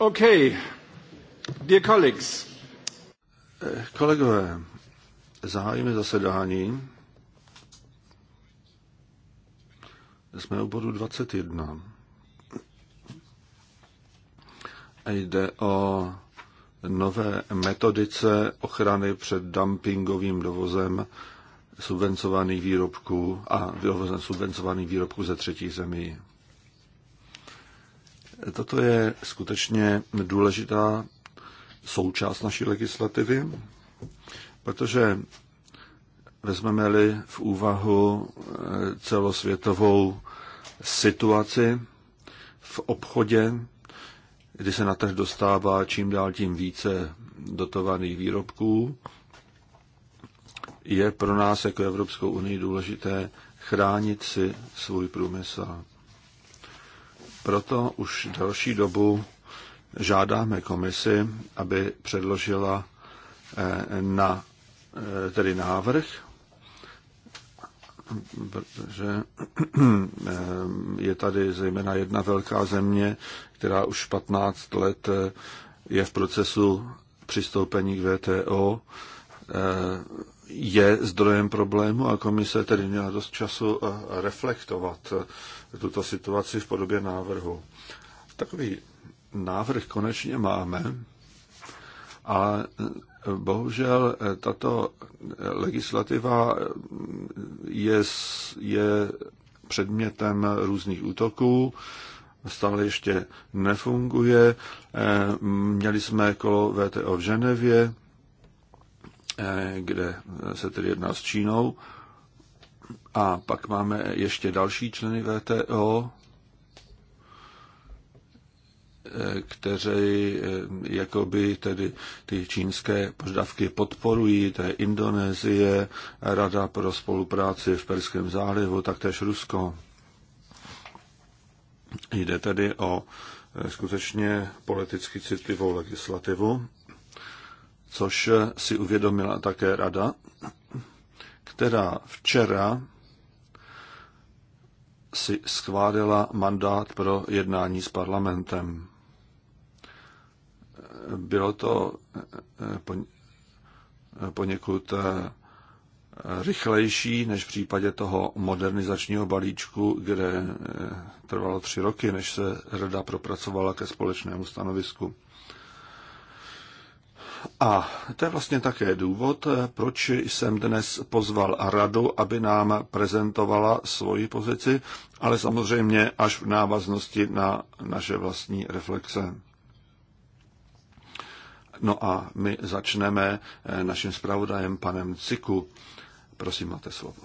Okay. Dear colleagues. Kolegové, zahájíme zasedání. Jsme u bodu 21. A jde o nové metodice ochrany před dumpingovým dovozem subvencovaných výrobků a dovozem subvencovaných výrobků ze třetích zemí. Toto je skutečně důležitá součást naší legislativy, protože vezmeme-li v úvahu eh, celosvětovou situaci v obchodě, kdy se na trh dostává čím dál tím více dotovaných výrobků, je pro nás jako Evropskou unii důležité chránit si svůj průmysl. Proto už další dobu žádáme komisi, aby předložila eh, na, eh, tedy návrh, protože eh, je tady zejména jedna velká země, která už 15 let je v procesu přistoupení k VTO je zdrojem problému a komise tedy měla dost času eh, reflektovat eh, tuto situaci v podobě návrhu. Takový návrh konečně máme a eh, bohužel tato legislativa je, je předmětem různých útoků, stále ještě nefunguje. Měli jsme kolo VTO v Ženevě, E, kde se tedy jedná s Čínou. A pak máme ještě další členy VTO, e, kteří e, jakoby tedy ty čínské požadavky podporují, to je Indonésie, Rada pro spolupráci v Perském zálivu, taktéž Rusko. Jde tedy o skutečně politicky citlivou legislativu což si uvědomila také rada, která včera si schválila mandát pro jednání s parlamentem. Bylo to eh, eh, poněkud eh, rychlejší než v případě toho modernizačního balíčku, kde trvalo tři roky, než se rada propracovala ke společnému stanovisku. A to je vlastně také důvod, proč jsem dnes pozval radu, aby nám prezentovala svoji pozici, ale samozřejmě až v návaznosti na naše vlastní reflexe. No a my začneme eh, naším zpravodajem panem Ciku. Prosím, máte slovo.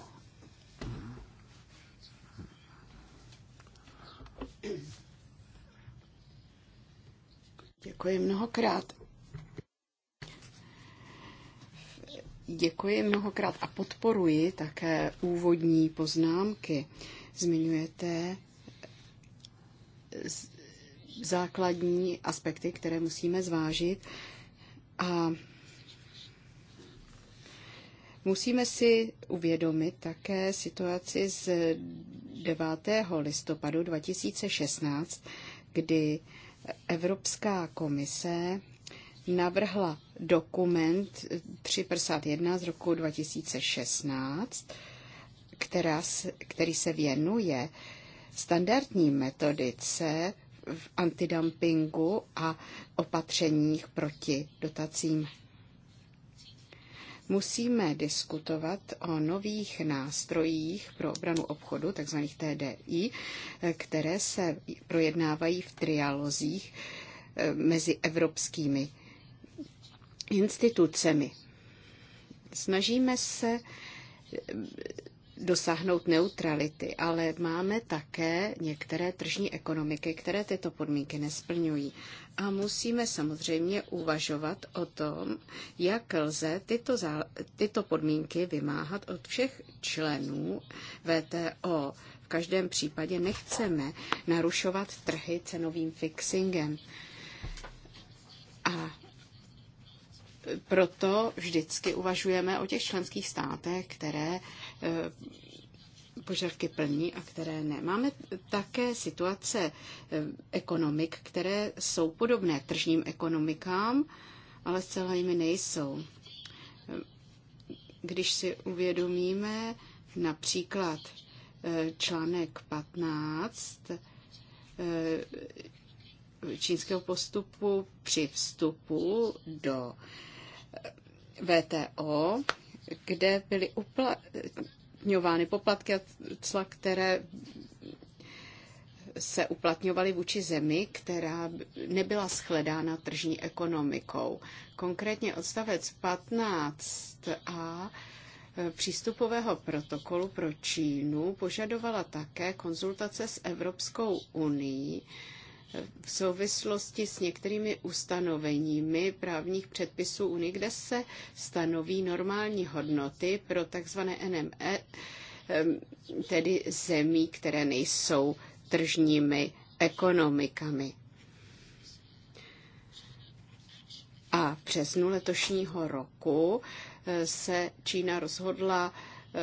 Děkuji mnohokrát. Děkuji mnohokrát a podporuji také úvodní poznámky. Zmiňujete eh, základní aspekty, které musíme zvážit a Musíme si uvědomit také situaci z 9. listopadu 2016, kdy Evropská komise navrhla dokument 351 z roku 2016, která, který se věnuje standardní metodice v antidumpingu a opatřeních proti dotacím. Musíme diskutovat o nových nástrojích pro obranu obchodu, takzvaných TDI, které se projednávají v trialozích eh, mezi evropskými institucemi. Snažíme se dosáhnout neutrality, ale máme také některé tržní ekonomiky, které tyto podmínky nesplňují. A musíme samozřejmě uvažovat o tom, jak lze tyto, zá, tyto podmínky vymáhat od všech členů VTO. V každém případě nechceme narušovat trhy cenovým fixingem. A proto vždycky uvažujeme o těch členských státech, které eh, požadavky plní a které ne. Máme také situace eh, ekonomik, které jsou podobné tržním ekonomikám, ale zcela jimi nejsou. Eh, když si uvědomíme například článek 15 čínského postupu při vstupu do VTO, kde byly uplatňovány poplatky a cla, které se uplatňovaly vůči zemi, která nebyla shledána tržní ekonomikou. Konkrétně odstavec 15a přístupového protokolu pro Čínu požadovala také konzultace s Evropskou unii v souvislosti s některými ustanoveními právních předpisů Unie kde se stanoví normální hodnoty pro tzv. NME, tedy zemí, které nejsou tržními ekonomikami. A v březnu letošního roku eh, se Čína rozhodla eh,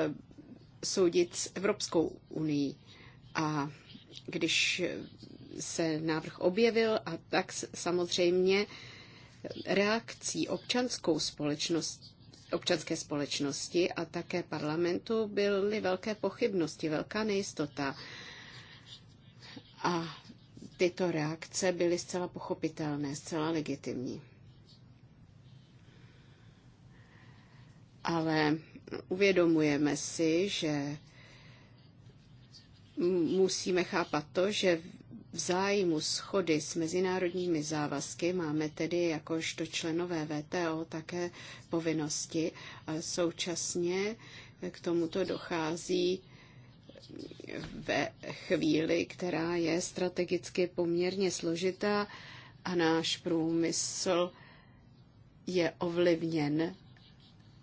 soudit s Evropskou unii. A když se návrh objevil a tak samozřejmě reakcí občanskou společnost, občanské společnosti a také parlamentu byly velké pochybnosti, velká nejistota. A tyto reakce byly zcela pochopitelné, zcela legitimní. Ale uvědomujeme si, že musíme chápat to, že v zájmu schody s mezinárodními závazky máme tedy jakožto členové VTO také povinnosti a současně k tomuto dochází ve chvíli, která je strategicky poměrně složitá a náš průmysl je ovlivněn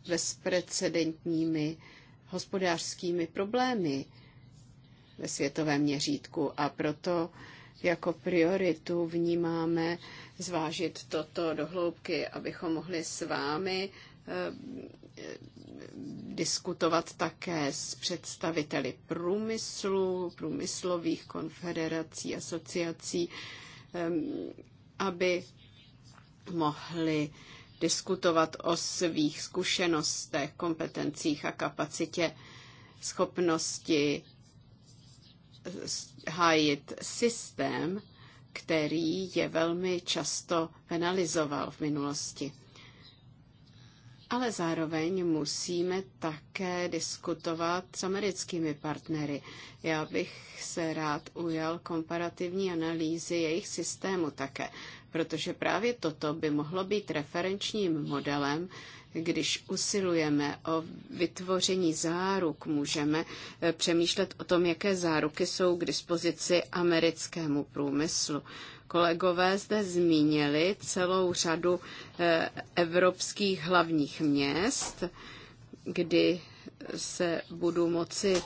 bezprecedentními hospodářskými problémy ve světovém měřítku a proto jako prioritu vnímáme zvážit toto dohloubky, abychom mohli s vámi eh, diskutovat také s představiteli průmyslu, průmyslových konfederací, asociací, eh, aby mohli diskutovat o svých zkušenostech, kompetencích a kapacitě, schopnosti hájit systém, který je velmi často penalizoval v minulosti. Ale zároveň musíme také diskutovat s americkými partnery. Já bych se rád ujal komparativní analýzy jejich systému také, protože právě toto by mohlo být referenčním modelem když usilujeme o vytvoření záruk, můžeme eh, přemýšlet o tom, jaké záruky jsou k dispozici americkému průmyslu. Kolegové zde zmínili celou řadu eh, evropských hlavních měst, kdy se budu moci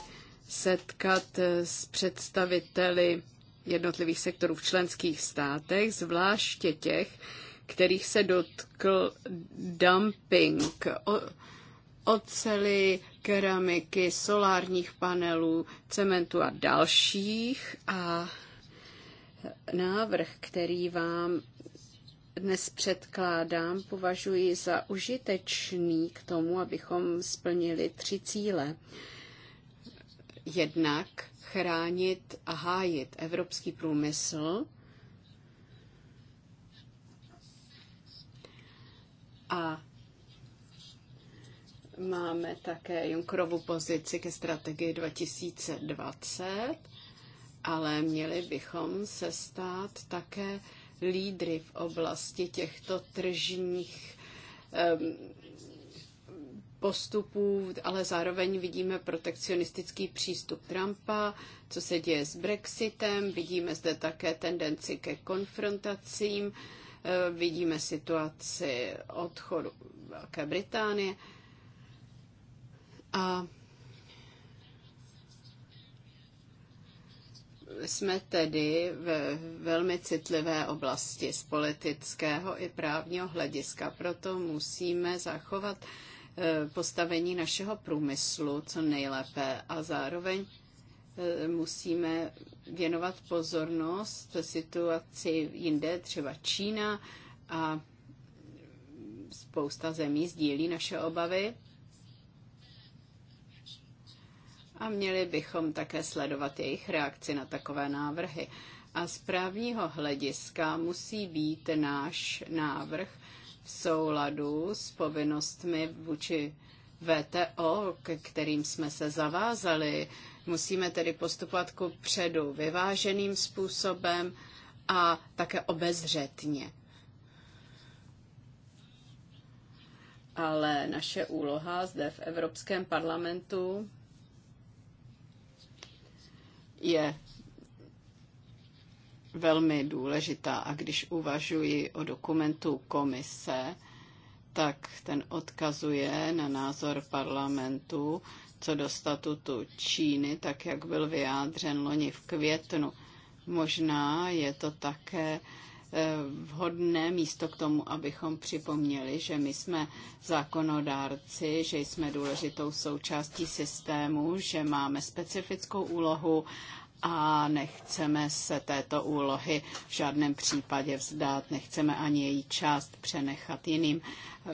setkat eh, s představiteli jednotlivých sektorů v členských státech, zvláště těch, kterých se dotkl dumping, ocely, keramiky, solárních panelů, cementu a dalších. A návrh, který vám dnes předkládám, považuji za užitečný k tomu, abychom splnili tři cíle. Jednak chránit a hájit evropský průmysl, A máme také Junkrovu pozici ke strategii 2020, ale měli bychom se stát také lídry v oblasti těchto tržních postupů, ale zároveň vidíme protekcionistický přístup Trumpa, co se děje s Brexitem, vidíme zde také tendenci ke konfrontacím Eh, vidíme situaci odchodu Velké Británie. A jsme tedy ve velmi citlivé oblasti z politického i právního hlediska. Proto musíme zachovat eh, postavení našeho průmyslu co nejlépe a zároveň Eh, musíme věnovat pozornost situaci jinde, třeba Čína a spousta zemí sdílí naše obavy. A měli bychom také sledovat jejich reakci na takové návrhy. A z právního hlediska musí být náš návrh v souladu s povinnostmi vůči VTO, k kterým jsme se zavázali Musíme tedy postupovat ku předu vyváženým způsobem a také obezřetně. Ale naše úloha zde v Evropském parlamentu je velmi důležitá. A když uvažuji o dokumentu komise, tak ten odkazuje na názor parlamentu co do statutu Číny, tak jak byl vyjádřen loni v květnu. Možná je to také eh, vhodné místo k tomu, abychom připomněli, že my jsme zákonodárci, že jsme důležitou součástí systému, že máme specifickou úlohu a nechceme se této úlohy v žádném případě vzdát, nechceme ani její část přenechat jiným.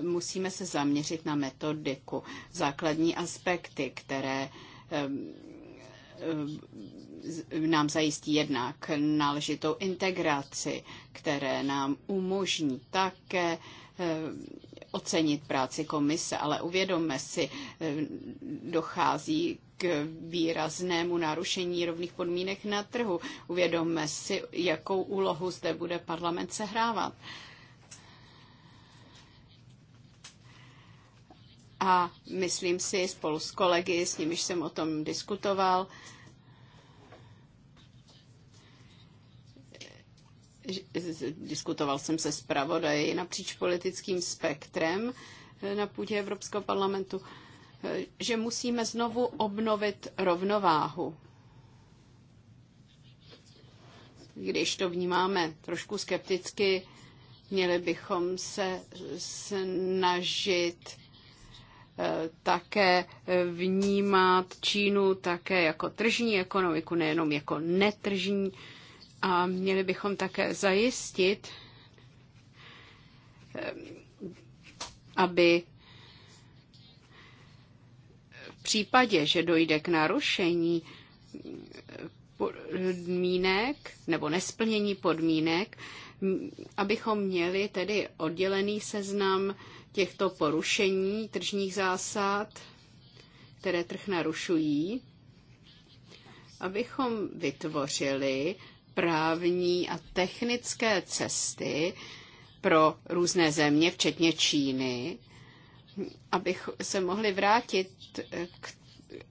Musíme se zaměřit na metodiku, základní aspekty, které nám zajistí jednak náležitou integraci, které nám umožní také ocenit práci komise, ale uvědomme si, dochází k výraznému narušení rovných podmínek na trhu. Uvědomme si, jakou úlohu zde bude parlament sehrávat. A myslím si spolu s kolegy, s nimiž jsem o tom diskutoval, diskutoval jsem se zpravodaji napříč politickým spektrem na půdě Evropského parlamentu, že musíme znovu obnovit rovnováhu. Když to vnímáme trošku skepticky, měli bychom se snažit eh, také vnímat Čínu také jako tržní ekonomiku, nejenom jako netržní. A měli bychom také zajistit, eh, aby případě, že dojde k narušení podmínek nebo nesplnění podmínek, abychom měli tedy oddělený seznam těchto porušení tržních zásad, které trh narušují, abychom vytvořili právní a technické cesty pro různé země, včetně Číny, abych se mohli vrátit k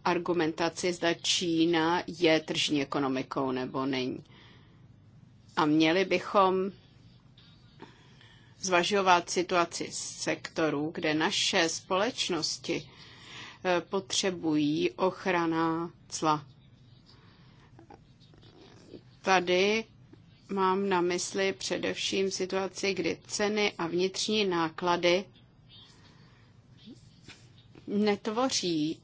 argumentaci, zda Čína je tržní ekonomikou nebo není. A měli bychom zvažovat situaci sektorů, kde naše společnosti eh, potřebují ochrana cla. Tady mám na mysli především situaci, kdy ceny a vnitřní náklady netvoří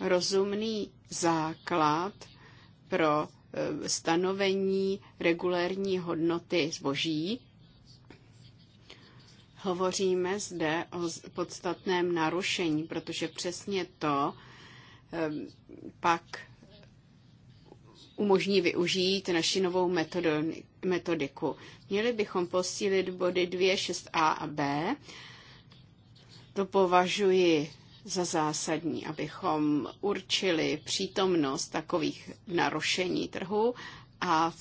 rozumný základ pro eh, stanovení regulérní hodnoty zboží. Hovoříme zde o podstatném narušení, protože přesně to eh, pak umožní využít naši novou metodiku. Měli bychom posílit body 2, 6a a b. To považuji za zásadní, abychom určili přítomnost takových narušení trhu a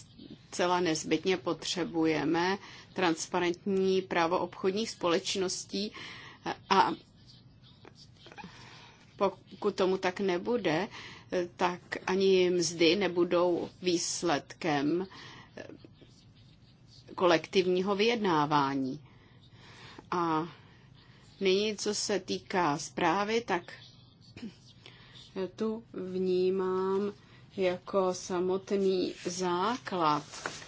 celá nezbytně potřebujeme transparentní právo obchodních společností a pokud tomu tak nebude, tak ani mzdy nebudou výsledkem kolektivního vyjednávání. A Nyní, co se týká zprávy, tak tu vnímám jako samotný základ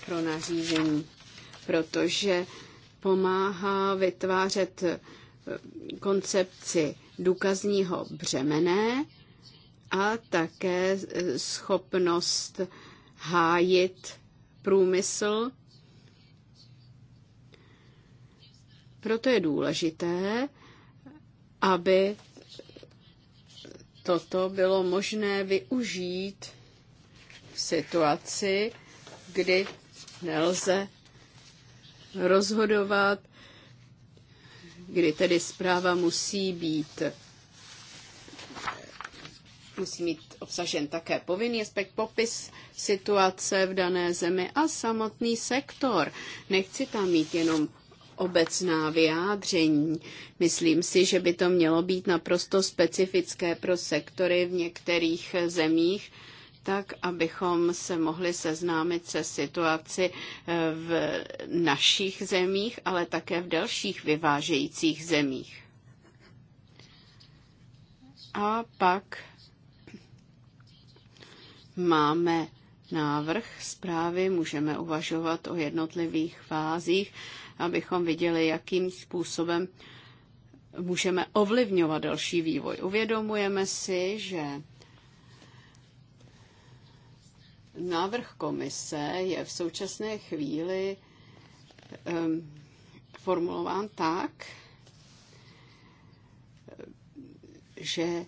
pro nařízení, protože pomáhá vytvářet eh, koncepci důkazního břemene a také eh, schopnost hájit průmysl. Proto je důležité, aby toto bylo možné využít v situaci, kdy nelze rozhodovat, kdy tedy zpráva musí být musí mít obsažen také povinný aspekt popis situace v dané zemi a samotný sektor. Nechci tam mít jenom obecná vyjádření. Myslím si, že by to mělo být naprosto specifické pro sektory v některých zemích, tak abychom se mohli seznámit se situaci eh, v našich zemích, ale také v dalších vyvážejících zemích. A pak máme návrh zprávy, můžeme uvažovat o jednotlivých fázích abychom viděli, jakým způsobem můžeme ovlivňovat další vývoj. Uvědomujeme si, že návrh komise je v současné chvíli um, formulován tak, že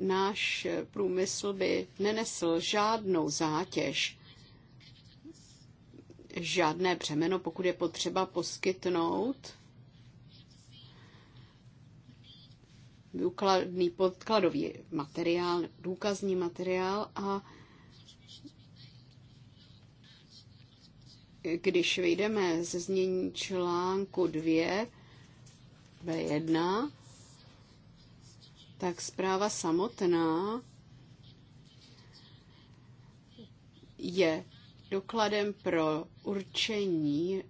náš průmysl by nenesl žádnou zátěž žádné břemeno, pokud je potřeba poskytnout důkladný podkladový materiál, důkazní materiál a když vyjdeme ze znění článku 2 B1, tak zpráva samotná je dokladem pro určení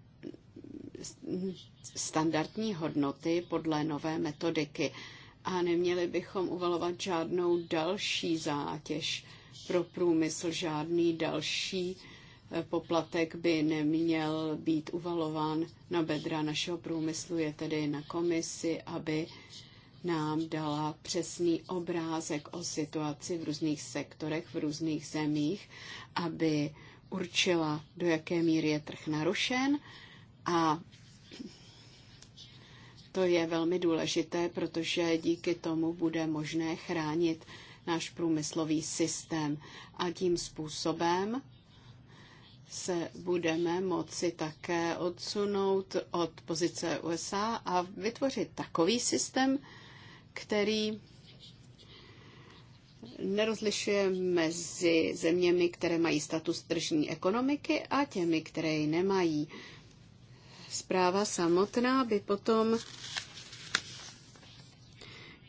standardní hodnoty podle nové metodiky a neměli bychom uvalovat žádnou další zátěž pro průmysl, žádný další eh, poplatek by neměl být uvalován na bedra našeho průmyslu, je tedy na komisi, aby nám dala přesný obrázek o situaci v různých sektorech, v různých zemích, aby určila, do jaké míry je trh narušen a to je velmi důležité, protože díky tomu bude možné chránit náš průmyslový systém a tím způsobem se budeme moci také odsunout od pozice USA a vytvořit takový systém, který nerozlišuje mezi zeměmi, které mají status tržní ekonomiky a těmi, které ji nemají. Zpráva samotná by potom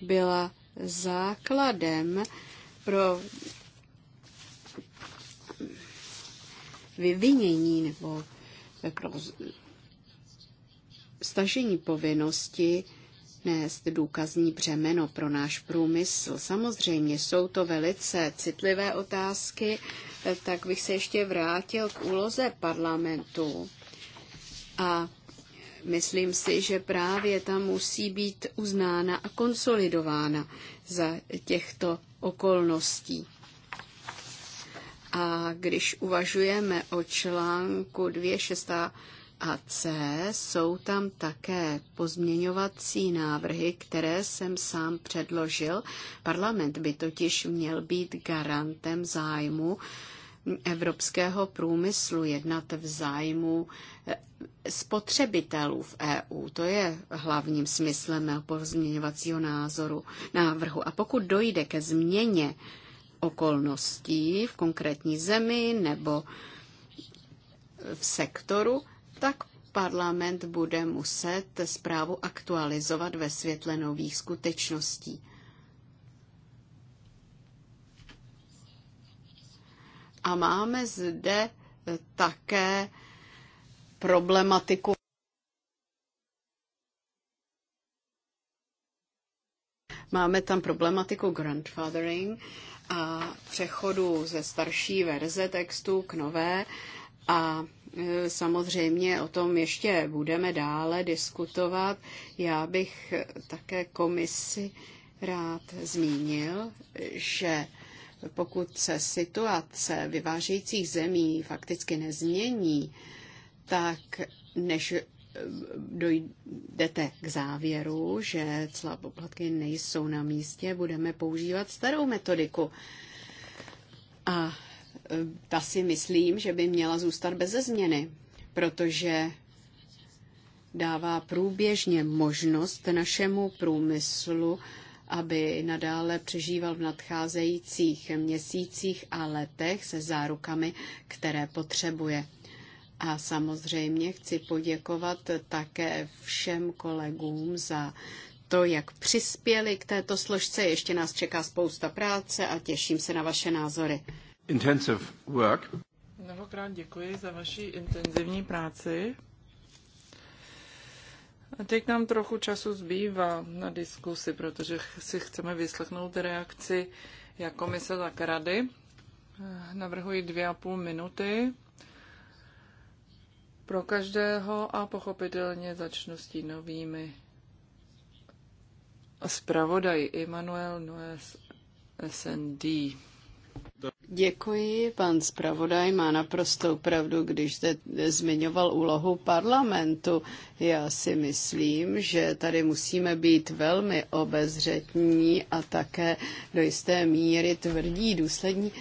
byla základem pro vyvinění nebo pro stažení povinnosti nést důkazní břemeno pro náš průmysl. Samozřejmě jsou to velice citlivé otázky, eh, tak bych se ještě vrátil k úloze parlamentu. A myslím si, že právě ta musí být uznána a konsolidována za těchto okolností. A když uvažujeme o článku 2.6 a C jsou tam také pozměňovací návrhy, které jsem sám předložil. Parlament by totiž měl být garantem zájmu evropského průmyslu, jednat v zájmu eh, spotřebitelů v EU. To je hlavním smyslem mého pozměňovacího názoru, návrhu. A pokud dojde ke změně okolností v konkrétní zemi nebo v sektoru, tak parlament bude muset zprávu aktualizovat ve světle nových skutečností. A máme zde také problematiku Máme tam problematiku grandfathering a přechodu ze starší verze textu k nové a Eh, samozřejmě o tom ještě budeme dále diskutovat. Já bych také komisi rád zmínil, že pokud se situace vyvážejících zemí fakticky nezmění, tak než eh, dojdete k závěru, že celá poplatky nejsou na místě, budeme používat starou metodiku. A ta si myslím, že by měla zůstat beze změny, protože dává průběžně možnost našemu průmyslu, aby nadále přežíval v nadcházejících měsících a letech se zárukami, které potřebuje. A samozřejmě chci poděkovat také všem kolegům za to, jak přispěli k této složce. Ještě nás čeká spousta práce a těším se na vaše názory intensive work. Mnohokrát děkuji za vaši intenzivní práci. A teď nám trochu času zbývá na diskusi, protože si chceme vyslechnout reakci jak komise, tak rady. Navrhuji dvě a půl minuty pro každého a pochopitelně začnu s tím novými zpravodaj Emanuel Nues SND. Děkuji. Pan zpravodaj má naprostou pravdu, když zde zmiňoval úlohu parlamentu. Já si myslím, že tady musíme být velmi obezřetní a také do jisté míry tvrdí, důslední,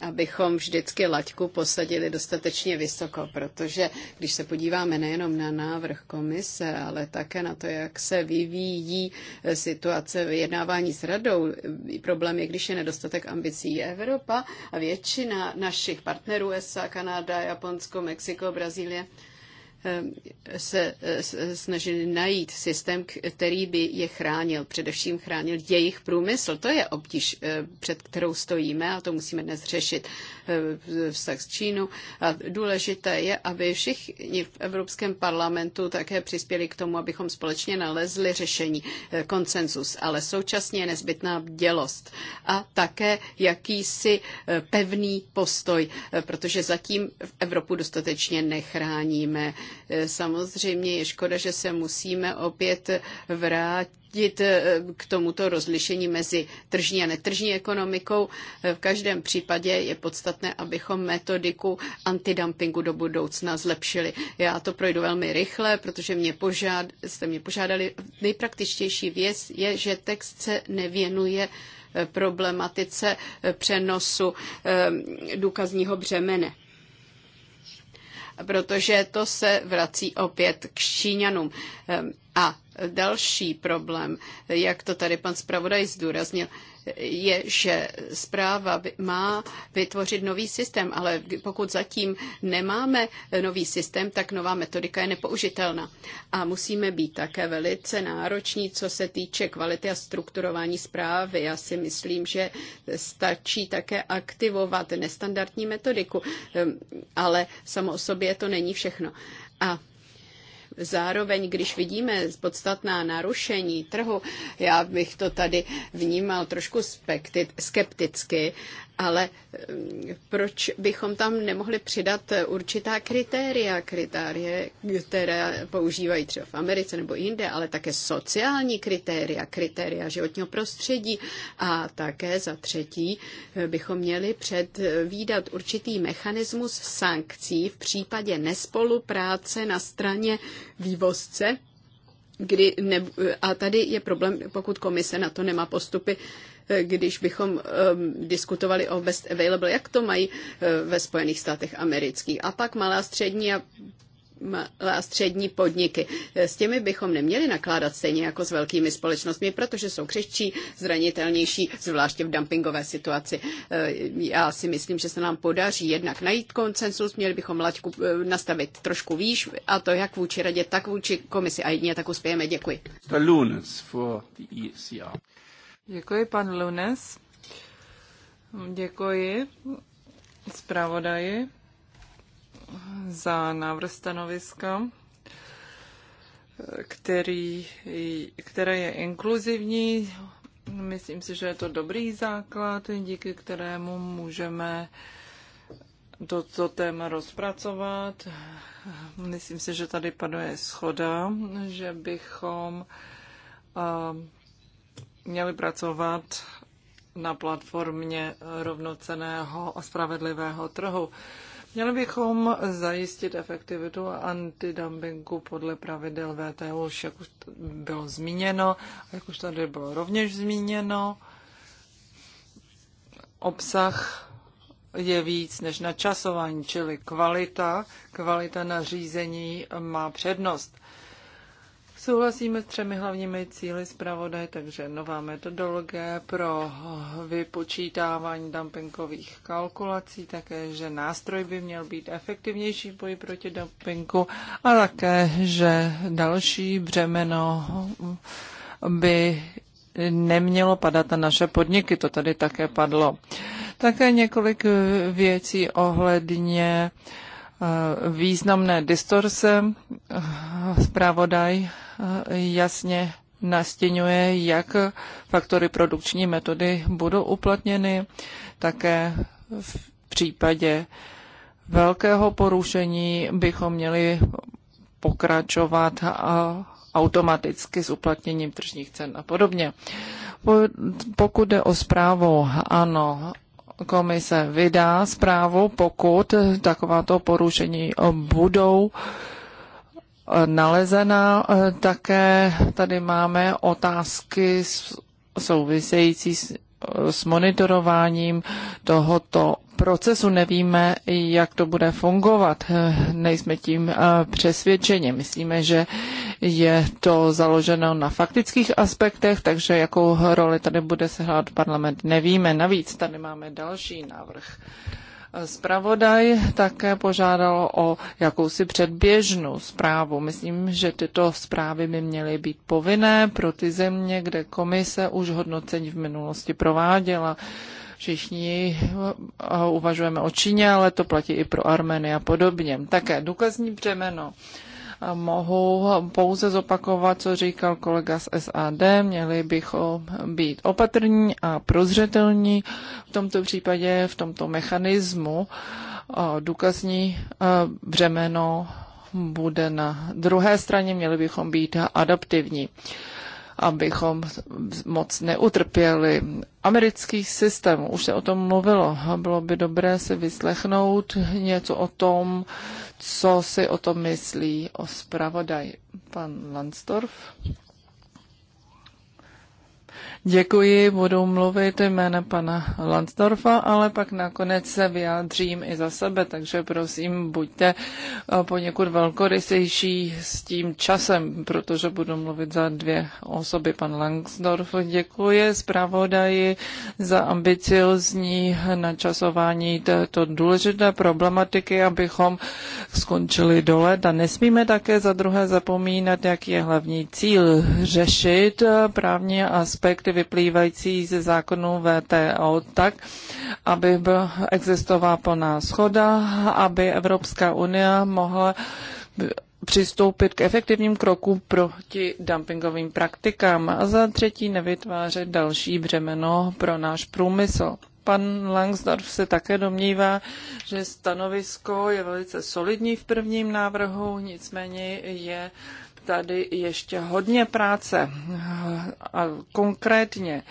abychom vždycky laťku posadili dostatečně vysoko, protože když se podíváme nejenom na návrh komise, ale také na to, jak se vyvíjí eh, situace vyjednávání s radou, problém je, když je nedostatek ambicí Evropa, a většina našich partnerů USA, Kanada, Japonsko, Mexiko, Brazílie, Ehm, se eh, eh, snažili najít systém, který by je chránil, především chránil jejich průmysl. To je obtíž, eh, před kterou stojíme a to musíme dnes řešit vztah s Čínu. A důležité je, aby všichni v Evropském parlamentu také přispěli k tomu, abychom společně nalezli řešení, konsenzus, ale současně je nezbytná dělost a také jakýsi pevný postoj, protože zatím v Evropu dostatečně nechráníme Eh, samozřejmě je škoda, že se musíme opět vrátit eh, k tomuto rozlišení mezi tržní a netržní ekonomikou. Eh, v každém případě je podstatné, abychom metodiku antidumpingu do budoucna zlepšili. Já to projdu velmi rychle, protože mě požád, jste mě požádali. Nejpraktičtější věc je, že text se nevěnuje problematice přenosu důkazního břemene protože to se vrací opět k Číňanům. Ehm, a Další problém, jak to tady pan zpravodaj zdůraznil, je, že zpráva má vytvořit nový systém, ale pokud zatím nemáme nový systém, tak nová metodika je nepoužitelná. A musíme být také velice nároční, co se týče kvality a strukturování zprávy. Já si myslím, že stačí také aktivovat nestandardní metodiku, ehm, ale samo o sobě to není všechno. A Zároveň, když vidíme podstatná narušení trhu, já bych to tady vnímal trošku spektit, skepticky ale eh, proč bychom tam nemohli přidat eh, určitá kritéria, kritérie, která používají třeba v Americe nebo jinde, ale také sociální kritéria, kritéria životního prostředí a také za třetí eh, bychom měli předvídat určitý mechanismus sankcí v případě nespolupráce na straně vývozce kdy ne, a tady je problém, pokud komise na to nemá postupy, eh, když bychom um, diskutovali o best available, jak to mají uh, ve Spojených státech amerických. A pak malá střední a a střední podniky. S těmi bychom neměli nakládat stejně jako s velkými společnostmi, protože jsou křehčí, zranitelnější, zvláště v dumpingové situaci. Eh, já si myslím, že se nám podaří jednak najít koncensus, měli bychom laťku eh, nastavit trošku výš, a to jak vůči radě, tak vůči komisi. A jedině tak uspějeme. Děkuji. E Děkuji, pan Lunes. Děkuji zpravodaji za návrh stanoviska, který, které je inkluzivní. Myslím si, že je to dobrý základ, díky kterému můžeme toto téma rozpracovat. Myslím si, že tady panuje schoda, že bychom měli pracovat na platformě rovnoceného a spravedlivého trhu. Měli bychom zajistit efektivitu antidumpingu podle pravidel VTO, už jak už bylo zmíněno, jak už tady bylo rovněž zmíněno. Obsah je víc než načasování, čili kvalita, kvalita nařízení má přednost. Souhlasíme s třemi hlavními cíly zpravodaje, takže nová metodologie pro vypočítávání dumpingových kalkulací, také, že nástroj by měl být efektivnější v boji proti dumpingu a také, že další břemeno by nemělo padat na naše podniky, to tady také padlo. Také několik věcí ohledně uh, Eh, významné distorse. Eh, zpravodaj eh, jasně nastěňuje, jak faktory produkční metody budou uplatněny, také v případě velkého porušení bychom měli pokračovat a automaticky s uplatněním tržních cen a podobně. Pokud jde o zprávu, ano, komise vydá zprávu, pokud takováto porušení budou eh, nalezena. Eh, také tady máme otázky související s s monitorováním tohoto procesu. Nevíme, jak to bude fungovat. Nejsme tím eh, přesvědčeni. Myslíme, že je to založeno na faktických aspektech, takže jakou roli tady bude sehrát parlament, nevíme. Navíc tady máme další návrh Spravodaj také požádal o jakousi předběžnou zprávu. Myslím, že tyto zprávy by měly být povinné pro ty země, kde komise už hodnocení v minulosti prováděla. Všichni uh, uvažujeme o Číně, ale to platí i pro Armeny a podobně. Také důkazní břemeno mohu pouze zopakovat, co říkal kolega z SAD. Měli bychom být opatrní a prozřetelní v tomto případě, v tomto mechanismu. Důkazní eh, břemeno bude na druhé straně, měli bychom být adaptivní abychom moc neutrpěli americký systém. Už se o tom mluvilo. Bylo by dobré si vyslechnout něco o tom, co si o tom myslí o zpravodaj pan Lansdorf. Děkuji, budu mluvit jménem pana Landsdorfa, ale pak nakonec se vyjádřím i za sebe, takže prosím, buďte eh, poněkud velkorysejší s tím časem, protože budu mluvit za dvě osoby. Pan Langsdorf děkuje zpravodaji za ambiciozní načasování této důležité problematiky, abychom skončili do leta. Nesmíme také za druhé zapomínat, jaký je hlavní cíl řešit eh, právní aspekty vyplývající ze zákonu VTO tak, aby byl, existovala plná schoda, aby Evropská unie mohla přistoupit k efektivním krokům proti dumpingovým praktikám a za třetí nevytvářet další břemeno pro náš průmysl. Pan Langsdorf se také domnívá, že stanovisko je velice solidní v prvním návrhu, nicméně je uh, tady ještě hodně práce. A konkrétně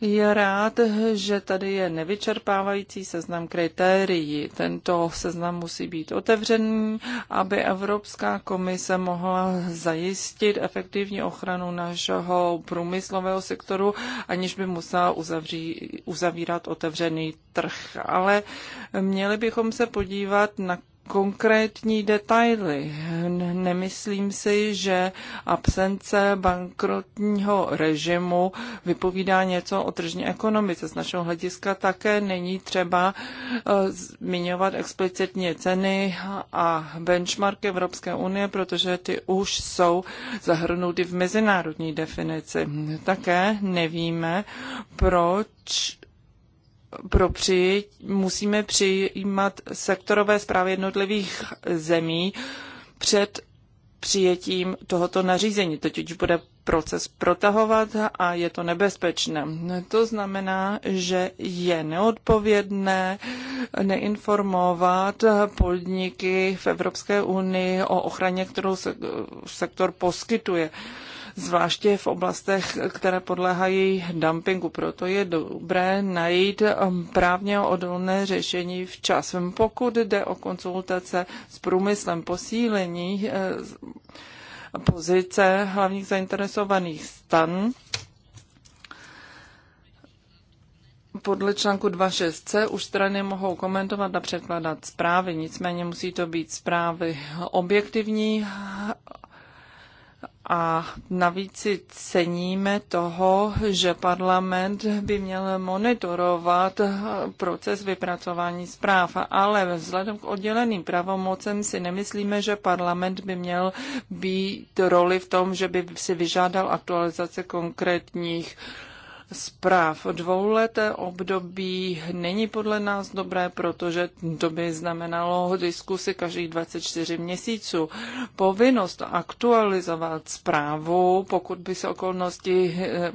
je rád, že tady je nevyčerpávající seznam kritérií. Tento seznam musí být otevřený, aby Evropská komise mohla zajistit efektivní ochranu našeho průmyslového sektoru, aniž by musela uzavří, uzavírat otevřený trh. Ale měli bychom se podívat na konkrétní detaily. Nemyslím si, že absence bankrotního režimu vypovídá něco o tržní ekonomice. Z našeho hlediska také není třeba eh, zmiňovat explicitně ceny a benchmark Evropské unie, protože ty už jsou zahrnuty v mezinárodní definici. Také nevíme, proč pro přijetí musíme přijímat sektorové zprávy jednotlivých zemí před přijetím tohoto nařízení. Totiž bude proces protahovat a je to nebezpečné. To znamená, že je neodpovědné neinformovat podniky v Evropské unii o ochraně, kterou sektor poskytuje zvláště v oblastech, které podléhají dumpingu. Proto je dobré najít um, právně odolné řešení včas. Pokud jde o konzultace s průmyslem posílení eh, pozice hlavních zainteresovaných stan, podle článku 2.6c už strany mohou komentovat a překládat zprávy, nicméně musí to být zprávy objektivní, a navíc si ceníme toho, že parlament by měl monitorovat proces vypracování zpráv, ale vzhledem k odděleným pravomocem si nemyslíme, že parlament by měl být roli v tom, že by si vyžádal aktualizace konkrétních uh, zpráv. Dvouleté období není podle nás dobré, protože to by znamenalo diskusy každých 24 měsíců. Povinnost aktualizovat zprávu, pokud by se okolnosti eh,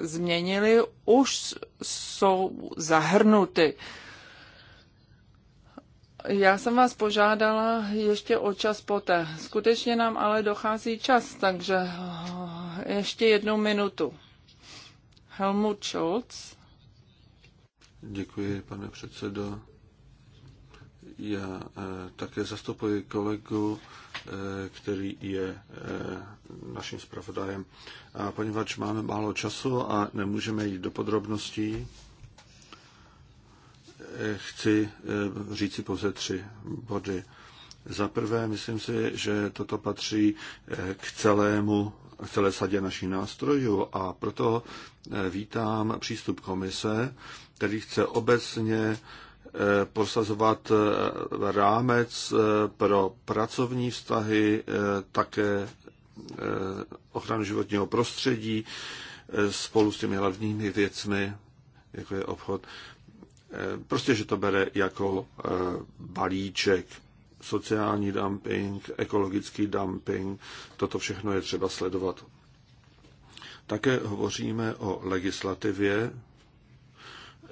změnily, už jsou zahrnuty. Já jsem vás požádala ještě o čas poté. Skutečně nám ale dochází čas, takže eh, ještě jednu minutu. Helmut Scholz. Děkuji, pane předsedo. Já eh, také zastupuji kolegu, eh, který je eh, naším zpravodajem. A poněvadž máme málo času a nemůžeme jít do podrobností, chci říci pouze tři body. Za prvé, myslím si, že toto patří k celému celé sadě našich nástrojů a proto eh, vítám přístup komise, který chce obecně eh, prosazovat eh, rámec pro pracovní vztahy, také ochranu životního prostředí spolu s těmi hlavními věcmi, jako je obchod. Prostě, že to bere jako balíček sociální dumping, ekologický dumping, toto všechno je třeba sledovat. Také hovoříme o legislativě,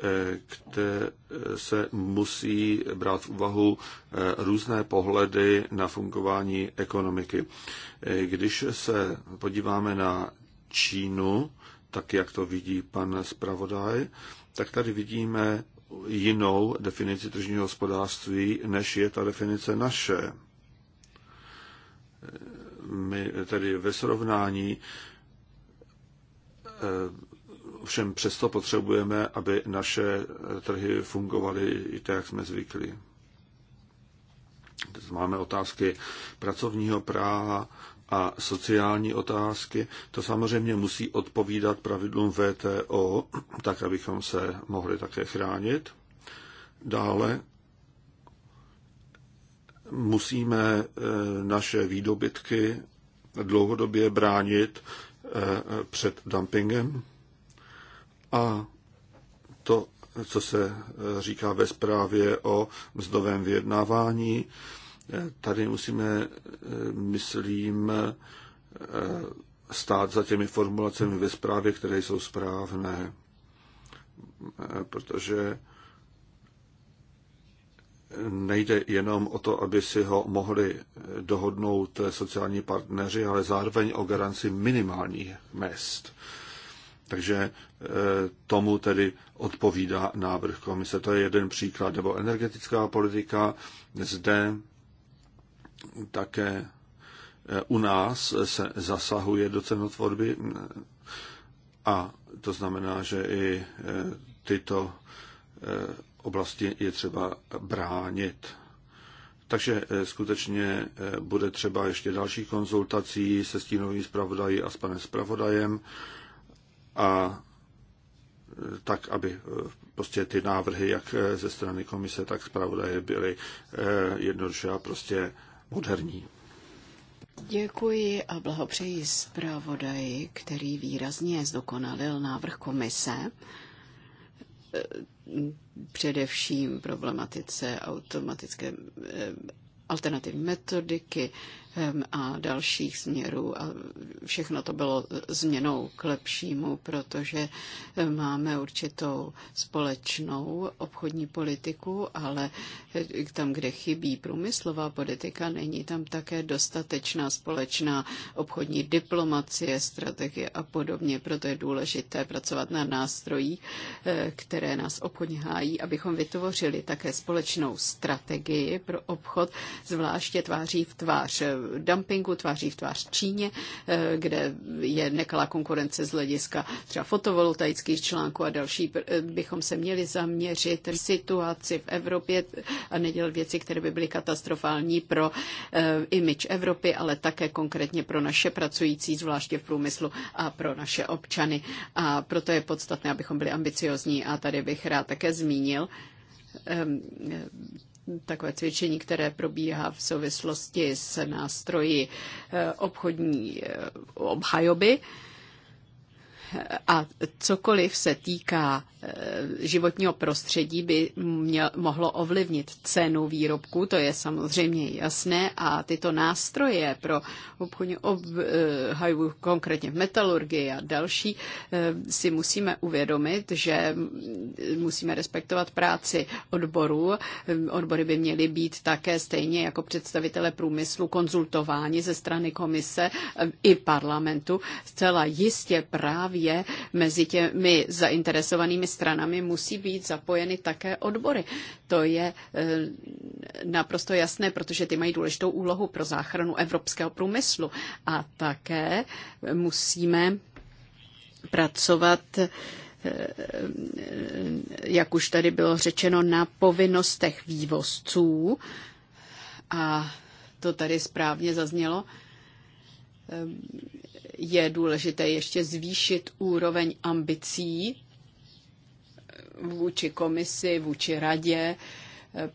eh, kde se musí brát v úvahu eh, různé pohledy na fungování ekonomiky. Eh, když se podíváme na Čínu, tak jak to vidí pan zpravodaj, tak tady vidíme jinou definici tržního hospodářství, než je ta definice naše. My tedy ve srovnání eh, všem přesto potřebujeme, aby naše trhy fungovaly i tak, jak jsme zvykli. Máme otázky pracovního práva, a sociální otázky, to samozřejmě musí odpovídat pravidlům VTO, tak abychom se mohli také chránit. Dále musíme e, naše výdobytky dlouhodobě bránit e, před dumpingem a to, co se e, říká ve zprávě o mzdovém vyjednávání, Tady musíme, eh, myslím, eh, stát za těmi formulacemi ve zprávě, které jsou správné, eh, protože nejde jenom o to, aby si ho mohli dohodnout sociální partneři, ale zároveň o garanci minimálních mest. Takže tomu tedy odpovídá návrh komise. To je jeden příklad. Nebo energetická politika. Zde také eh, u nás se zasahuje do cenotvorby mm, a to znamená, že i eh, tyto eh, oblasti je třeba bránit. Takže skutečně bude třeba ještě další konzultací se stínovým zpravodají a s panem zpravodajem a tak, aby prostě ty návrhy jak ze strany komise, tak zpravodaje byly jednoduše a prostě moderní. Děkuji a blahopřeji zpravodaji, který výrazně zdokonalil návrh komise eh, především problematice automatické eh, alternativní metodiky, a dalších směrů. A všechno to bylo změnou k lepšímu, protože máme určitou společnou obchodní politiku, ale eh, tam, kde chybí průmyslová politika, není tam také dostatečná společná obchodní diplomacie, strategie a podobně. Proto je důležité pracovat na nástrojích, eh, které nás obchodně hájí, abychom vytvořili také společnou strategii pro obchod, zvláště tváří v tvář dumpingu tváří v tvář Číně, eh, kde je nekalá konkurence z hlediska třeba fotovoltaických článků a další, eh, bychom se měli zaměřit situaci v Evropě a nedělat věci, které by byly katastrofální pro eh, image Evropy, ale také konkrétně pro naše pracující, zvláště v průmyslu a pro naše občany. A proto je podstatné, abychom byli ambiciozní a tady bych rád také zmínil ehm, takové cvičení, které probíhá v souvislosti s nástroji eh, obchodní eh, obhajoby. A cokoliv se týká eh, životního prostředí, by měl, mohlo ovlivnit cenu výrobku. to je samozřejmě jasné, a tyto nástroje pro obchodní obhajů, konkrétně v metalurgii a další, eh, si musíme uvědomit, že musíme respektovat práci odborů. Eh, odbory by měly být také stejně jako představitele průmyslu konzultováni ze strany komise i parlamentu. Zcela jistě právě je mezi těmi zainteresovanými stranami, musí být zapojeny také odbory. To je eh, naprosto jasné, protože ty mají důležitou úlohu pro záchranu evropského průmyslu. A také musíme pracovat eh, jak už tady bylo řečeno, na povinnostech vývozců. A to tady správně zaznělo je důležité ještě zvýšit úroveň ambicí vůči komisi, vůči radě,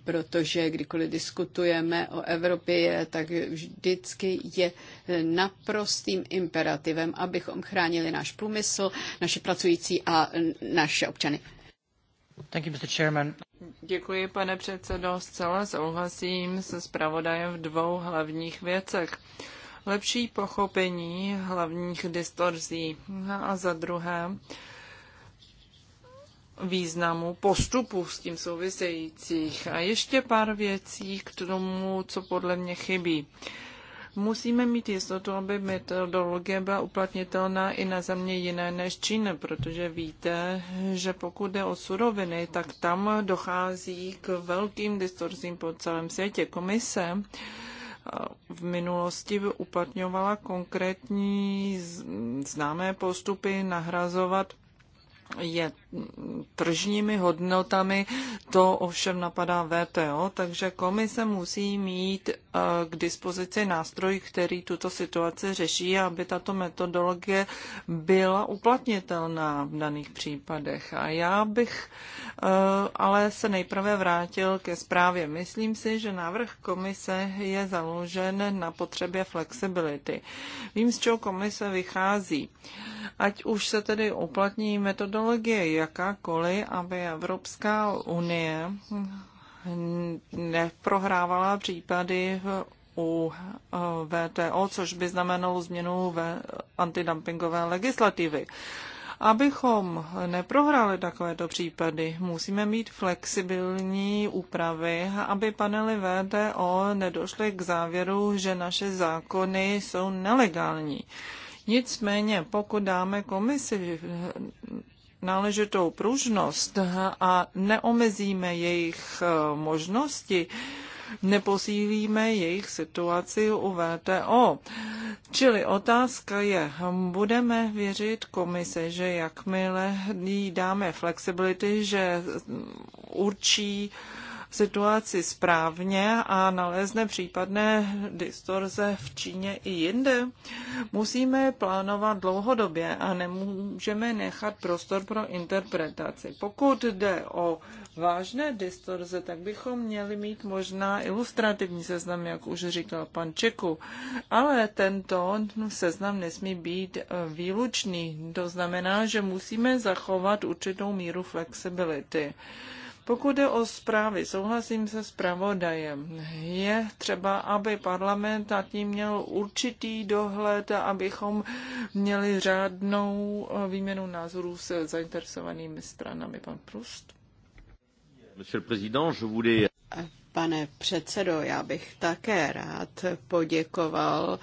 protože kdykoliv diskutujeme o Evropě, tak vždycky je naprostým imperativem, abychom chránili náš průmysl, naše pracující a naše občany. Thank you, Mr. Chairman. Děkuji, pane předsedo. Zcela souhlasím se zpravodajem v dvou hlavních věcech lepší pochopení hlavních distorzí a za druhé významu postupů s tím souvisejících. A ještě pár věcí k tomu, co podle mě chybí. Musíme mít jistotu, aby metodologie byla uplatnitelná i na země jiné než Čína, protože víte, že pokud jde o suroviny, tak tam dochází k velkým distorzím po celém světě. Komise Eh, v minulosti uplatňovala konkrétní známé postupy nahrazovat je tržními hodnotami, to ovšem napadá VTO, takže komise musí mít eh, k dispozici nástroj, který tuto situaci řeší, aby tato metodologie byla uplatnitelná v daných případech. A já bych Eh, ale se nejprve vrátil ke zprávě. Myslím si, že návrh komise je založen na potřebě flexibility. Vím, z čeho komise vychází. Ať už se tedy uplatní metodologie jakákoliv, aby Evropská unie neprohrávala případy u eh, VTO, což by znamenalo změnu ve antidumpingové legislativy. Abychom neprohráli takovéto případy, musíme mít flexibilní úpravy, aby panely VTO nedošly k závěru, že naše zákony jsou nelegální. Nicméně, pokud dáme komisi náležitou pružnost a neomezíme jejich eh, možnosti, neposílíme jejich situaci u VTO. Čili otázka je, budeme věřit komise, že jakmile jí dáme flexibility, že určí situaci správně a nalézne případné distorze v Číně i jinde. Musíme plánovat dlouhodobě a nemůžeme nechat prostor pro interpretaci. Pokud jde o vážné distorze, tak bychom měli mít možná ilustrativní seznam, jak už říkal pan Čeku, ale tento seznam nesmí být výlučný. To znamená, že musíme zachovat určitou míru flexibility. Pokud jde o zprávy, souhlasím se pravodajem. Je třeba, aby parlament nad tím měl určitý dohled, abychom měli řádnou eh, výměnu názorů se zainteresovanými stranami. Pan Prust. Pane předsedo, já bych také rád poděkoval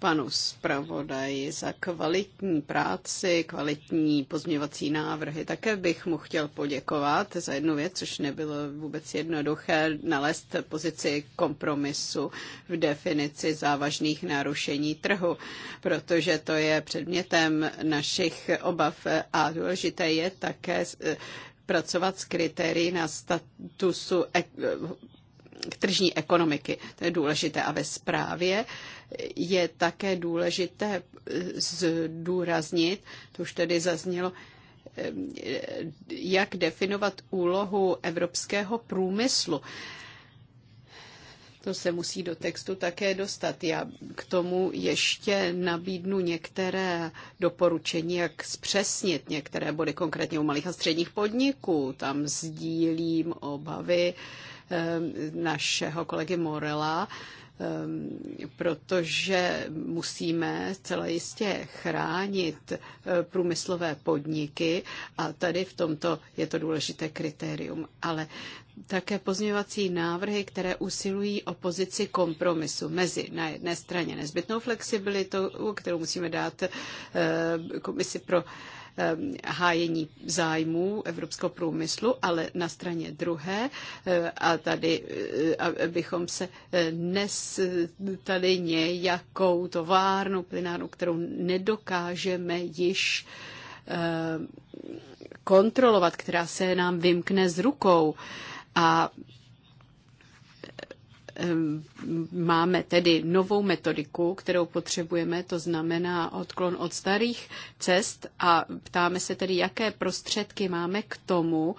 panu zpravodaji za kvalitní práci, kvalitní pozměvací návrhy. Také bych mu chtěl poděkovat za jednu věc, což nebylo vůbec jednoduché, nalézt pozici kompromisu v definici závažných narušení trhu, protože to je předmětem našich obav a důležité je také eh, pracovat s kritérii na statusu eh, tržní ekonomiky. To je důležité a ve zprávě je také důležité eh, zdůraznit, to už tedy zaznělo, eh, jak definovat úlohu evropského průmyslu. To se musí do textu také dostat. Já k tomu ještě nabídnu některé doporučení, jak zpřesnit některé body, konkrétně u malých a středních podniků. Tam sdílím obavy eh, našeho kolegy Morela. Ehm, protože musíme celé jistě chránit eh, průmyslové podniky a tady v tomto je to důležité kritérium. Ale také pozměňovací návrhy, které usilují o pozici kompromisu mezi na jedné straně nezbytnou flexibilitou, kterou musíme dát eh, komisi pro Eh, hájení zájmů evropského průmyslu, ale na straně druhé, eh, a tady, eh, abychom se nestali tady nějakou továrnu plynárnu, kterou nedokážeme již kontrolovat, která se nám vymkne z rukou. A Ehm, máme tedy novou metodiku, kterou potřebujeme, to znamená odklon od starých cest a ptáme se tedy, jaké prostředky máme k tomu,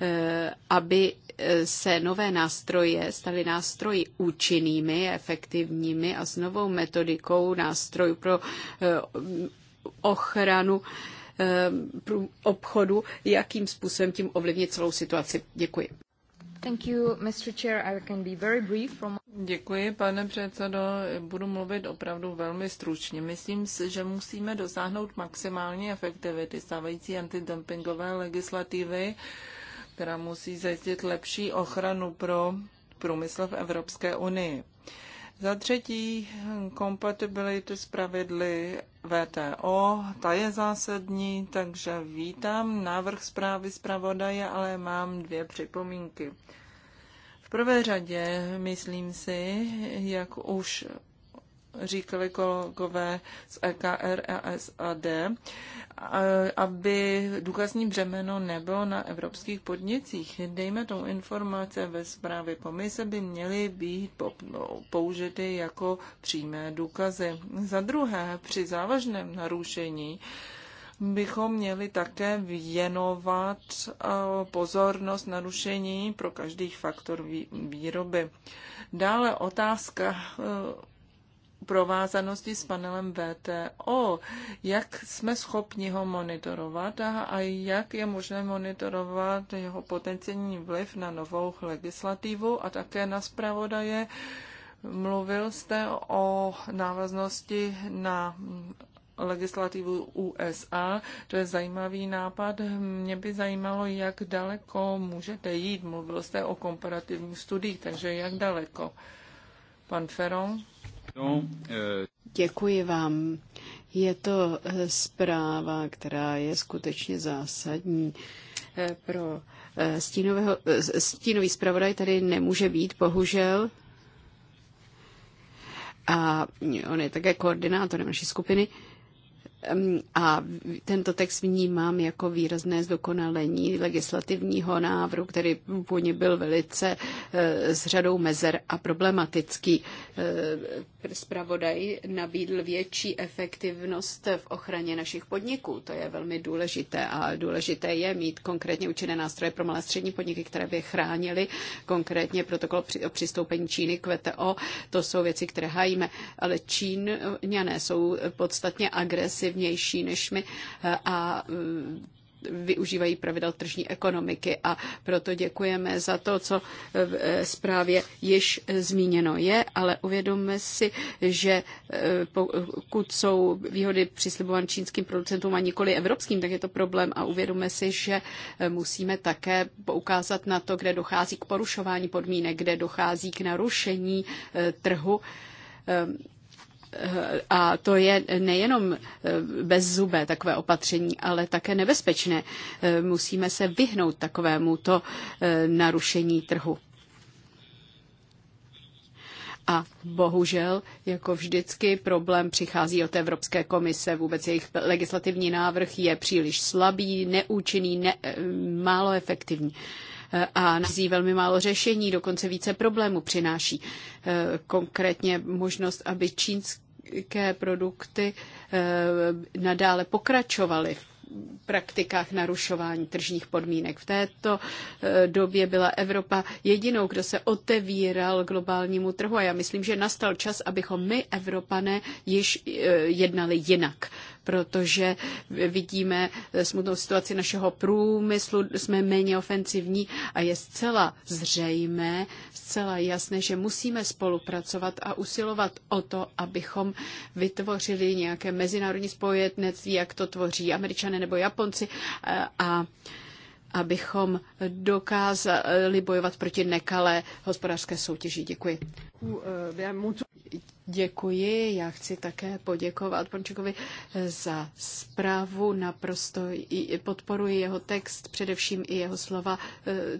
eh, aby eh, se nové nástroje staly nástroji účinnými, efektivními a s novou metodikou nástrojů pro eh, ochranu obchodu, jakým způsobem tím ovlivnit celou situaci. Děkuji. Děkuji, pane předsedo. Budu mluvit opravdu velmi stručně. Myslím si, že musíme dosáhnout maximální efektivity stávající antidumpingové legislativy, která musí zajistit lepší ochranu pro průmysl v Evropské unii. Za třetí, kompatibilitu s pravidly VTO, ta je zásadní, takže vítám návrh zprávy zpravodaje, ale mám dvě připomínky. V prvé řadě myslím si, jak už říkali kolegové z EKR a SAD, aby důkazní břemeno nebylo na evropských podnicích. Dejme tomu informace ve zprávě komise by měly být použity jako přímé důkazy. Za druhé, při závažném narušení bychom měli také věnovat eh, pozornost narušení pro každý faktor výroby. Dále otázka eh, provázanosti s panelem VTO, jak jsme schopni ho monitorovat a, a jak je možné monitorovat jeho potenciální vliv na novou legislativu a také na zpravodaje. Mluvil jste o návaznosti na legislativu USA. To je zajímavý nápad. Mě by zajímalo, jak daleko můžete jít. Mluvil jste o komparativních studiích, takže jak daleko? Pan Ferron? No, eh, Děkuji vám. Je to eh, zpráva, která je skutečně zásadní eh, pro stínového, stínový zpravodaj tady nemůže být, bohužel. A on je také koordinátorem naší skupiny. A tento text vnímám jako výrazné zdokonalení legislativního návrhu, který původně byl velice e, s řadou mezer a problematický. Spravodaj e, nabídl větší efektivnost v ochraně našich podniků. To je velmi důležité a důležité je mít konkrétně účinné nástroje pro malé střední podniky, které by chránili konkrétně protokol o přistoupení Číny k VTO. To jsou věci, které hájíme, ale Číňané jsou podstatně agresivní efektivnější než my eh, a eh, využívají pravidel tržní ekonomiky a proto děkujeme za to, co v eh, zprávě již zmíněno je, ale uvědomme si, že pokud jsou výhody přislibované čínským producentům a nikoli evropským, tak je to problém a uvědomme si, že musíme také poukázat na to, kde dochází k porušování podmínek, kde dochází k narušení trhu a to je nejenom eh, bez zube takové opatření, ale také nebezpečné. Eh, musíme se vyhnout takovému to eh, narušení trhu. A bohužel, jako vždycky, problém přichází od Evropské komise. Vůbec jejich legislativní návrh je příliš slabý, neúčinný, ne, málo efektivní a nazí velmi málo řešení, dokonce více problémů přináší. Eh, konkrétně možnost, aby čínské produkty eh, nadále pokračovaly v praktikách narušování tržních podmínek. V této eh, době byla Evropa jedinou, kdo se otevíral globálnímu trhu a já myslím, že nastal čas, abychom my, Evropané, již jednali jinak protože vidíme smutnou situaci našeho průmyslu, jsme méně ofensivní a je zcela zřejmé, zcela jasné, že musíme spolupracovat a usilovat o to, abychom vytvořili nějaké mezinárodní spojetnectví, jak to tvoří američané nebo Japonci a, a abychom dokázali bojovat proti nekalé hospodářské soutěži. Děkuji. Děkuji. Já chci také poděkovat Pončekovi za zprávu. Naprosto podporuji jeho text, především i jeho slova,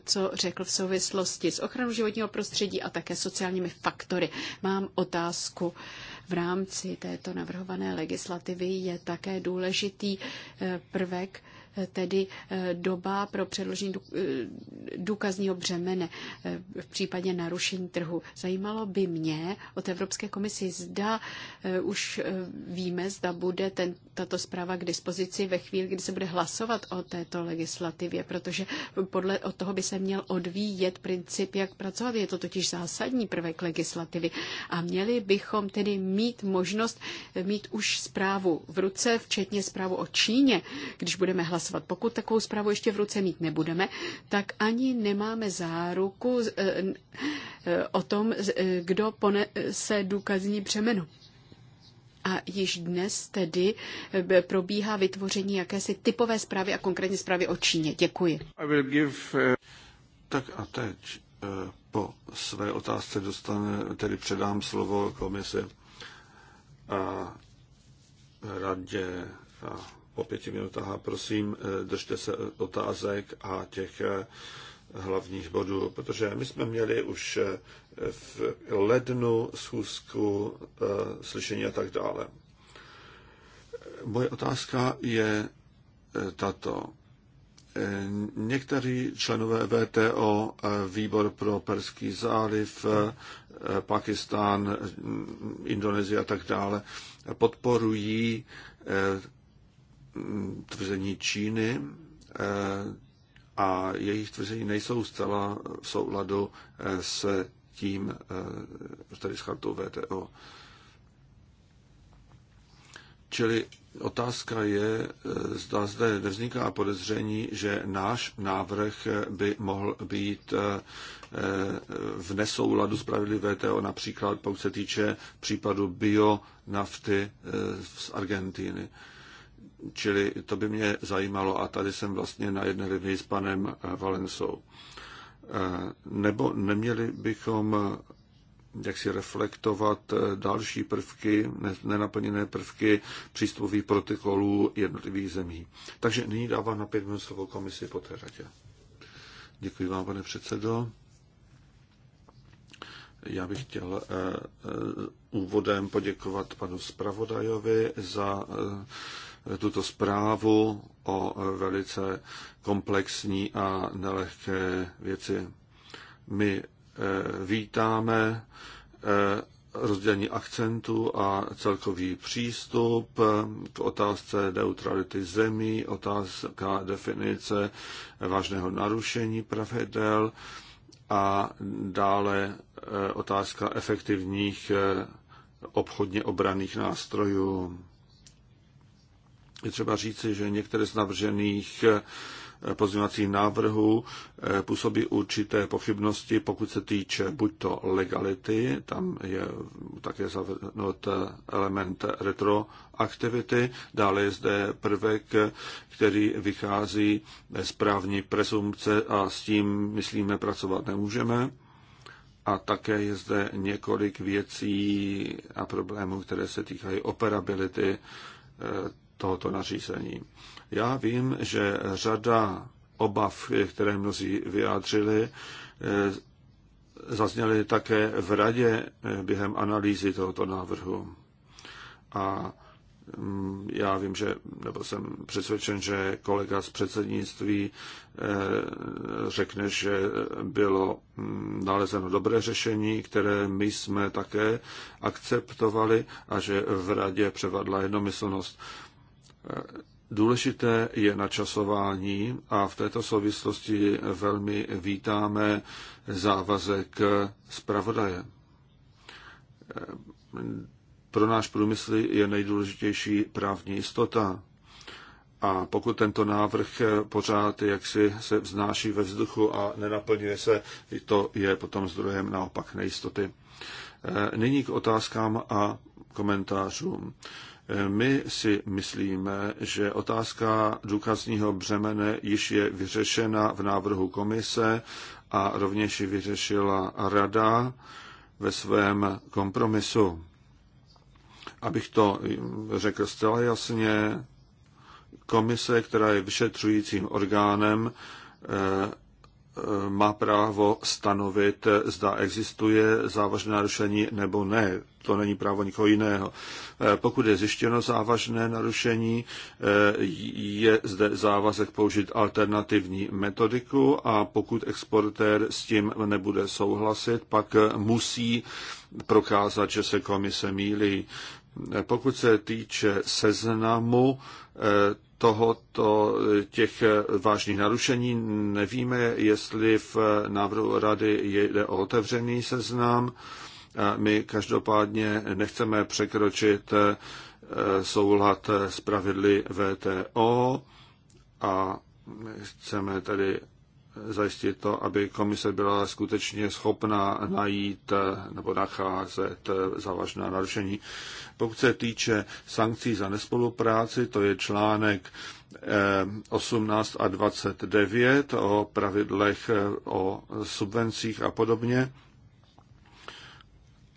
co řekl v souvislosti s ochranou životního prostředí a také sociálními faktory. Mám otázku. V rámci této navrhované legislativy je také důležitý eh, prvek tedy eh, doba pro předložení eh, důkazního břemene eh, v případě narušení trhu. Zajímalo by mě od Evropské komisi, zda už víme, zda bude ten, tato zpráva k dispozici ve chvíli, kdy se bude hlasovat o této legislativě, protože podle od toho by se měl odvíjet princip, jak pracovat. Je to totiž zásadní prvek legislativy. A měli bychom tedy mít možnost mít už zprávu v ruce, včetně zprávu o Číně, když budeme hlasovat hlasovat. Pokud takovou zprávu ještě v ruce mít nebudeme, tak ani nemáme záruku e, e, o tom, e, kdo ponese důkazní břemeno. A již dnes tedy probíhá vytvoření jakési typové zprávy a konkrétně zprávy o Číně. Děkuji. Give, uh... Tak a teď uh, po své otázce dostane, tedy předám slovo komise a radě a po pěti minutách a prosím, eh, držte se otázek a těch eh, hlavních bodů, protože my jsme měli už eh, v lednu schůzku, slyšení a tak dále. Moje otázka je tato. Někteří členové VTO, výbor pro Perský záliv, Pakistán, mm, Indonésie a tak dále, podporují tvrzení Číny eh, a jejich tvrzení nejsou zcela v souladu eh, s tím, eh, tady s chartou VTO. Čili otázka je, zda zde nevzniká podezření, že náš návrh by mohl být v nesouladu s pravidly VTO, například pokud se týče případu bio nafty z Argentíny. Čili to by mě zajímalo a tady jsem vlastně na jedné linii s panem Valensou. Eh, nebo neměli bychom eh, jak si reflektovat eh, další prvky, nenaplněné prvky přístupových protokolů jednotlivých zemí. Takže nyní dávám na pět minut slovo komisi po té radě. Děkuji vám, pane předsedo. Já bych chtěl úvodem poděkovat panu zpravodajovi za tuto zprávu o velice komplexní a nelehké věci. My eh, vítáme eh, rozdělení akcentu a celkový přístup eh, k otázce neutrality zemí, otázka definice vážného narušení pravidel a dále otázka efektivních obchodně obraných nástrojů. Je třeba říci, že některé z navržených eh, pozměňovacích návrhů eh, působí určité pochybnosti, pokud se týče buď to legality, tam je také zavrnut eh, element retroaktivity, dále je zde prvek, který vychází z právní presumpce a s tím, myslíme, pracovat nemůžeme. A také je zde několik věcí a problémů, které se týkají operability tohoto nařízení. Já vím, že řada obav, které mnozí vyjádřili, eh, zazněly také v radě eh, během analýzy tohoto návrhu. A mm, já vím, že, nebo jsem přesvědčen, že kolega z předsednictví eh, řekne, že bylo mm, nalezeno dobré řešení, které my jsme také akceptovali a že v radě převadla jednomyslnost. Důležité je načasování a v této souvislosti velmi vítáme závazek zpravodaje. Pro náš průmysl je nejdůležitější právní jistota. A pokud tento návrh pořád jaksi se vznáší ve vzduchu a nenaplňuje se, to je potom zdrojem naopak nejistoty. Nyní k otázkám a komentářům. My si myslíme, že otázka důkazního břemene již je vyřešena v návrhu komise a rovněž ji vyřešila rada ve svém kompromisu. Abych to řekl zcela jasně, komise, která je vyšetřujícím orgánem, Eh, má právo stanovit, zda existuje závažné narušení nebo ne. To není právo nikoho jiného. Eh, pokud je zjištěno závažné narušení, eh, je zde závazek použít alternativní metodiku a pokud exportér s tím nebude souhlasit, pak musí prokázat, že se komise mílí. Pokud se týče seznamu, tohoto eh, těch eh, vážných narušení. Nevíme, jestli v eh, návrhu rady jde o otevřený seznam. My každopádně nechceme překročit soulad s pravidly VTO a chceme tedy zajistit to, aby komise byla skutečně schopna najít nebo nacházet závažná narušení. Pokud se týče sankcí za nespolupráci, to je článek 18 eh, a 29 o pravidlech eh, o subvencích a podobně.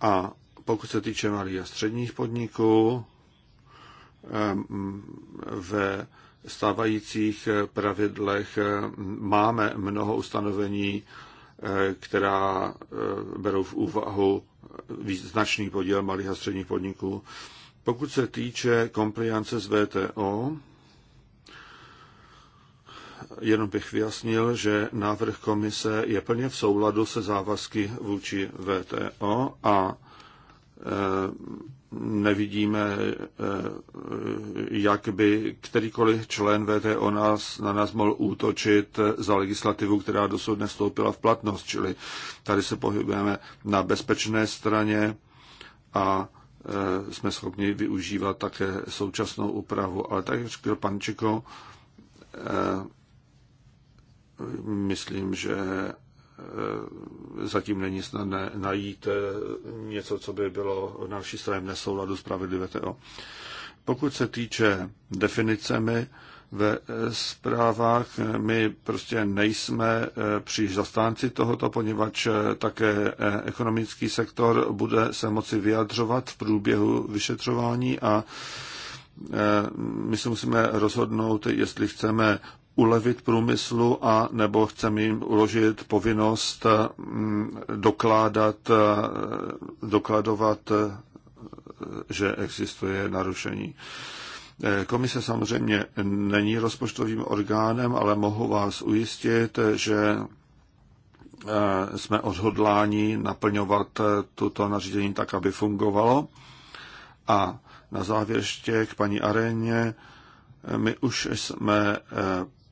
A pokud se týče malých a středních podniků, eh, ve stávajících pravidlech máme mnoho ustanovení, která berou v úvahu značný podíl malých a středních podniků. Pokud se týče kompliance z VTO, jenom bych vyjasnil, že návrh komise je plně v souladu se závazky vůči VTO a nevidíme, eh, jak by kterýkoliv člen VTO nás, na nás mohl útočit za legislativu, která dosud nestoupila v platnost. Čili tady se pohybujeme na bezpečné straně a eh, jsme schopni využívat také současnou úpravu. Ale tak, jak řekl pan Čiko, eh, myslím, že Eh, zatím není snadné najít eh, něco, co by bylo na naší straně v nesouladu s pravidly VTO. Pokud se týče definicemi ve eh, zprávách, my prostě nejsme příliš zastánci tohoto, poněvadž také ekonomický sektor bude se moci vyjadřovat v průběhu vyšetřování a my se musíme rozhodnout, jestli chceme ulevit průmyslu a nebo chceme jim uložit povinnost eh, mm, dokládat, eh, dokladovat, eh, že existuje narušení. Komise samozřejmě není rozpočtovým orgánem, ale mohu vás ujistit, že jsme odhodláni naplňovat tuto nařízení tak, aby fungovalo. A na závěr ještě k paní Areně. My už jsme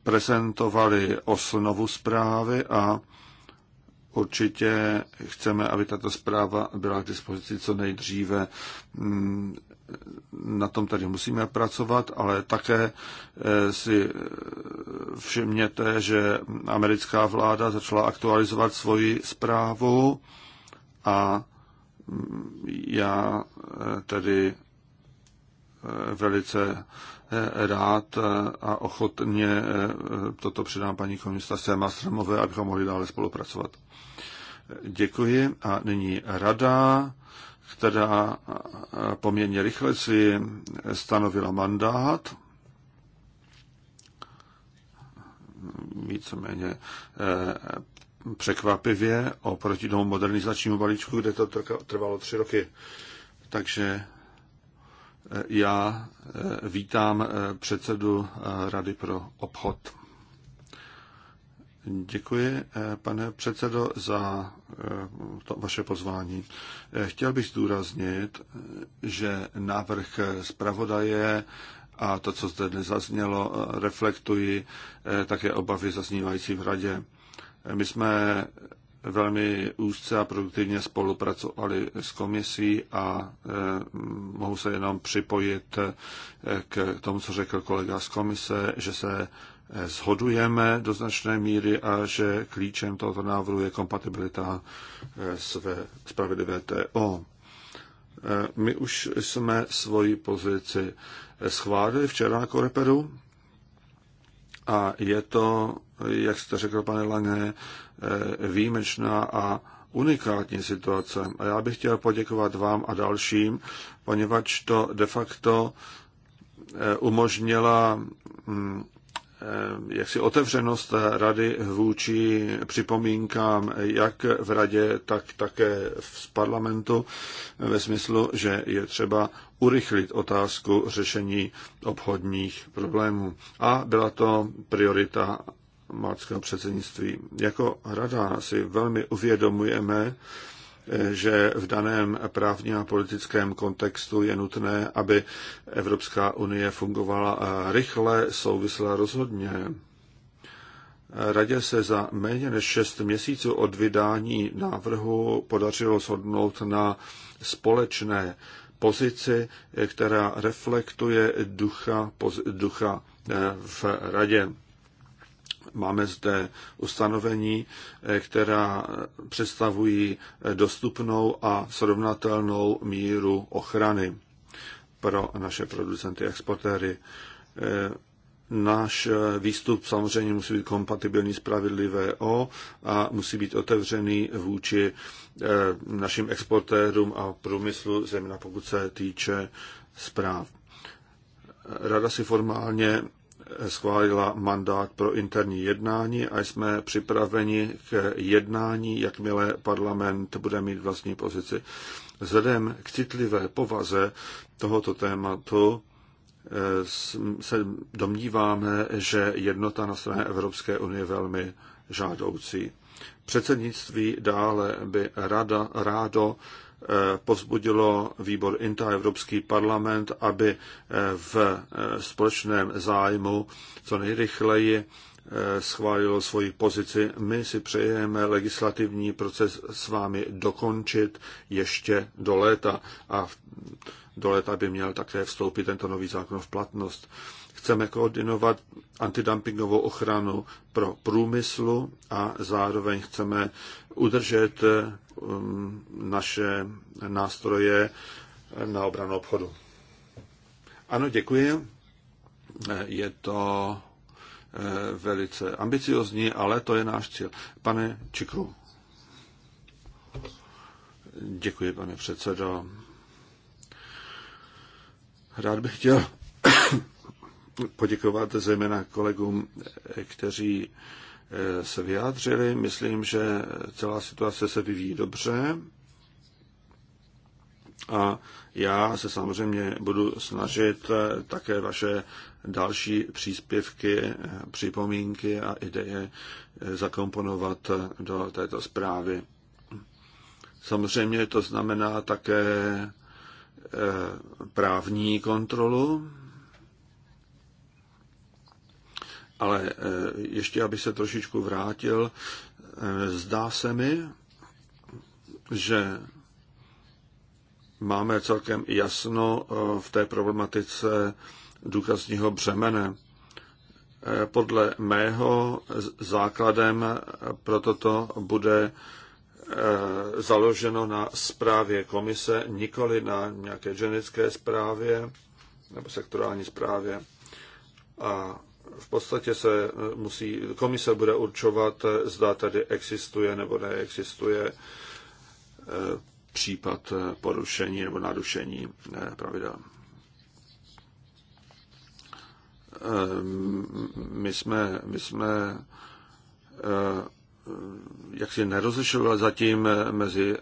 prezentovali osnovu zprávy a určitě chceme, aby tato zpráva byla k dispozici co nejdříve. Mm, na tom tady musíme pracovat, ale také eh, si eh, všimněte, že americká vláda začala aktualizovat svoji zprávu a mm, já eh, tedy velice rád a ochotně eh, toto předám paní komisarce Mastromové, abychom mohli dále spolupracovat. Děkuji a nyní rada, která eh, poměrně rychle si stanovila mandát. Víceméně eh, překvapivě oproti tomu modernizačnímu balíčku, kde to trvalo tři roky. Takže já eh, vítám eh, předsedu eh, Rady pro obchod. Děkuji, pane předsedo, za to vaše pozvání. Chtěl bych zdůraznit, že návrh zpravodaje a to, co zde dnes zaznělo, reflektuji také obavy zaznívající v radě. My jsme velmi úzce a produktivně spolupracovali s komisí a e, mohu se jenom připojit e, k tomu, co řekl kolega z komise, že se e, shodujeme do značné míry a že klíčem tohoto návrhu je kompatibilita své spravedlivé TO. My už jsme svoji pozici schválili včera na Koreperu a je to, jak jste řekl, pane Lange, Eh, výjimečná a unikátní situace. A já bych chtěl poděkovat vám a dalším, poněvadž to de facto eh, umožnila mm, eh, jaksi otevřenost rady vůči připomínkám jak v radě, tak také v parlamentu ve smyslu, že je třeba urychlit otázku řešení obchodních problémů. A byla to priorita maltského předsednictví. Jako rada si velmi uvědomujeme, že v daném právním a politickém kontextu je nutné, aby Evropská unie fungovala rychle, souvisle rozhodně. Radě se za méně než šest měsíců od vydání návrhu podařilo shodnout na společné pozici, která reflektuje ducha, ducha eh, v radě. Máme zde ustanovení, eh, která představují eh, dostupnou a srovnatelnou míru ochrany pro naše producenty a exportéry. Eh, náš výstup samozřejmě musí být kompatibilní s pravidly VO a musí být otevřený vůči našim exportérům a průmyslu, zejména pokud se týče zpráv. Rada si formálně schválila mandát pro interní jednání a jsme připraveni k jednání, jakmile parlament bude mít vlastní pozici. Vzhledem k citlivé povaze tohoto tématu eh, se domníváme, že jednota na straně Evropské unie je velmi žádoucí. Předsednictví dále by rada, rádo povzbudilo výbor INTA Evropský parlament, aby eh, v eh, společném zájmu co nejrychleji eh, schválilo svoji pozici. My si přejeme legislativní proces s vámi dokončit ještě do léta a do léta by měl také vstoupit tento nový zákon v platnost. Chceme koordinovat antidumpingovou ochranu pro průmyslu a zároveň chceme udržet Um, naše nástroje na obranu obchodu. Ano, děkuji. Je to eh, velice ambiciozní, ale to je náš cíl. Pane Čikru. Děkuji, pane předsedo. Rád bych chtěl poděkovat zejména kolegům, eh, kteří Eh, se vyjádřili. Myslím, že celá situace se vyvíjí dobře a já se samozřejmě budu snažit eh, také vaše další příspěvky, eh, připomínky a ideje zakomponovat do této zprávy. Samozřejmě to znamená také právní kontrolu, Ale eh, ještě, aby se trošičku vrátil, eh, zdá se mi, že máme celkem jasno eh, v té problematice důkazního břemene. Podle mého základem pro toto bude založeno na zprávě komise, nikoli na nějaké ženické zprávě nebo sektorální zprávě. A v podstatě se eh, musí, komise bude určovat, eh, zda tady existuje nebo neexistuje eh, případ porušení nebo narušení pravidel. My jsme, my jsme jak si nerozlišovali zatím mezi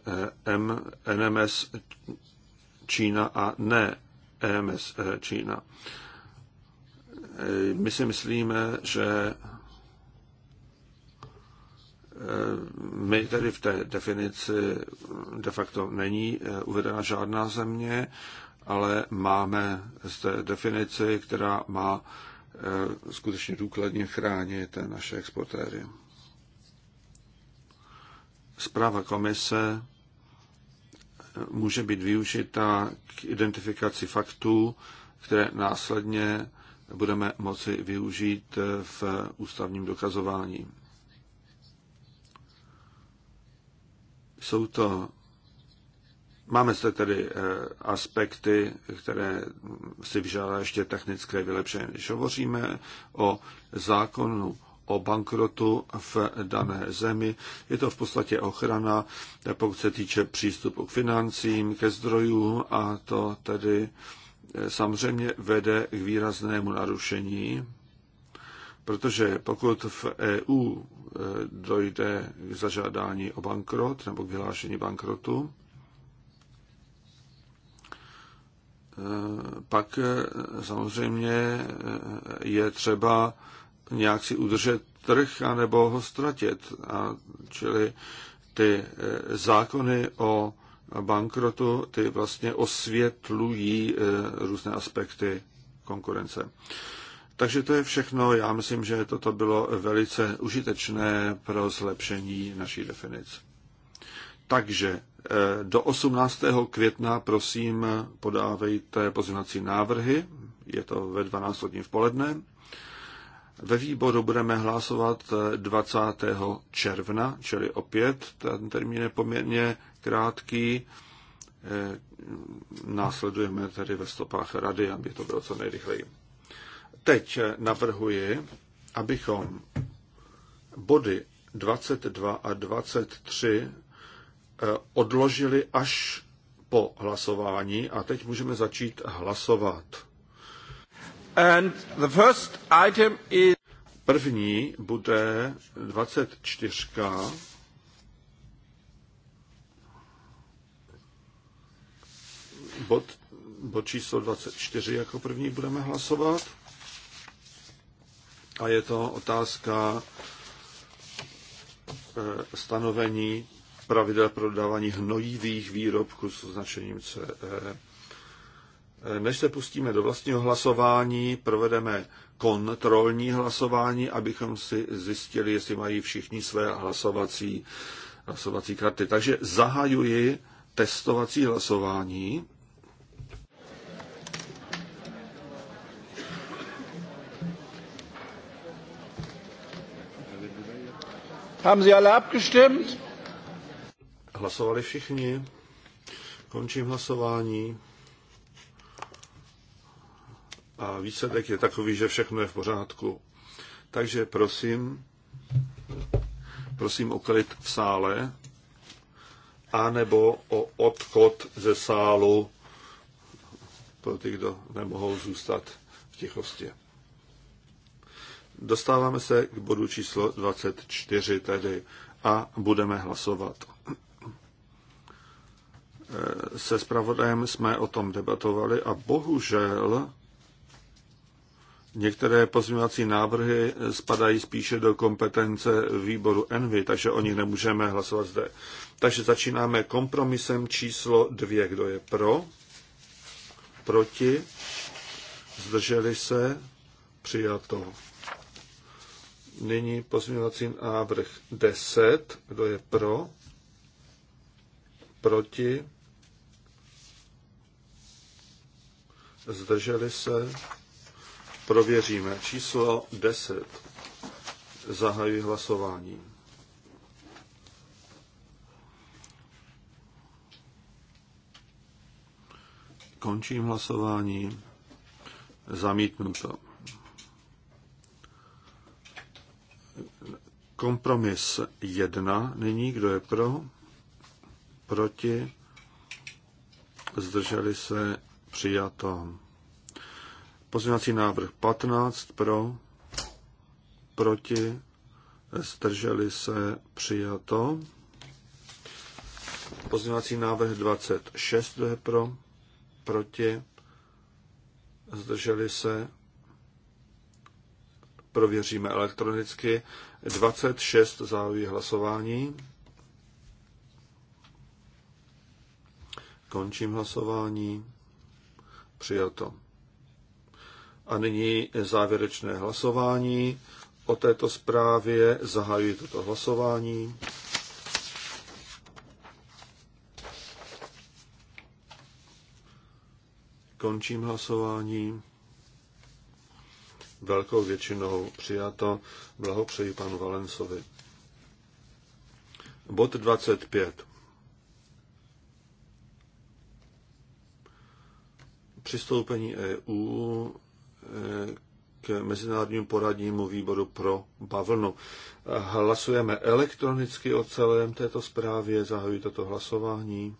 M, NMS Čína a ne EMS Čína. Eh, my si myslíme, že eh, my tedy v té definici de facto není eh, uvedena žádná země, ale máme zde definici, která má skutečně důkladně chránit naše exportéry. Zpráva komise může být využita k identifikaci faktů, které následně budeme moci využít v ústavním dokazování. Jsou to Máme zde tedy eh, aspekty, které si vyžádá ještě technické vylepšení. Když hovoříme o zákonu o bankrotu v dané zemi, je to v podstatě ochrana, eh, pokud se týče přístupu k financím, ke zdrojům a to tedy samozřejmě vede k výraznému narušení, protože pokud v EU e, dojde k zažádání o bankrot nebo k vyhlášení bankrotu, e, pak e, samozřejmě je třeba nějak si udržet trh anebo ho ztratit. A čili ty zákony o bankrotu, ty vlastně osvětlují eh, různé aspekty konkurence. Takže to je všechno. Já myslím, že toto bylo velice užitečné pro zlepšení naší definic. Takže eh, do 18. května prosím podávejte pozvinací návrhy. Je to ve 12 hodin v poledne. Ve výboru budeme hlasovat 20. Eh, června, čili opět ten termín je poměrně krátký. Eh, následujeme tedy ve stopách rady, aby to bylo co nejrychleji. Teď eh, navrhuji, abychom body 22 a 23 odložili až po hlasování a teď můžeme začít hlasovat. And the first item is... První bude 24. Bod, bod číslo 24 jako první budeme hlasovat. A je to otázka eh, stanovení pravidel pro dodávání hnojivých výrobků s označením CE. Eh, než se pustíme do vlastního hlasování, provedeme kontrolní hlasování, abychom si zjistili, jestli mají všichni své hlasovací, hlasovací karty. Takže zahajuji testovací hlasování. Haben Sie alle abgestimmt? Hlasovali všichni. Končím hlasování a výsledek je takový, že všechno je v pořádku. Takže prosím, prosím o klid v sále, anebo o odchod ze sálu pro ty, kdo nemohou zůstat v tichosti. Dostáváme se k bodu číslo 24 tedy a budeme hlasovat. Eh, se zpravodajem jsme o tom debatovali a bohužel Některé pozměňovací návrhy spadají spíše do kompetence výboru Envy, takže o nich nemůžeme hlasovat zde. Takže začínáme kompromisem číslo dvě. Kdo je pro? Proti? Zdrželi se? Přijato. Nyní pozměňovací návrh 10. Kdo je pro? Proti? Zdrželi se? Prověříme. Číslo 10. Zahajuji hlasování. Končím hlasování. Zamítnuto. Kompromis 1. Nyní kdo je pro? Proti? Zdrželi se přijato. Pozměňovací návrh 15 pro, proti, zdrželi se, přijato. Pozměňovací návrh 26, je pro, proti, zdrželi se, prověříme elektronicky. 26 závěr hlasování. Končím hlasování. Přijato. A nyní závěrečné hlasování o této zprávě. Zahajuji toto hlasování. Končím hlasování. Velkou většinou přijato. Blahopřeji panu Valensovi. Bod 25. Přistoupení EU k Mezinárodnímu poradnímu výboru pro bavlnu. Hlasujeme elektronicky o celém této zprávě, zahajuji toto hlasování.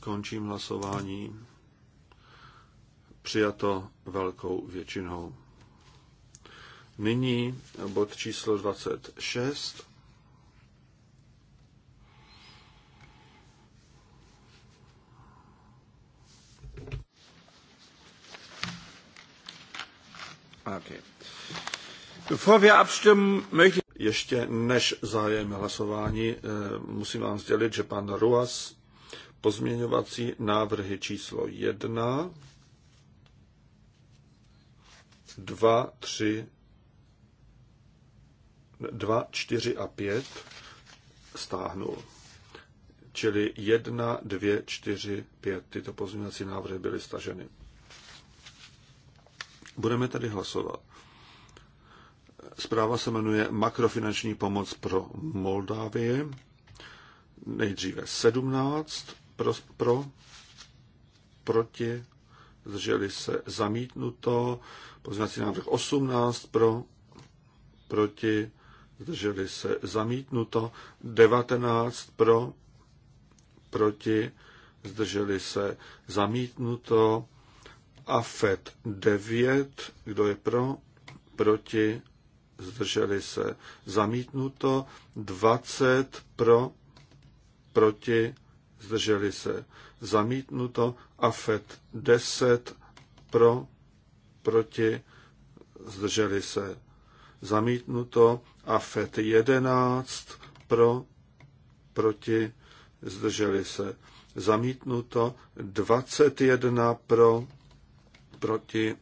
Končím hlasování. Přijato velkou většinou. Nyní bod číslo 26. ještě než zájem hlasování, eh, musím vám sdělit, že pan Ruas pozměňovací návrhy číslo 1, 2, 3, 2, 4 a 5 stáhnul. Čili 1, 2, 4, 5. Tyto pozměňovací návrhy byly staženy. Budeme tedy hlasovat. Zpráva se jmenuje Makrofinanční pomoc pro Moldávii. Nejdříve 17 pro, pro proti, zdrželi se zamítnuto. Pozměňovací návrh 18 pro, proti, zdrželi se zamítnuto. 19 pro, proti, zdrželi se zamítnuto. AFET 9, kdo je pro, proti, zdrželi se. Zamítnuto 20 pro, proti, zdrželi se. Zamítnuto AFET 10 pro, proti, zdrželi se. Zamítnuto AFET 11 pro, proti, zdrželi se. Zamítnuto 21 pro, proti,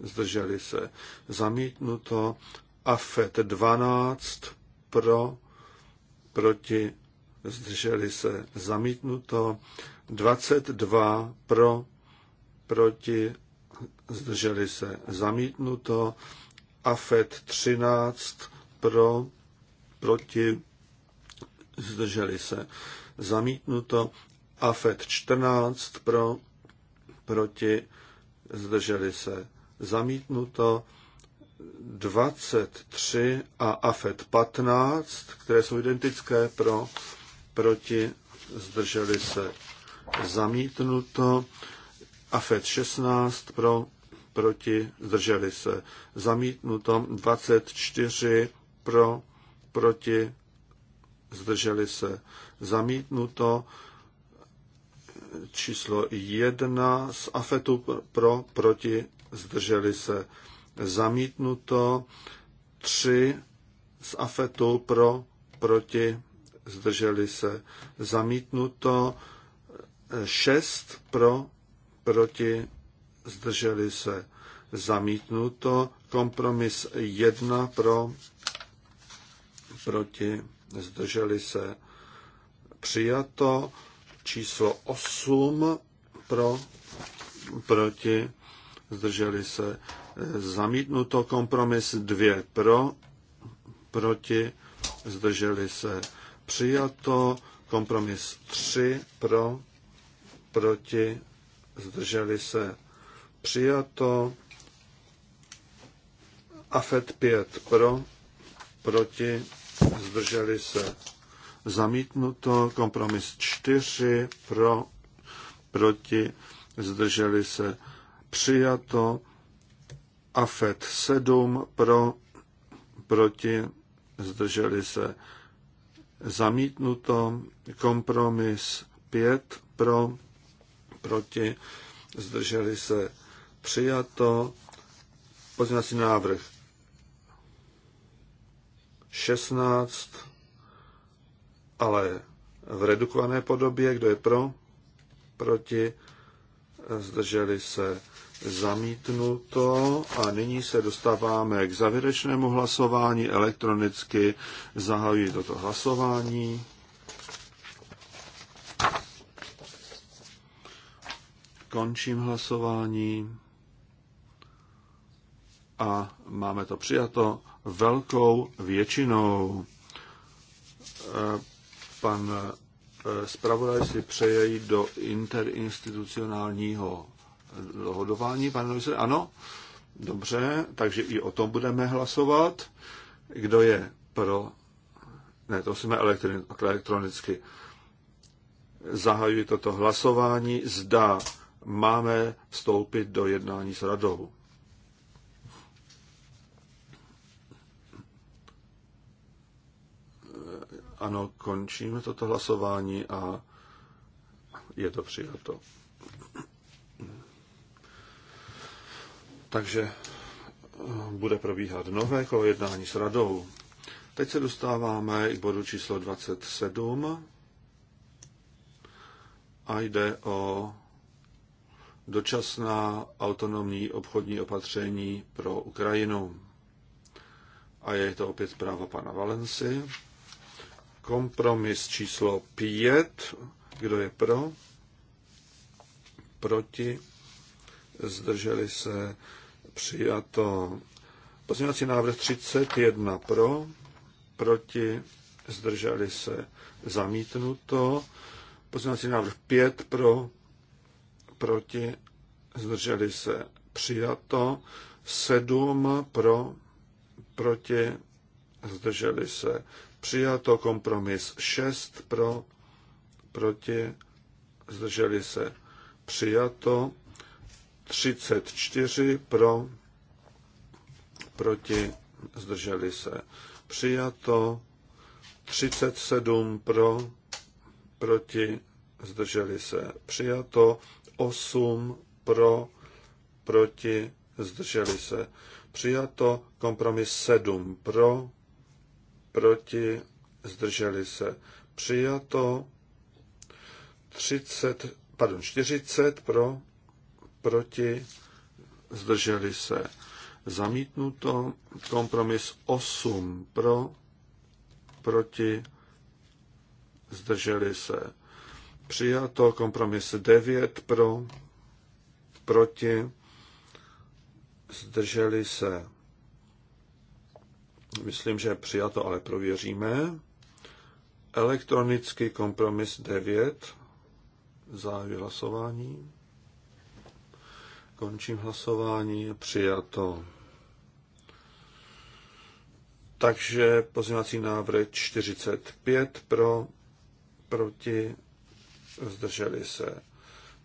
zdrželi se. Zamítnuto AFET 12 pro, proti, zdrželi se. Zamítnuto 22 pro, proti, zdrželi se. Zamítnuto AFET 13 pro, proti, zdrželi se. Zamítnuto AFET 14 pro, proti, zdrželi se zamítnuto, 23 a AFET 15, které jsou identické pro, proti, zdrželi se zamítnuto, AFET 16 pro, proti, zdrželi se zamítnuto, 24 pro, proti, zdrželi se zamítnuto, číslo jedna z AFETu pro, proti, zdrželi se zamítnuto, tři z AFETu pro, proti, zdrželi se zamítnuto, šest pro, proti, zdrželi se zamítnuto, kompromis jedna pro, proti, zdrželi se přijato, Číslo 8 pro, proti, zdrželi se e, zamítnuto. Kompromis 2 pro, proti, zdrželi se přijato. Kompromis 3 pro, proti, zdrželi se přijato. AFET 5 pro, proti, zdrželi se zamítnuto, kompromis 4 pro, proti, zdrželi se přijato, AFET 7 pro, proti, zdrželi se zamítnuto, kompromis 5 pro, proti, zdrželi se přijato, pozměňovací návrh 16 ale v redukované podobě, kdo je pro, proti, zdrželi se zamítnuto a nyní se dostáváme k závěrečnému hlasování elektronicky. Zahajuji toto hlasování. Končím hlasování a máme to přijato velkou většinou pan eh, zpravodaj si přeje jít do interinstitucionálního dohodování. Pane Novice, ano? Dobře, takže i o tom budeme hlasovat. Kdo je pro? Ne, to jsme elektronicky. Zahajuji toto hlasování. Zda máme vstoupit do jednání s radou. Ano, končíme toto hlasování a je to přijato. Takže eh, bude probíhat nové kolo jednání s radou. Teď se dostáváme k bodu číslo 27 a jde o dočasná autonomní obchodní opatření pro Ukrajinu. A je to opět zpráva pana Valensy. Kompromis číslo 5. Kdo je pro? Proti? Zdrželi se? Přijato. Pozměňovací návrh 31 pro, proti, zdrželi se, zamítnuto. Pozměňovací návrh 5 pro, proti, zdrželi se, přijato. 7 pro, proti, zdrželi se, Přijato kompromis 6 pro, proti, zdrželi se. Přijato 34 pro, proti, zdrželi se. Přijato 37 pro, proti, zdrželi se. Přijato 8 pro, proti, zdrželi se. Přijato kompromis 7 pro, proti, zdrželi se. Přijato 30, pardon, 40 pro, proti, zdrželi se. Zamítnuto kompromis 8 pro, proti, zdrželi se. Přijato kompromis 9 pro, proti, zdrželi se Myslím, že přijato, ale prověříme. Elektronický kompromis 9. Zahajuji hlasování. Končím hlasování. Přijato. Takže pozměňovací návrh 45 pro, proti, zdrželi se.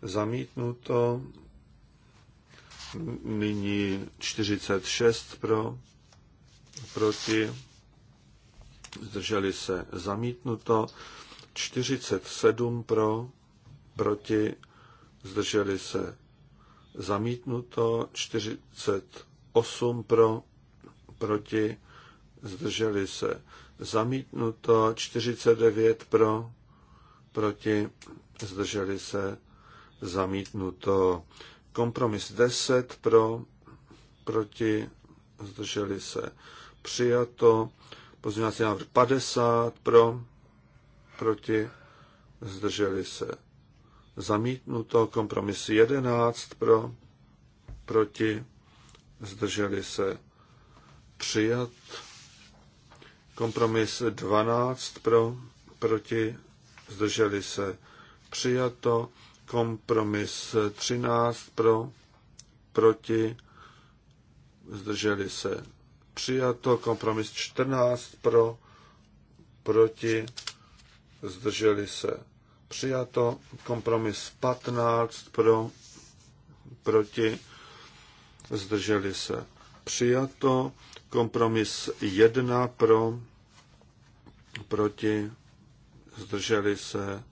Zamítnuto. Nyní 46 pro, proti, zdrželi se zamítnuto, 47 pro, proti, zdrželi se zamítnuto, 48 pro, proti, zdrželi se zamítnuto, 49 pro, proti, zdrželi se zamítnuto. Kompromis 10 pro, proti, zdrželi se přijato. Pozměňovací návrh 50 pro, proti, zdrželi se. Zamítnuto. Kompromis 11 pro, proti, zdrželi se. Přijat. Kompromis 12 pro, proti, zdrželi se. Přijato. Kompromis 13 pro, proti, zdrželi se přijato, kompromis 14 pro, proti, zdrželi se přijato, kompromis 15 pro, proti, zdrželi se přijato, kompromis 1 pro, proti, zdrželi se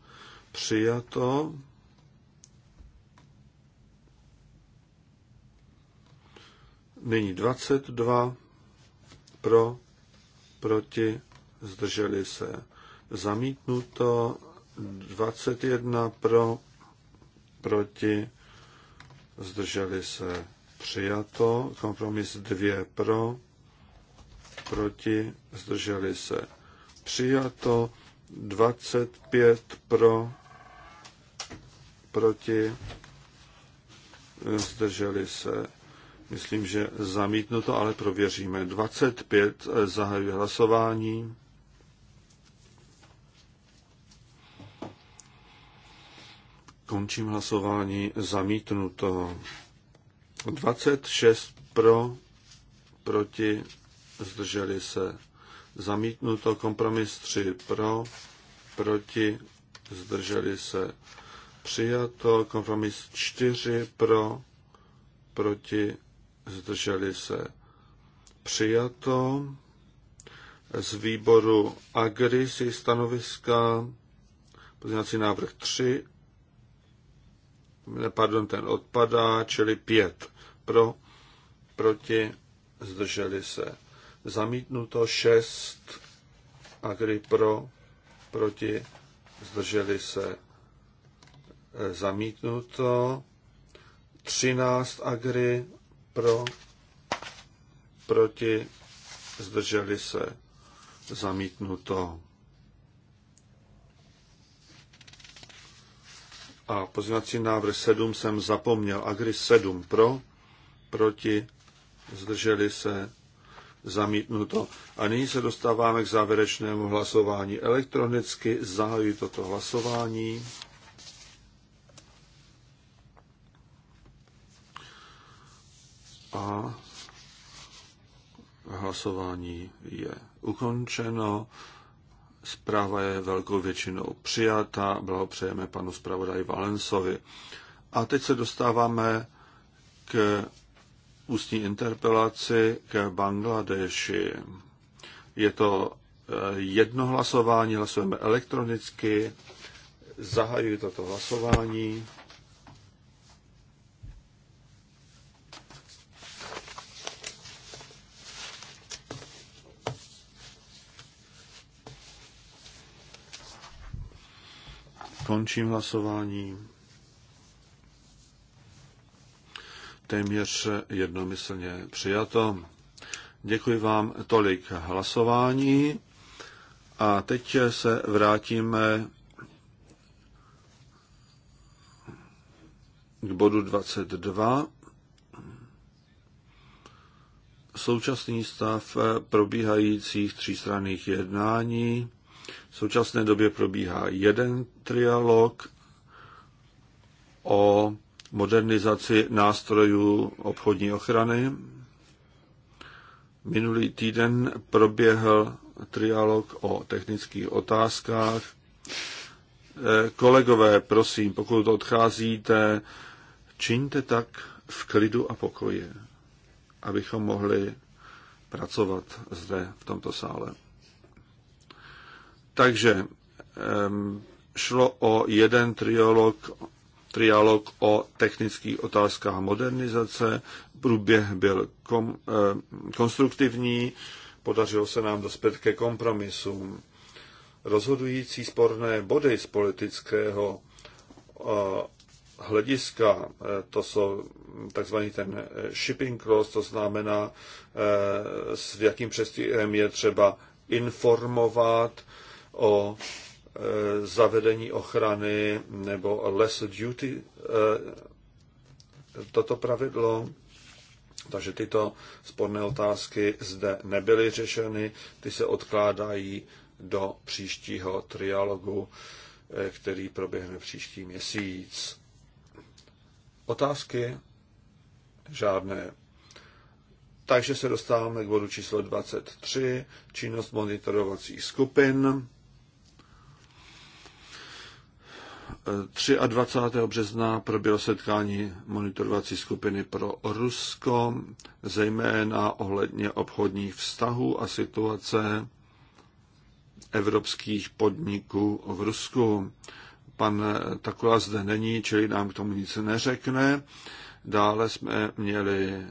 přijato, nyní 22 pro, proti, zdrželi se. Zamítnuto 21 pro, proti, zdrželi se. Přijato, kompromis 2 pro, proti, zdrželi se. Přijato 25 pro, proti, zdrželi se Myslím, že zamítnu to, ale prověříme. 25 eh, zahajuje hlasování. Končím hlasování. Zamítnuto. 26 pro, proti, zdrželi se. Zamítnuto. Kompromis 3 pro, proti, zdrželi se. Přijato. Kompromis 4 pro, proti, zdrželi se přijato. Z výboru Agri si stanoviska pozměňovací návrh 3, pardon, ten odpadá, čili 5 pro, proti, zdrželi se. Zamítnuto 6, Agri pro, proti, zdrželi se. E, zamítnuto 13 Agri pro, proti, zdrželi se, zamítnuto. A pozměňovací návrh 7 jsem zapomněl. Agri 7 pro, proti, zdrželi se, zamítnuto. A nyní se dostáváme k závěrečnému hlasování. Elektronicky zahajuji toto hlasování. hlasování je ukončeno. Zpráva je velkou většinou přijata. Blahopřejeme panu zpravodaji Valensovi. A teď se dostáváme k ústní interpelaci k Bangladeši. Je to eh, jedno hlasování, hlasujeme elektronicky. Zahajuji toto hlasování. Končím hlasování. Téměř jednomyslně přijato. Děkuji vám tolik hlasování. A teď se vrátíme k bodu 22. Současný stav probíhajících třístranných jednání v současné době probíhá jeden trialog o modernizaci nástrojů obchodní ochrany. Minulý týden proběhl trialog o technických otázkách. Kolegové, prosím, pokud odcházíte, čiňte tak v klidu a pokoji, abychom mohli pracovat zde v tomto sále. Takže šlo o jeden trialog, trialog o technických otázkách modernizace. Průběh byl kom, konstruktivní, podařilo se nám dospět ke kompromisům. Rozhodující sporné body z politického hlediska, e, to jsou takzvaný ten e, shipping clause, to znamená, e, s jakým přestíhem je třeba informovat o e, zavedení ochrany nebo less duty, e, toto pravidlo. Takže tyto sporné otázky zde nebyly řešeny, ty se odkládají do příštího trialogu, e, který proběhne příští měsíc. Otázky? Žádné. Takže se dostáváme k bodu číslo 23, činnost monitorovacích skupin. 23. března proběhlo setkání monitorovací skupiny pro Rusko, zejména ohledně obchodních vztahů a situace evropských podniků v Rusku. Pan Takula zde není, čili nám k tomu nic neřekne. Dále jsme měli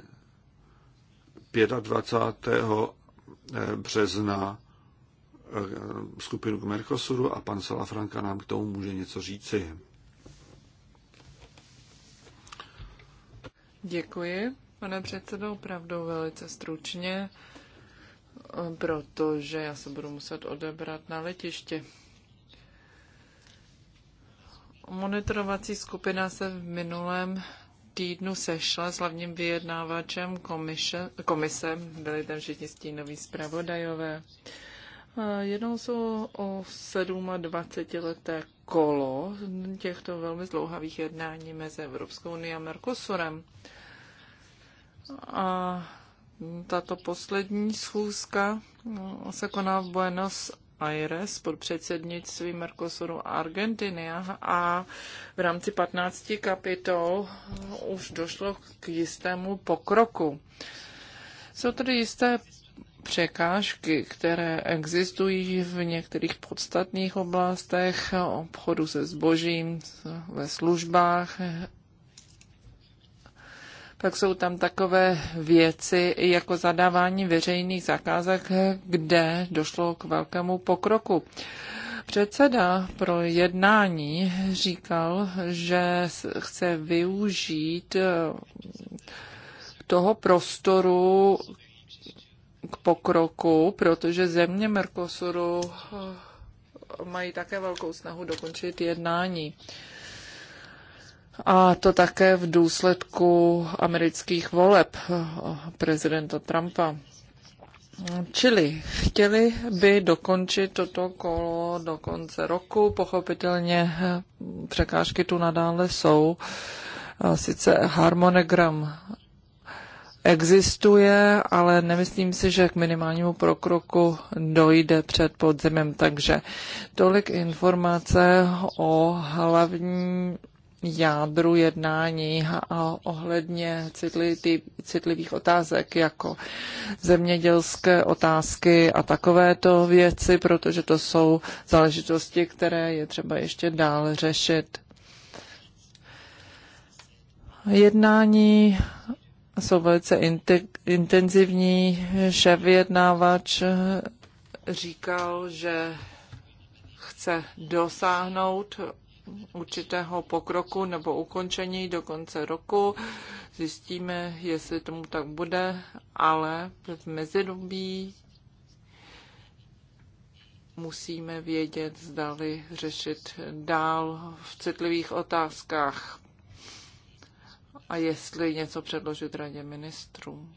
25. března Eh, skupinu k Mercosuru a pan Salafranka nám k tomu může něco říci. Děkuji, pane předsedo, opravdu velice stručně, protože já se budu muset odebrat na letiště. Monitorovací skupina se v minulém týdnu sešla s hlavním vyjednávačem komise, komise byli tam všichni stínoví zpravodajové. Eh, Jednou jsou o 27 leté kolo těchto velmi zlouhavých jednání mezi Evropskou unii a Mercosurem. A tato poslední schůzka eh, se koná v Buenos Aires pod předsednictví Mercosuru a Argentiny a v rámci 15 kapitol eh, už došlo k jistému pokroku. Jsou tedy jisté překážky, které existují v některých podstatných oblastech obchodu se zbožím, ve službách, tak jsou tam takové věci jako zadávání veřejných zakázek, kde došlo k velkému pokroku. Předseda pro jednání říkal, že chce využít toho prostoru, k pokroku, protože země Mercosuru eh, mají také velkou snahu dokončit jednání. A to také v důsledku amerických voleb eh, prezidenta Trumpa. Čili chtěli by dokončit toto kolo do konce roku. Pochopitelně eh, překážky tu nadále jsou. Sice harmonogram existuje, ale nemyslím si, že k minimálnímu prokroku dojde před podzimem. Takže tolik informace o hlavní jádru jednání a ohledně citlivých otázek jako zemědělské otázky a takovéto věci, protože to jsou záležitosti, které je třeba ještě dál řešit. Jednání jsou velice intenzivní, šéf vyjednávač eh, říkal, že chce dosáhnout určitého pokroku nebo ukončení do konce roku. Zjistíme, jestli tomu tak bude, ale v mezidobí musíme vědět, zdali řešit dál v citlivých otázkách a jestli něco předložit radě ministrů.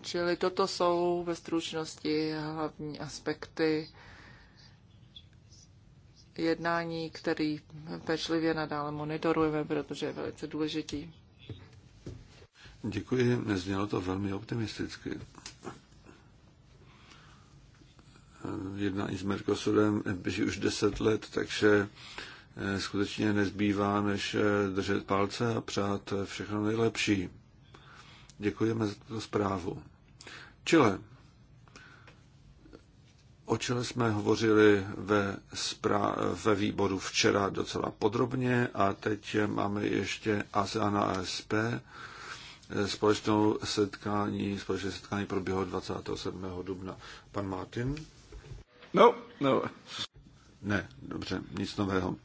Čili toto jsou ve stručnosti hlavní aspekty jednání, který pečlivě nadále monitorujeme, protože je velice důležitý. Děkuji, neznělo to velmi optimisticky. Jednání s Mercosurem běží už deset let, takže Eh, skutečně nezbývá, než eh, držet palce a přát eh, všechno nejlepší. Děkujeme za tuto zprávu. Čile. O Chile jsme hovořili ve, zprá- ve výboru včera docela podrobně a teď máme ještě ASEAN a ASP. Společnou setkání, společné setkání proběhlo 27. dubna. Pan Martin? No, no. Ne, dobře, nic nového.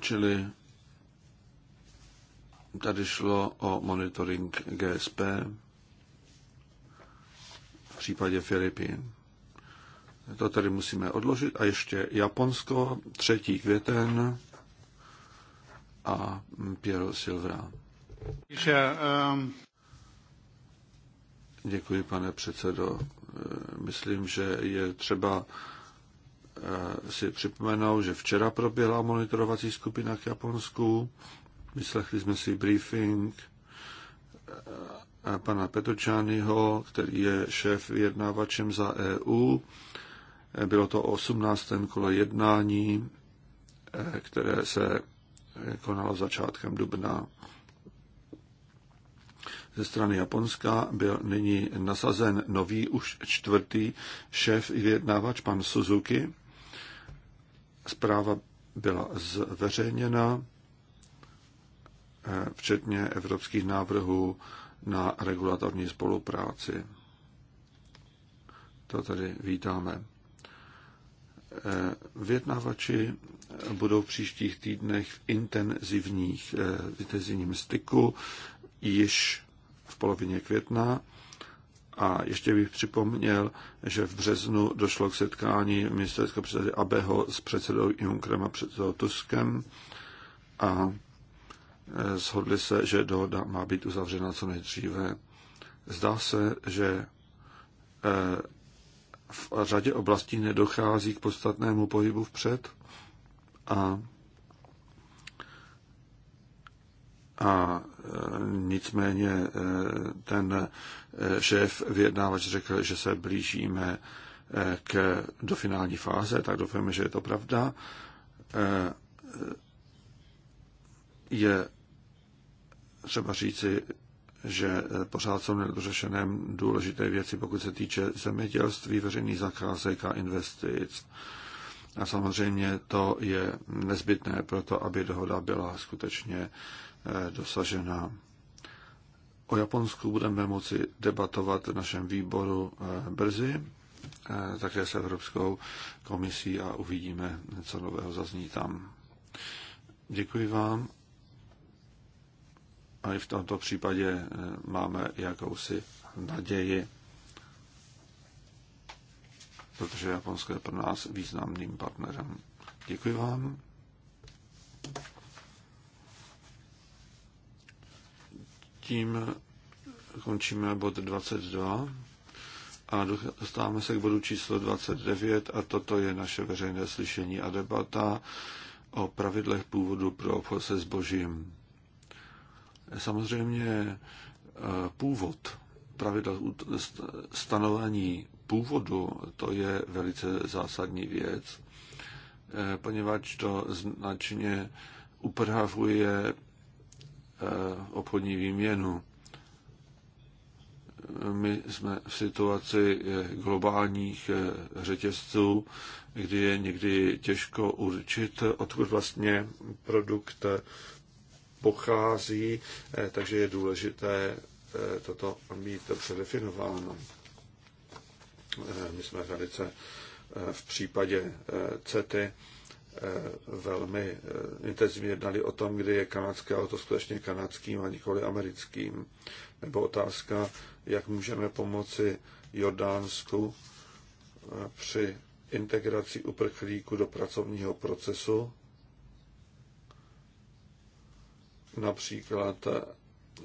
Čili tady šlo o monitoring GSP v případě Filipín. To tady musíme odložit. A ještě Japonsko, 3. květen a Piero Silvra. Um. Děkuji, pane předsedo. Myslím, že je třeba Eh, si připomenout, že včera proběhla monitorovací skupina k Japonsku. Vyslechli jsme si briefing eh, eh, pana Petočányho, který je šéf vyjednávačem za EU. Bylo to 18. kolo jednání, které se konalo začátkem dubna. Ze strany Japonska byl nyní nasazen nový už čtvrtý šéf vyjednávač pan Suzuki Zpráva byla zveřejněna, eh, včetně evropských návrhů na regulatorní spolupráci. To tady vítáme. Eh, Vědnavači budou v příštích týdnech v, intenzivních, eh, v intenzivním styku již v polovině května a ještě bych připomněl, že v březnu došlo k setkání ministerského předsedy Abeho s předsedou Junckerem a předsedou Tuskem a e, shodli se, že dohoda má být uzavřena co nejdříve. Zdá se, že e, v řadě oblastí nedochází k podstatnému pohybu vpřed a A e, nicméně e, ten e, šéf vyjednávač řekl, že se blížíme k, do finální fáze, tak doufáme, že je to pravda. Je třeba říci, že pořád jsou nedořešené důležité věci, pokud se týče zemědělství, veřejných zakázek a investic. A samozřejmě to je nezbytné pro to, aby dohoda byla skutečně eh, Eh, dosažena. O Japonsku budeme moci debatovat v našem výboru eh, brzy, eh, také s Evropskou komisí a uvidíme, co nového zazní tam. Děkuji vám. A i v tomto případě máme jakousi naději, protože Japonsko je pro nás významným partnerem. Děkuji vám. tím končíme bod 22 a dostáváme se k bodu číslo 29 a toto je naše veřejné slyšení a debata o pravidlech původu pro obchod se zbožím. Samozřejmě eh, původ, pravidla stanovení původu, to je velice zásadní věc, eh, poněvadž to značně upravuje Eh, obchodní výměnu. My jsme v situaci eh, globálních eh, řetězců, kdy je někdy těžko určit, odkud vlastně produkt pochází, takže je důležité toto mít předefinováno. My jsme velice v případě CETY Eh, velmi eh, intenzivně jednali o tom, kdy je kanadské auto skutečně kanadským a nikoli americkým. Nebo otázka, jak můžeme pomoci Jordánsku eh, při integraci uprchlíků do pracovního procesu, například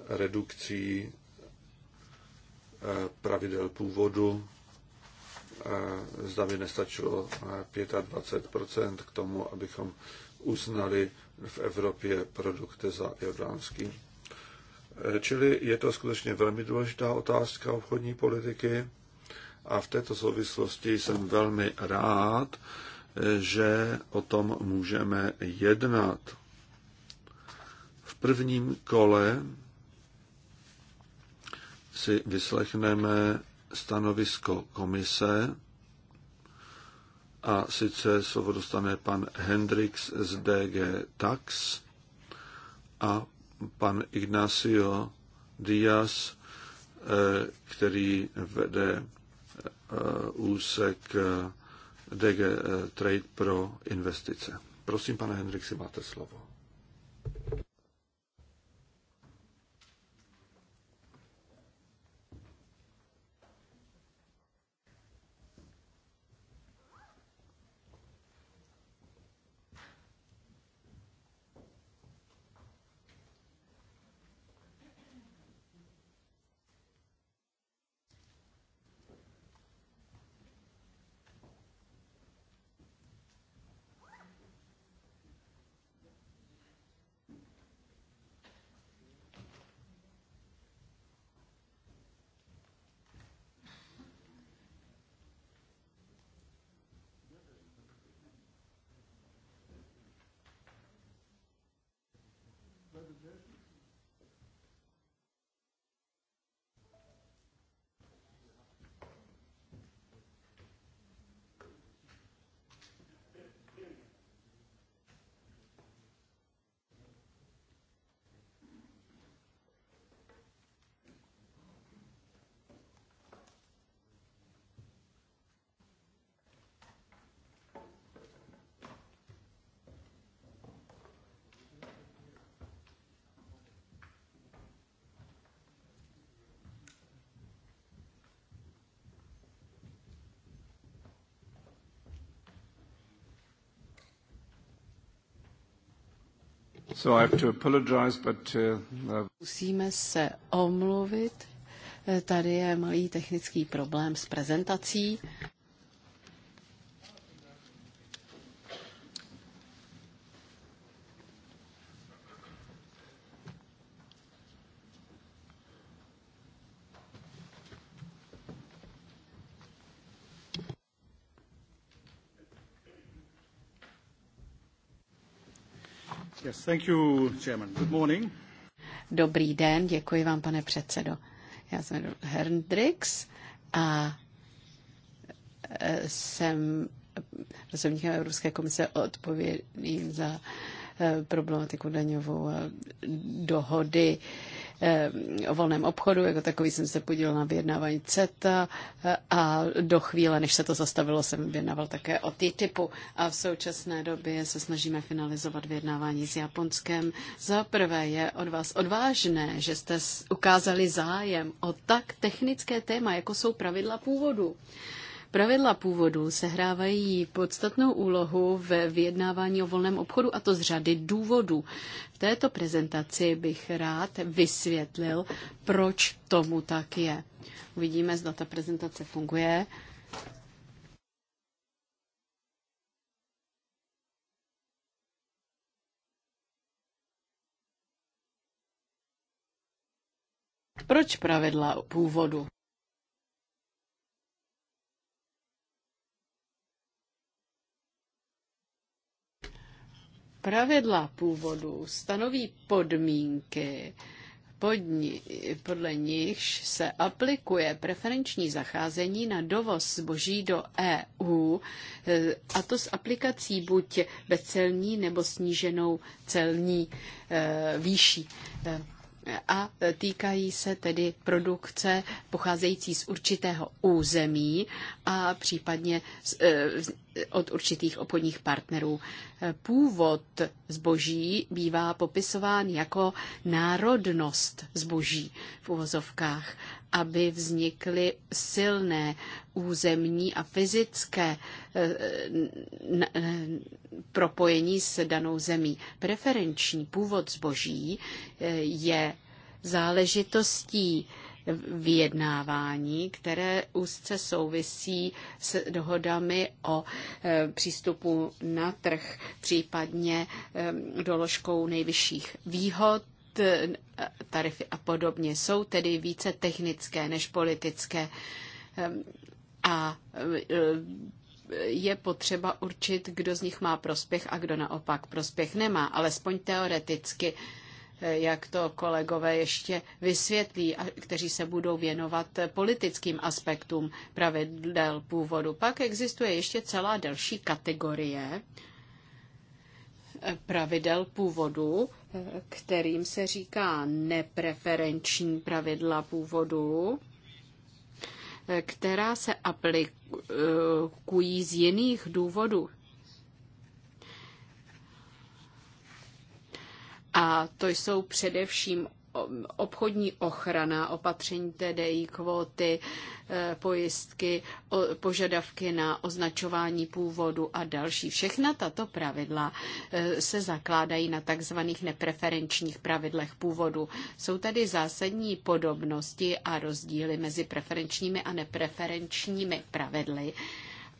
redukcí pravidel původu zda by nestačilo 25% eh, k tomu, abychom uznali v Evropě produkty za jordánský. Eh, čili je to skutečně velmi důležitá otázka obchodní politiky a v této souvislosti jsem velmi rád, eh, že o tom můžeme jednat. V prvním kole si vyslechneme stanovisko komise a sice slovo dostane pan Hendrix z DG Tax a pan Ignacio Díaz, eh, který vede eh, úsek eh, DG Trade pro investice. Prosím, pane Hendrixi, máte slovo. Brzezki So I have to apologize, but, uh, uh Musíme se omluvit. Eh, tady je malý technický problém s prezentací. Thank you, Chairman. Good morning. Dobrý den, děkuji vám, pane předsedo. Já jsem Hendrix a eh, jsem pracovníkem Evropské komise odpovědným za eh, problematiku daňovou a eh, dohody Eh, o volném obchodu, jako takový jsem se podílel na vyjednávání CETA eh, a do chvíle, než se to zastavilo, jsem vyjednával také o TTIPu a v současné době se snažíme finalizovat vyjednávání s Japonskem. Za prvé je od vás odvážné, že jste ukázali zájem o tak technické téma, jako jsou pravidla původu. Pravidla původu sehrávají podstatnou úlohu ve vyjednávání o volném obchodu a to z řady důvodů. V této prezentaci bych rád vysvětlil, proč tomu tak je. Uvidíme, zda ta prezentace funguje. Proč pravidla původu? Pravidla původu stanoví podmínky, podni, podle nichž se aplikuje preferenční zacházení na dovoz zboží do EU, e, a to s aplikací buď bezcelní nebo sníženou celní e, výší. E, a týkají se tedy produkce pocházející z určitého území a případně od určitých obchodních partnerů. Původ zboží bývá popisován jako národnost zboží v uvozovkách, aby vznikly silné územní a fyzické eh, propojení s danou zemí. Preferenční původ zboží eh, je záležitostí vyjednávání, které úzce souvisí s dohodami o e, přístupu na trh, případně e, doložkou nejvyšších výhod e, tarify a podobně jsou tedy více technické než politické. A je potřeba určit, kdo z nich má prospěch a kdo naopak prospěch nemá, alespoň teoreticky jak to kolegové ještě vysvětlí, kteří se budou věnovat politickým aspektům pravidel původu. Pak existuje ještě celá další kategorie pravidel původu, kterým se říká nepreferenční pravidla původu, která se aplikují z jiných důvodů A to jsou především obchodní ochrana, opatření TDI, kvóty, e, pojistky, požadavky na označování původu a další. Všechna tato pravidla e, se zakládají na takzvaných nepreferenčních pravidlech původu. Jsou tady zásadní podobnosti a rozdíly mezi preferenčními a nepreferenčními pravidly.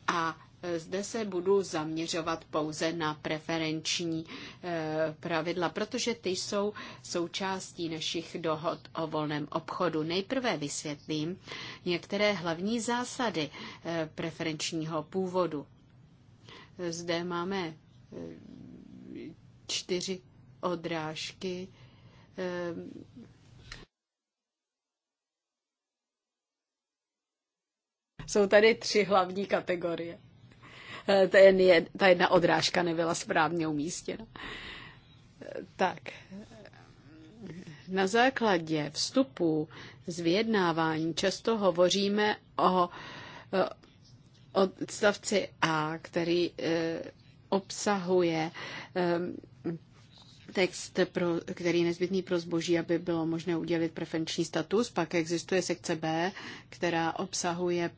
A zde se budu zaměřovat pouze na preferenční eh, pravidla, protože ty jsou součástí našich dohod o volném obchodu. Nejprve vysvětlím některé hlavní zásady eh, preferenčního původu. Zde máme eh, čtyři odrážky jsou tady tři hlavní kategorie. Eh, ten je, ta jedna odrážka nebyla správně umístěna. Tak, na základě vstupu z vyjednávání často hovoříme o eh, odstavci A, který eh, obsahuje text, pro, který je nezbytný pro zboží, aby bylo možné udělit preferenční status. Pak existuje sekce B, která obsahuje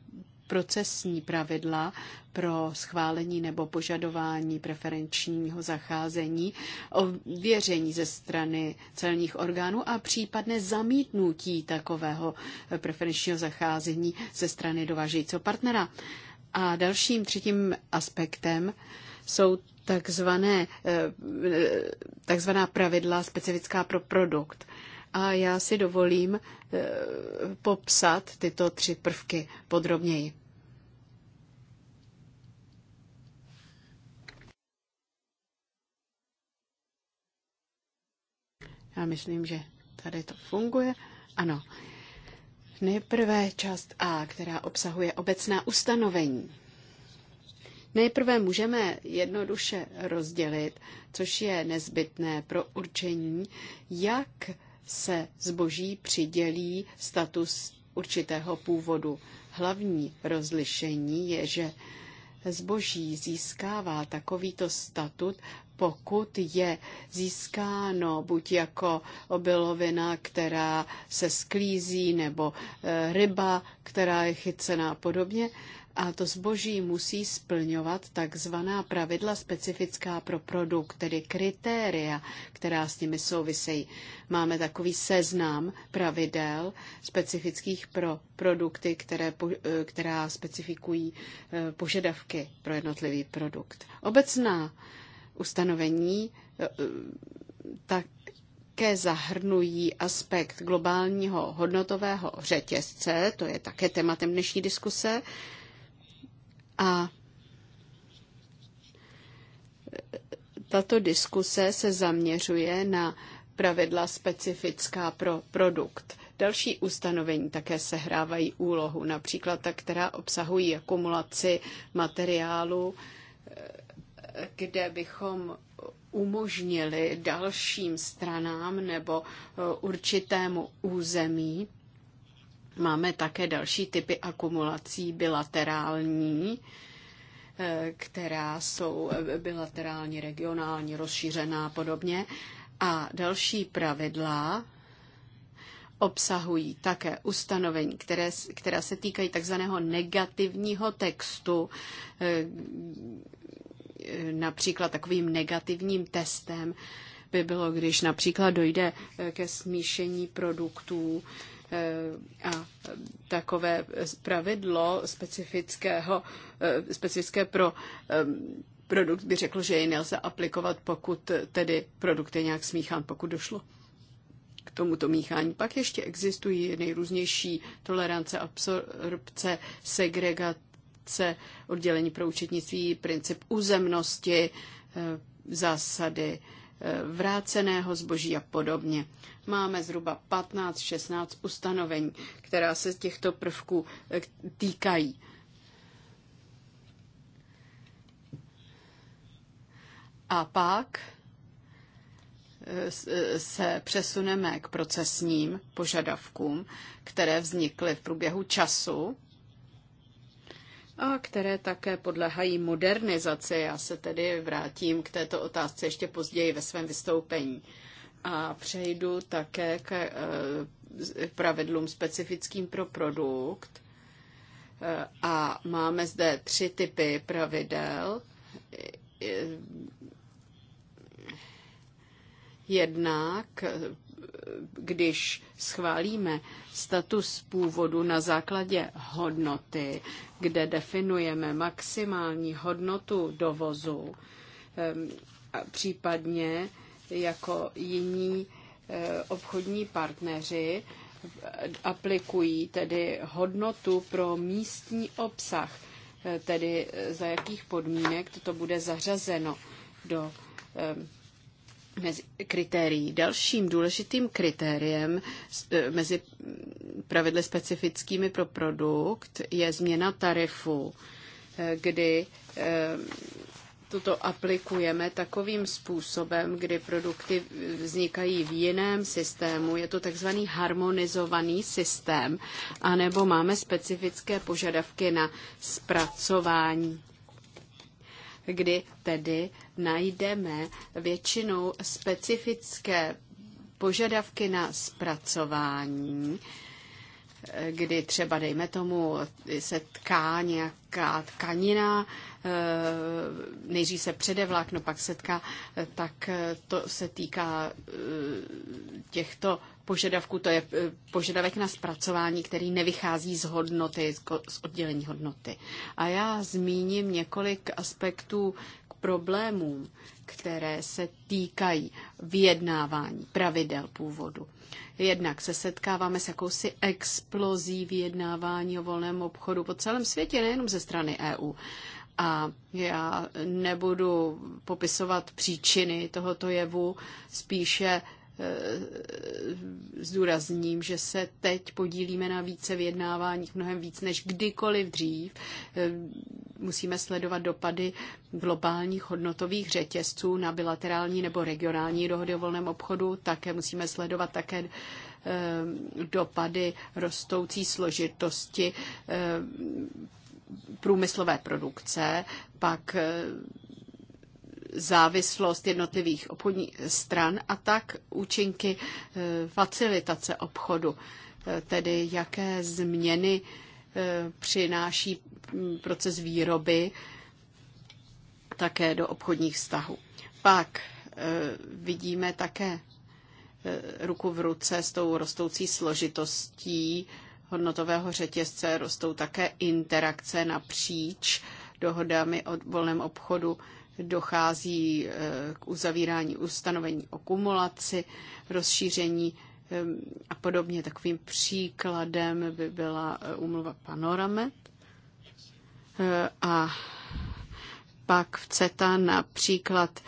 procesní pravidla pro schválení nebo požadování preferenčního zacházení, ověření ze strany celních orgánů a případné zamítnutí takového preferenčního zacházení ze strany dovážejícího partnera. A dalším třetím aspektem jsou takzvané, eh, takzvaná pravidla specifická pro produkt. A já si dovolím eh, popsat tyto tři prvky podrobněji. Já myslím, že tady to funguje. Ano. Nejprve část A, která obsahuje obecná ustanovení. Nejprve můžeme jednoduše rozdělit, což je nezbytné pro určení, jak se zboží přidělí status určitého původu. Hlavní rozlišení je, že zboží získává takovýto statut, pokud je získáno buď jako obilovina, která se sklízí, nebo eh, ryba, která je chycená a podobně, a to zboží musí splňovat takzvaná pravidla specifická pro produkt, tedy kritéria, která s nimi souvisejí. Máme takový seznam pravidel specifických pro produkty, které, eh, která specifikují eh, požadavky pro jednotlivý produkt. Obecná ustanovení tak eh, také zahrnují aspekt globálního hodnotového řetězce, to je také tématem dnešní diskuse, a tato diskuse se zaměřuje na pravidla specifická pro produkt. Další ustanovení také sehrávají úlohu, například ta, která obsahují akumulaci materiálu, kde bychom umožnili dalším stranám nebo určitému území Máme také další typy akumulací bilaterální, eh, která jsou eh, bilaterální, regionální, rozšířená a podobně. A další pravidla obsahují také ustanovení, které, která se týkají takzvaného negativního textu. Eh, například takovým negativním testem by bylo, když například dojde ke smíšení produktů, Eh, a takové pravidlo specifického, eh, specifické pro eh, produkt by řekl, že jej nelze aplikovat, pokud tedy produkt je nějak smíchán, pokud došlo k tomuto míchání. Pak ještě existují nejrůznější tolerance, absorpce, segregace, oddělení pro účetnictví, princip uzemnosti, zásady vráceného zboží a podobně. Máme zhruba 15-16 ustanovení, která se těchto prvků eh, týkají. A pak eh, eh, se přesuneme k procesním požadavkům, které vznikly v průběhu času a které také podlehají modernizaci. Já se tedy vrátím k této otázce ještě později ve svém vystoupení. A přejdu také k eh, pravidlům specifickým pro produkt. Eh, a máme zde tři typy pravidel. Eh, Jednak když schválíme status původu na základě hodnoty, kde definujeme maximální hodnotu dovozu, případně jako jiní e, obchodní partneři e, aplikují tedy hodnotu pro místní obsah, e, tedy za jakých podmínek toto bude zařazeno do mezi kritérií. Dalším důležitým kritériem e, mezi pravidly specifickými pro produkt je změna tarifu, e, kdy e, toto aplikujeme takovým způsobem, kdy produkty vznikají v jiném systému. Je to takzvaný harmonizovaný systém, anebo máme specifické požadavky na zpracování kdy tedy najdeme většinou specifické požadavky na zpracování, kdy třeba, dejme tomu, se tká nějaká tkanina, eh, nejdřív se přede vlákno, pak se tká, tak eh, to se týká eh, těchto požadavků. To je požadavek na zpracování, který nevychází z hodnoty, z oddělení hodnoty. A já zmíním několik aspektů problémům, které se týkají vyjednávání pravidel původu. Jednak se setkáváme s jakousi explozí vyjednávání o volném obchodu po celém světě, nejenom ze strany EU. A já nebudu popisovat příčiny tohoto jevu, spíše Eh, zdůrazním, že se teď podílíme na více vyjednávání, mnohem víc než kdykoliv dřív. Eh, musíme sledovat dopady globálních hodnotových řetězců na bilaterální nebo regionální dohody o volném obchodu. Také musíme sledovat také eh, dopady rostoucí složitosti průmyslové produkce, pak závislost jednotlivých obchodních stran a tak účinky eh, facilitace obchodu, eh, tedy jaké změny eh, přináší mm, proces výroby také do obchodních vztahů. Pak vidíme také ruku v ruce s tou rostoucí složitostí hodnotového řetězce, rostou také interakce napříč dohodami o volném obchodu dochází eh, k uzavírání ustanovení o kumulaci, rozšíření eh, a podobně. Takovým příkladem by byla umluva eh, Panoramet a pak v CETA například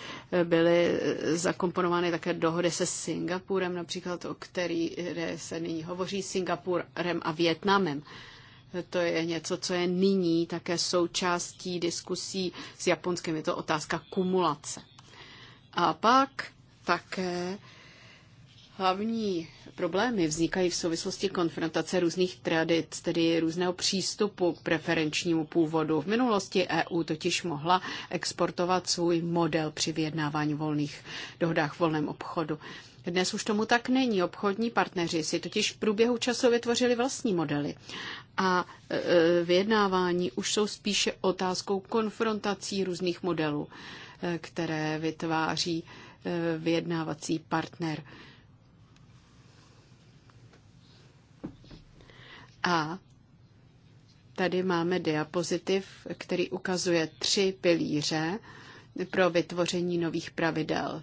byly zakomponovány také dohody se Singapurem, například o které se nyní hovoří, Singapurem a Větnamem. To je něco, co je nyní také součástí diskusí s Japonskem. Je to otázka kumulace. A pak také Hlavní problémy vznikají v souvislosti konfrontace různých tradic, tedy různého přístupu k preferenčnímu původu. V minulosti EU totiž mohla exportovat svůj model při vyjednávání volných dohodách v volném obchodu. Dnes už tomu tak není. Obchodní partneři si totiž v průběhu času vytvořili vlastní modely a e, e, vyjednávání už jsou spíše otázkou konfrontací různých modelů, e, které vytváří vyjednávací partner. A tady máme diapozitiv, který ukazuje tři pilíře pro vytvoření nových pravidel.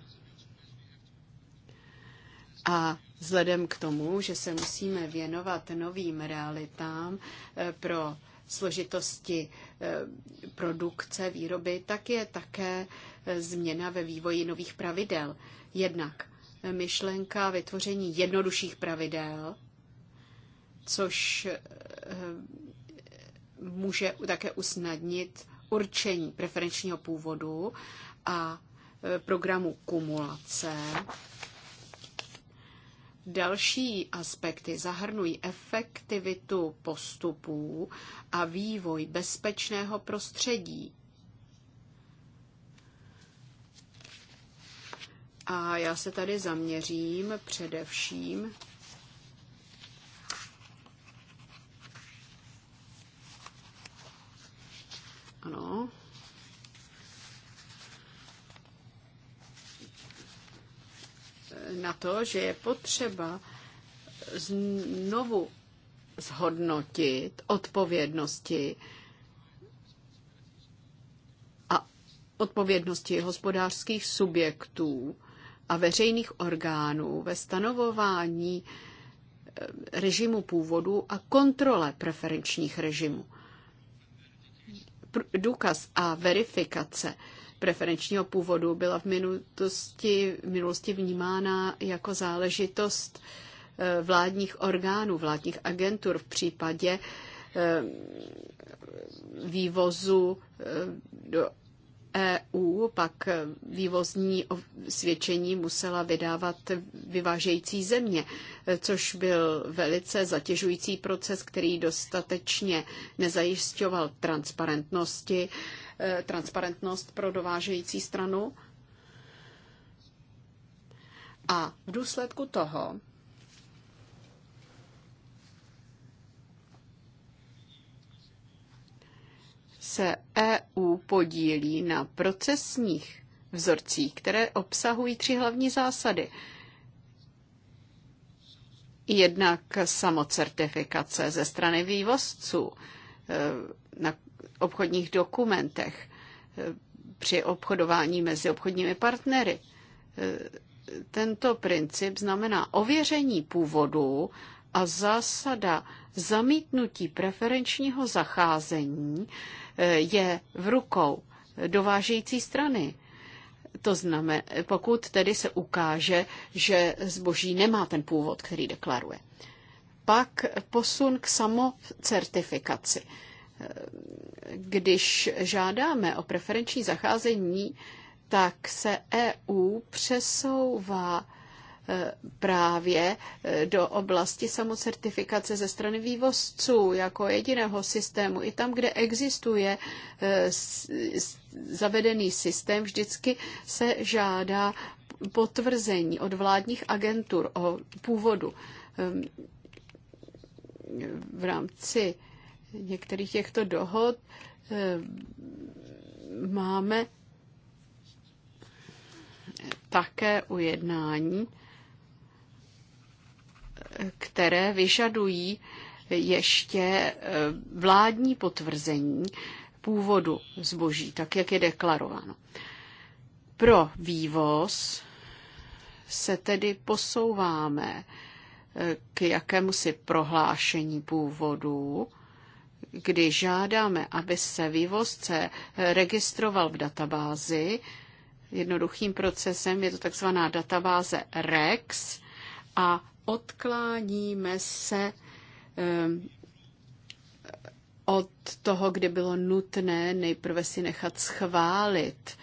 A vzhledem k tomu, že se musíme věnovat novým realitám eh, pro složitosti eh, produkce, výroby, tak je také eh, změna ve vývoji nových pravidel. Jednak myšlenka vytvoření jednodušších pravidel, což může také usnadnit určení preferenčního původu a programu kumulace Další aspekty zahrnují efektivitu postupů a vývoj bezpečného prostředí. A já se tady zaměřím především ano, na to, že je potřeba znovu zhodnotit odpovědnosti a odpovědnosti hospodářských subjektů a veřejných orgánů ve stanovování eh, režimu původu a kontrole preferenčních režimů. Důkaz a verifikace preferenčního původu byla v minulosti, v minulosti vnímána jako záležitost eh, vládních orgánů, vládních agentur v případě eh, vývozu eh, do EU pak vývozní svědčení musela vydávat vyvážející země, což byl velice zatěžující proces, který dostatečně nezajišťoval transparentnosti, e, transparentnost pro dovážející stranu. A v důsledku toho se EU podílí na procesních vzorcích, které obsahují tři hlavní zásady. Jednak samocertifikace ze strany vývozců eh, na obchodních dokumentech eh, při obchodování mezi obchodními partnery. Eh, tento princip znamená ověření původu a zásada zamítnutí preferenčního zacházení je v rukou dovážející strany. To znamená, pokud tedy se ukáže, že zboží nemá ten původ, který deklaruje. Pak posun k samocertifikaci. Když žádáme o preferenční zacházení, tak se EU přesouvá Eh, právě eh, do oblasti samocertifikace ze strany vývozců jako jediného systému. I tam, kde existuje eh, zavedený systém, vždycky se žádá potvrzení od vládních agentur o původu ehm, v rámci některých těchto dohod ehm, máme také ujednání které vyžadují ještě e, vládní potvrzení původu zboží, tak jak je deklarováno. Pro vývoz se tedy posouváme e, k jakémusi prohlášení původu, kdy žádáme, aby se vývozce registroval v databázi. Jednoduchým procesem je to takzvaná databáze REX a odkláníme se ehm, od toho, kde bylo nutné nejprve si nechat schválit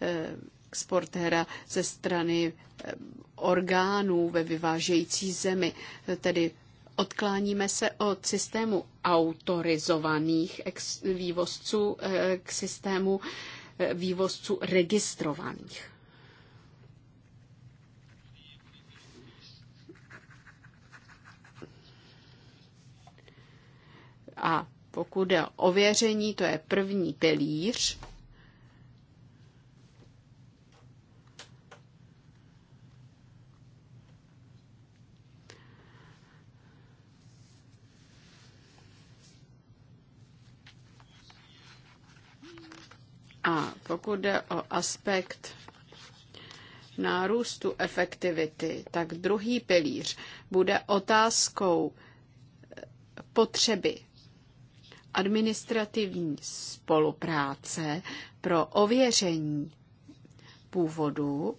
ehm, sportéra ze strany ehm, orgánů ve vyvážející zemi. Tedy odkláníme se od systému autorizovaných vývozců k systému vývozců registrovaných. A pokud je ověření, to je první pilíř. A pokud jde o aspekt nárůstu efektivity, tak druhý pilíř bude otázkou potřeby administrativní spolupráce pro ověření původu,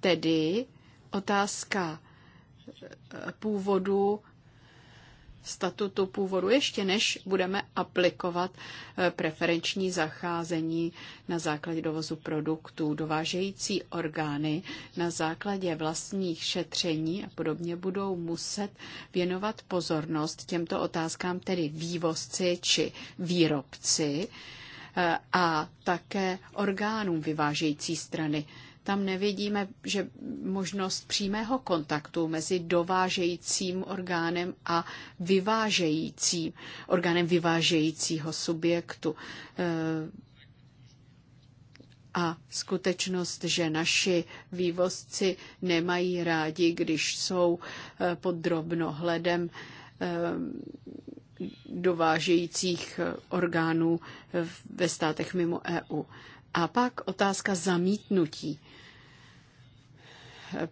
tedy otázka eh, původu statutu původu, ještě než budeme aplikovat eh, preferenční zacházení na základě dovozu produktů. Dovážející orgány na základě vlastních šetření a podobně budou muset věnovat pozornost těmto otázkám, tedy vývozci či výrobci eh, a také orgánům vyvážející strany tam nevidíme, že možnost přímého kontaktu mezi dovážejícím orgánem a vyvážejícím, orgánem vyvážejícího subjektu. E, a skutečnost, že naši vývozci nemají rádi, když jsou e, pod drobnohledem e, dovážejících orgánů ve státech mimo EU. A pak otázka zamítnutí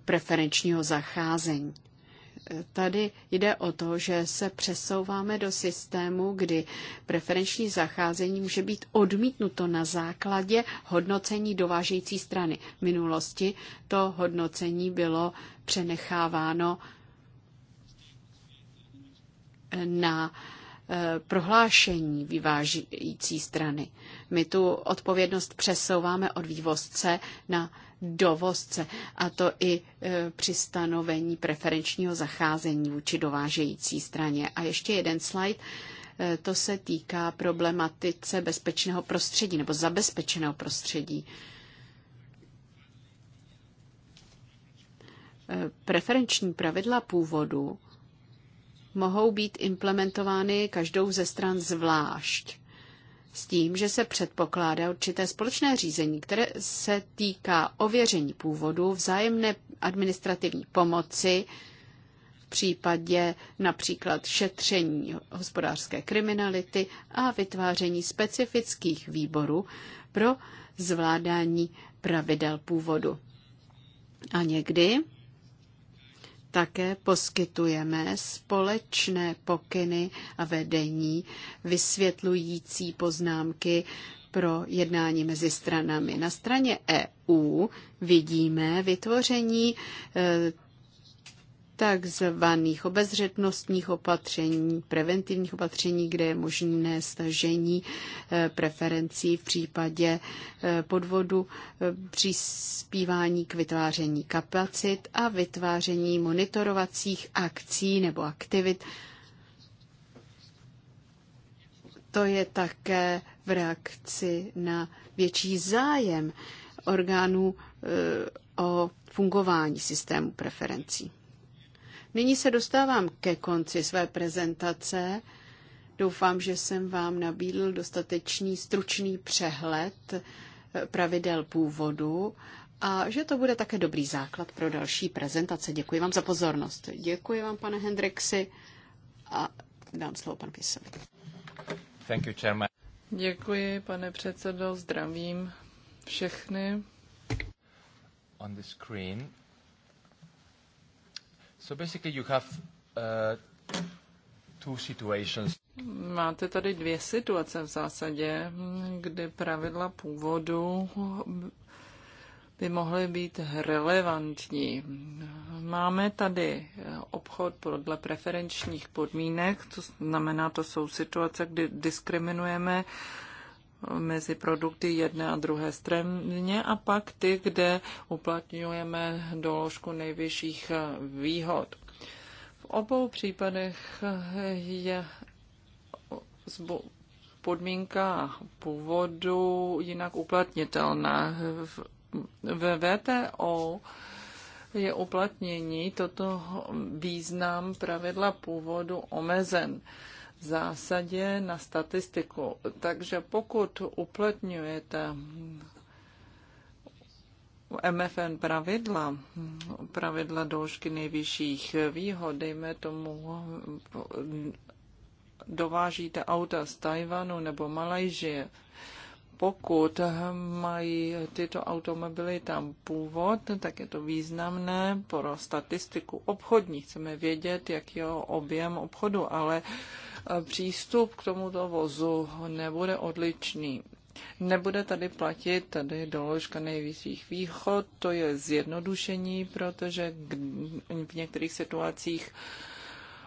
preferenčního zacházení. Tady jde o to, že se přesouváme do systému, kdy preferenční zacházení může být odmítnuto na základě hodnocení dovážející strany. V minulosti to hodnocení bylo přenecháváno na eh, prohlášení vyvážející strany. My tu odpovědnost přesouváme od vývozce na dovozce, a to i e, při stanovení preferenčního zacházení vůči dovážející straně. A ještě jeden slide. E, to se týká problematice bezpečného prostředí nebo zabezpečeného prostředí. E, preferenční pravidla původu mohou být implementovány každou ze stran zvlášť s tím, že se předpokládá určité společné řízení, které se týká ověření původu, vzájemné administrativní pomoci, v případě například šetření hospodářské kriminality a vytváření specifických výborů pro zvládání pravidel původu. A někdy také poskytujeme společné pokyny a vedení vysvětlující poznámky pro jednání mezi stranami. Na straně EU vidíme vytvoření eh, takzvaných obezřetnostních opatření, preventivních opatření, kde je možné stažení eh, preferencí v případě eh, podvodu, eh, přispívání k vytváření kapacit a vytváření monitorovacích akcí nebo aktivit. To je také v reakci na větší zájem orgánů o fungování systému preferencí. Nyní se dostávám ke konci své prezentace. Doufám, že jsem vám nabídl dostatečný stručný přehled eh, pravidel původu a že to bude také dobrý základ pro další prezentace. Děkuji vám za pozornost. Děkuji vám, pane Hendrixi, a dám slovo panu Pisovi. Thank you, chairman. Děkuji, pane předsedo, zdravím všechny. On the screen So basically you have uh, two situations. Máte tady dvě situace v zásadě, kdy pravidla původu by mohly být relevantní. Máme tady obchod podle preferenčních podmínek, to znamená, to jsou situace, kdy diskriminujeme uh, mezi produkty jedné a druhé straně a pak ty, kde uplatňujeme doložku nejvyšších výhod. V obou případech je podmínka původu jinak uplatnitelná. V VTO je uplatnění toto význam pravidla původu omezen zásadě na statistiku. Takže pokud uplatňujete MFN pravidla, pravidla doložky nejvyšších výhod, dejme tomu, dovážíte auta z Tajvanu nebo Malajžie, pokud mají tyto automobily tam původ, tak je to významné pro statistiku obchodní. Chceme vědět, jaký je objem obchodu, ale uh, přístup k tomuto vozu nebude odličný. Nebude tady platit tady doložka nejvyšších východ, to je zjednodušení, protože v některých situacích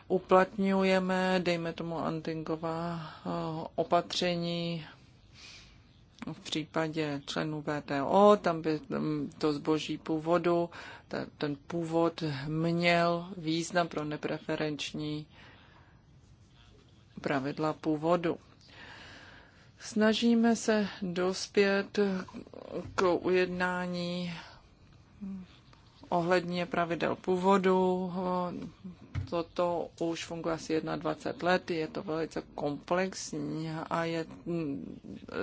uplatňujeme, dejme tomu, antingová eh, opatření v případě členů VTO, tam by mm, to zboží původu, ten původ měl význam pro nepreferenční pravidla původu. Snažíme se dospět k ujednání ohledně pravidel původu. Toto už funguje asi 21 let, je to velice komplexní a je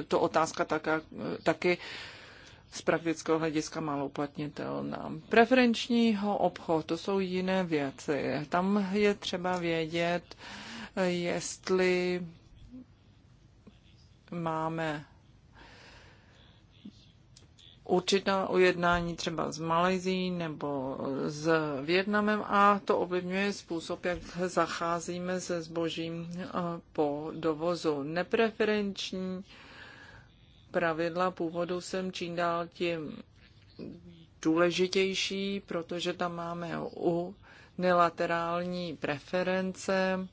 to otázka taká, taky z praktického hlediska málo uplatnitelná. Preferenčního obchod, to jsou jiné věci. Tam je třeba vědět, jestli máme určitá ujednání třeba s Malezí nebo s Větnamem a to ovlivňuje způsob, jak zacházíme se zbožím eh, po dovozu. Nepreferenční pravidla původu jsem čím dál tím důležitější, protože tam máme u nelaterální preference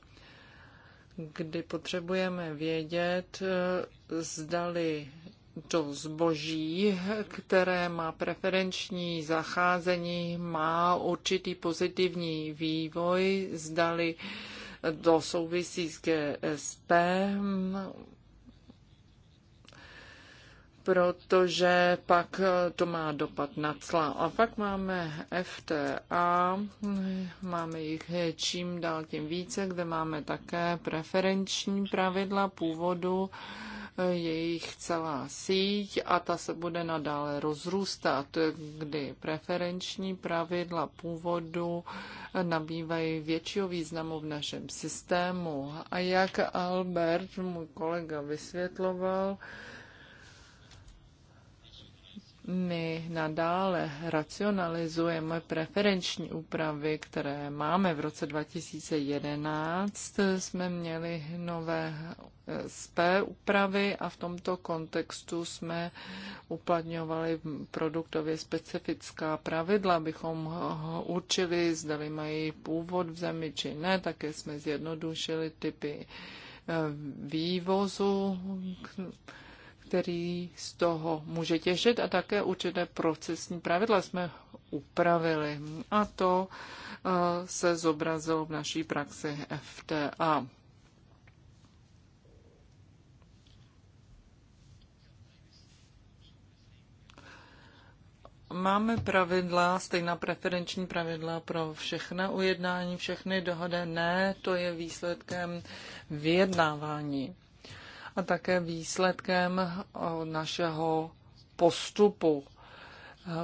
kdy potřebujeme vědět, eh, zdali to zboží, které má preferenční zacházení, má určitý pozitivní vývoj, zdali to souvisí s GSP, protože pak eh, to má dopad na cla. A pak máme FTA, máme jich čím dál tím více, kde máme také preferenční pravidla původu, eh, jejich celá síť a ta se bude nadále rozrůstat, kdy preferenční pravidla původu eh, nabývají většího významu v našem systému. A jak Albert, můj kolega, vysvětloval, my nadále racionalizujeme preferenční úpravy, které máme. V roce 2011 jsme měli nové eh, SP úpravy a v tomto kontextu jsme uplatňovali produktově specifická pravidla, abychom určili, zda mají původ v zemi či ne. Také jsme zjednodušili typy eh, vývozu, který z toho může těžit a také určité procesní pravidla jsme upravili. A to uh, se zobrazilo v naší praxi FTA. máme pravidla, stejná preferenční pravidla pro všechna ujednání, všechny dohody. Ne, to je výsledkem vyjednávání a také výsledkem našeho postupu.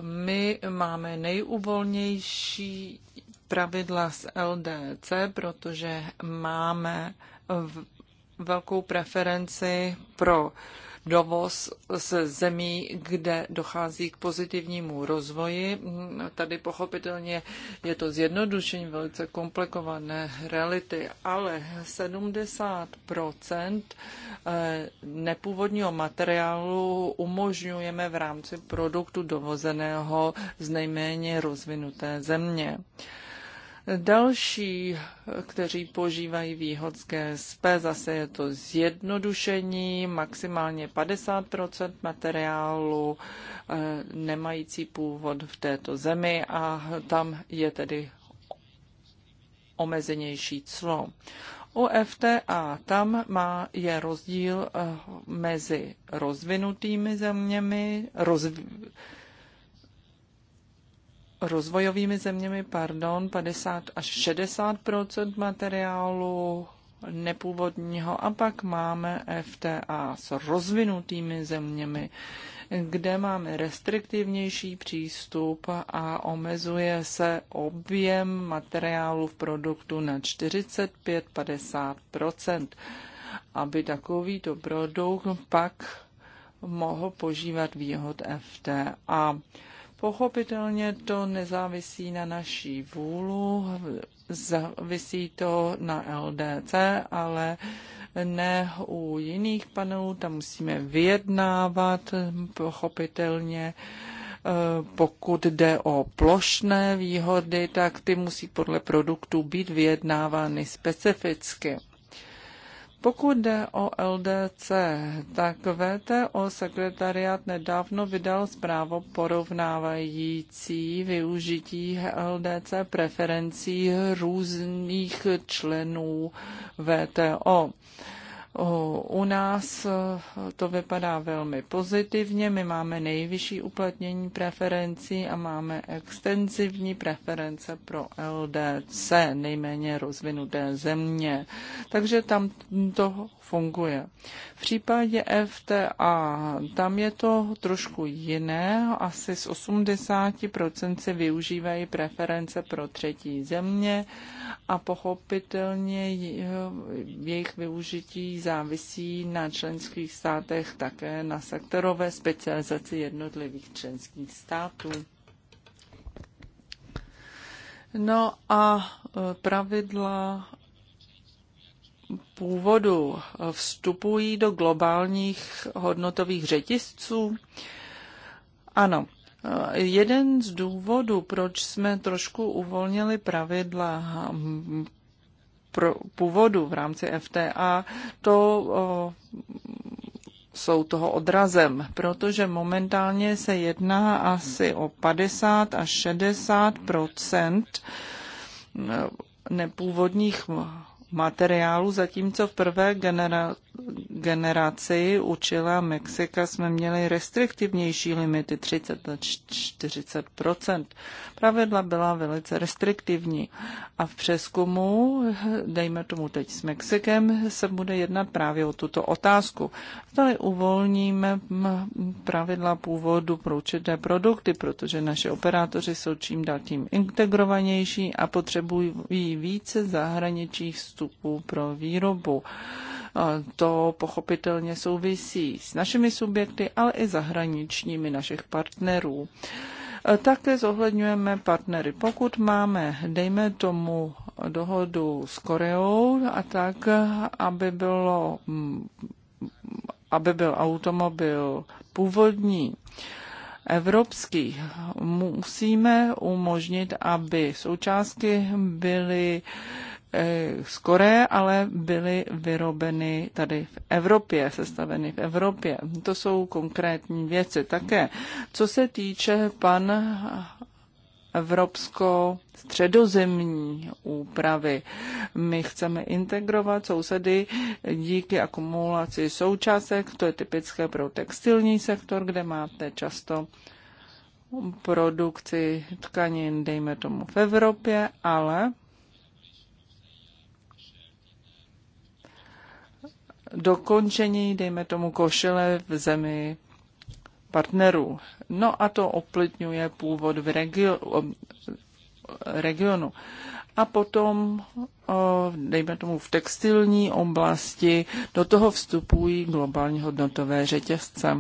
My máme nejuvolnější pravidla z LDC, protože máme velkou preferenci pro dovoz ze zemí, kde dochází k pozitivnímu rozvoji. Tady pochopitelně je to zjednodušení velice komplikované reality, ale 70 eh, nepůvodního materiálu umožňujeme v rámci produktu dovozeného z nejméně rozvinuté země. Další, kteří požívají výhod z GSP, zase je to zjednodušení, maximálně 50 materiálu eh, nemající původ v této zemi a tam je tedy omezenější clo. U FTA tam má, je rozdíl eh, mezi rozvinutými zeměmi, rozvinutými rozvojovými zeměmi, pardon, 50 až 60 materiálu nepůvodního a pak máme FTA s rozvinutými zeměmi, kde máme restriktivnější přístup a omezuje se objem materiálu v produktu na 45-50 aby takovýto produkt pak mohl požívat výhod FTA. Pochopitelně to nezávisí na naší vůlu, závisí to na LDC, ale ne u jiných panelů, tam musíme vyjednávat, pochopitelně eh, pokud jde o plošné výhody, tak ty musí podle produktů být vyjednávány specificky. Pokud jde o LDC, tak VTO sekretariat nedávno vydal zprávu porovnávající využití LDC preferencí různých členů VTO. U nás e, to vypadá velmi pozitivně. My máme nejvyšší uplatnění preferencí a máme extenzivní preference pro LDC, nejméně rozvinuté země. Takže tam to funguje. V případě FTA tam je to trošku jiné, asi z 80% se využívají preference pro třetí země a pochopitelně jejich využití závisí na členských státech také na sektorové specializaci jednotlivých členských států. No a pravidla původu vstupují do globálních hodnotových řetězců? Ano. Jeden z důvodů, proč jsme trošku uvolnili pravidla pro původu v rámci FTA, to o, jsou toho odrazem, protože momentálně se jedná asi o 50 až 60 nepůvodních materiálu, zatímco v prvé generaci generaci učila Mexika, jsme měli restriktivnější limity 30 až 40 Pravidla byla velice restriktivní. A v přeskumu, dejme tomu teď s Mexikem, se bude jednat právě o tuto otázku. Tady uvolníme pravidla původu pro určité produkty, protože naše operátoři jsou čím dál tím integrovanější a potřebují více zahraničních vstupů pro výrobu. To pochopitelně souvisí s našimi subjekty, ale i zahraničními našich partnerů. Také zohledňujeme partnery. Pokud máme, dejme tomu, dohodu s Koreou a tak, aby bylo aby byl automobil původní evropský, musíme umožnit, aby součástky byly z eh, Koreje, ale byly vyrobeny tady v Evropě, sestaveny v Evropě. To jsou konkrétní věci také. Co se týče pan evropsko-středozemní úpravy. My chceme integrovat sousedy díky akumulaci součástek, to je typické pro textilní sektor, kde máte často produkci tkanin, dejme tomu v Evropě, ale dokončení, dejme tomu, košile v zemi partnerů. No a to oplitňuje původ v regio- regionu a potom, eh, dejme tomu, v textilní oblasti do toho vstupují globální hodnotové řetězce.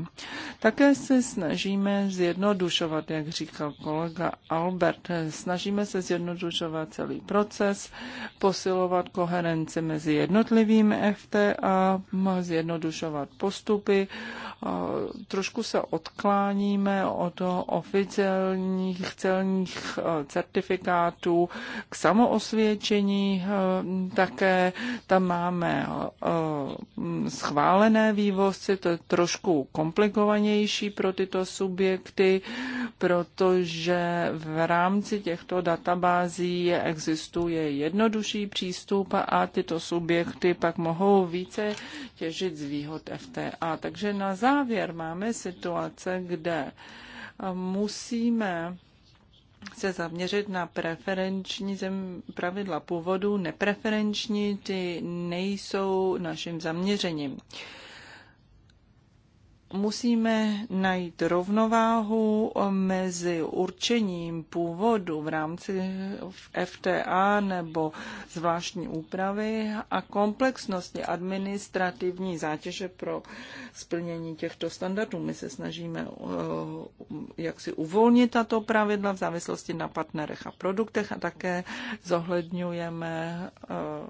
Také se snažíme zjednodušovat, jak říkal kolega Albert, snažíme se zjednodušovat celý proces, posilovat koherenci mezi jednotlivými FT a zjednodušovat postupy, eh, trošku se odkláníme od oficiálních celních eh, certifikátů k samozřejmě samoosvědčení, eh, také tam máme eh, schválené vývozce, to je trošku komplikovanější pro tyto subjekty, protože v rámci těchto databází existuje jednodušší přístup a tyto subjekty pak mohou více těžit z výhod FTA. Takže na závěr máme situace, kde musíme se zaměřit na preferenční zem, pravidla původu. Nepreferenční ty nejsou naším zaměřením musíme najít rovnováhu mezi určením původu v rámci FTA nebo zvláštní úpravy a komplexnosti administrativní zátěže pro splnění těchto standardů. My se snažíme uh, jak si uvolnit tato pravidla v závislosti na partnerech a produktech a také zohledňujeme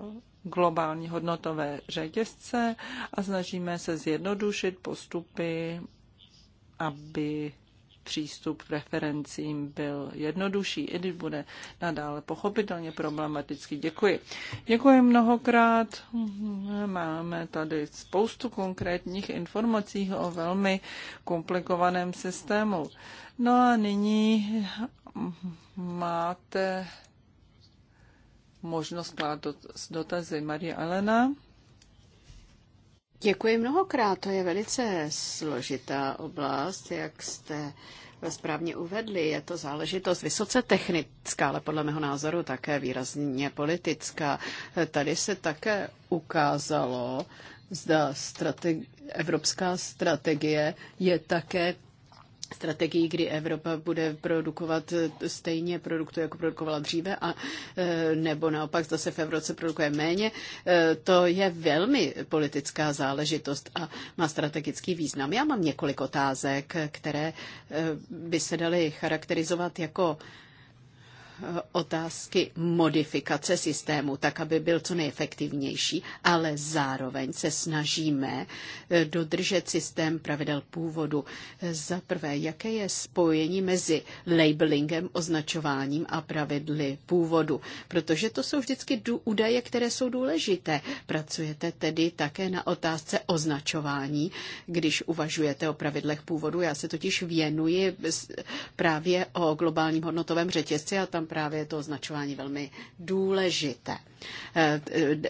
uh, globální hodnotové řetězce a snažíme se zjednodušit postupy, aby přístup k referencím byl jednodušší, i když bude nadále pochopitelně problematický. Děkuji. Děkuji mnohokrát. Máme tady spoustu konkrétních informací o velmi komplikovaném systému. No a nyní máte možnost klát dotazy. Marie Elena. Děkuji mnohokrát, to je velice složitá oblast, jak jste správně uvedli. Je to záležitost vysoce technická, ale podle mého názoru také výrazně politická. Tady se také ukázalo, zda strategi- evropská strategie je také strategii, kdy Evropa bude produkovat stejně produktu, jako produkovala dříve, a e, nebo naopak zase v Evropě produkuje méně, e, to je velmi politická záležitost a má strategický význam. Já mám několik otázek, které e, by se daly charakterizovat jako otázky modifikace systému, tak aby byl co nejefektivnější, ale zároveň se snažíme eh, dodržet systém pravidel původu. Za prvé, jaké je spojení mezi labelingem, označováním a pravidly původu? Protože to jsou vždycky údaje, které jsou důležité. Pracujete tedy také na otázce označování, když uvažujete o pravidlech původu. Já se totiž věnuji právě o globálním hodnotovém řetězci a tam právě to označování velmi důležité. Eh,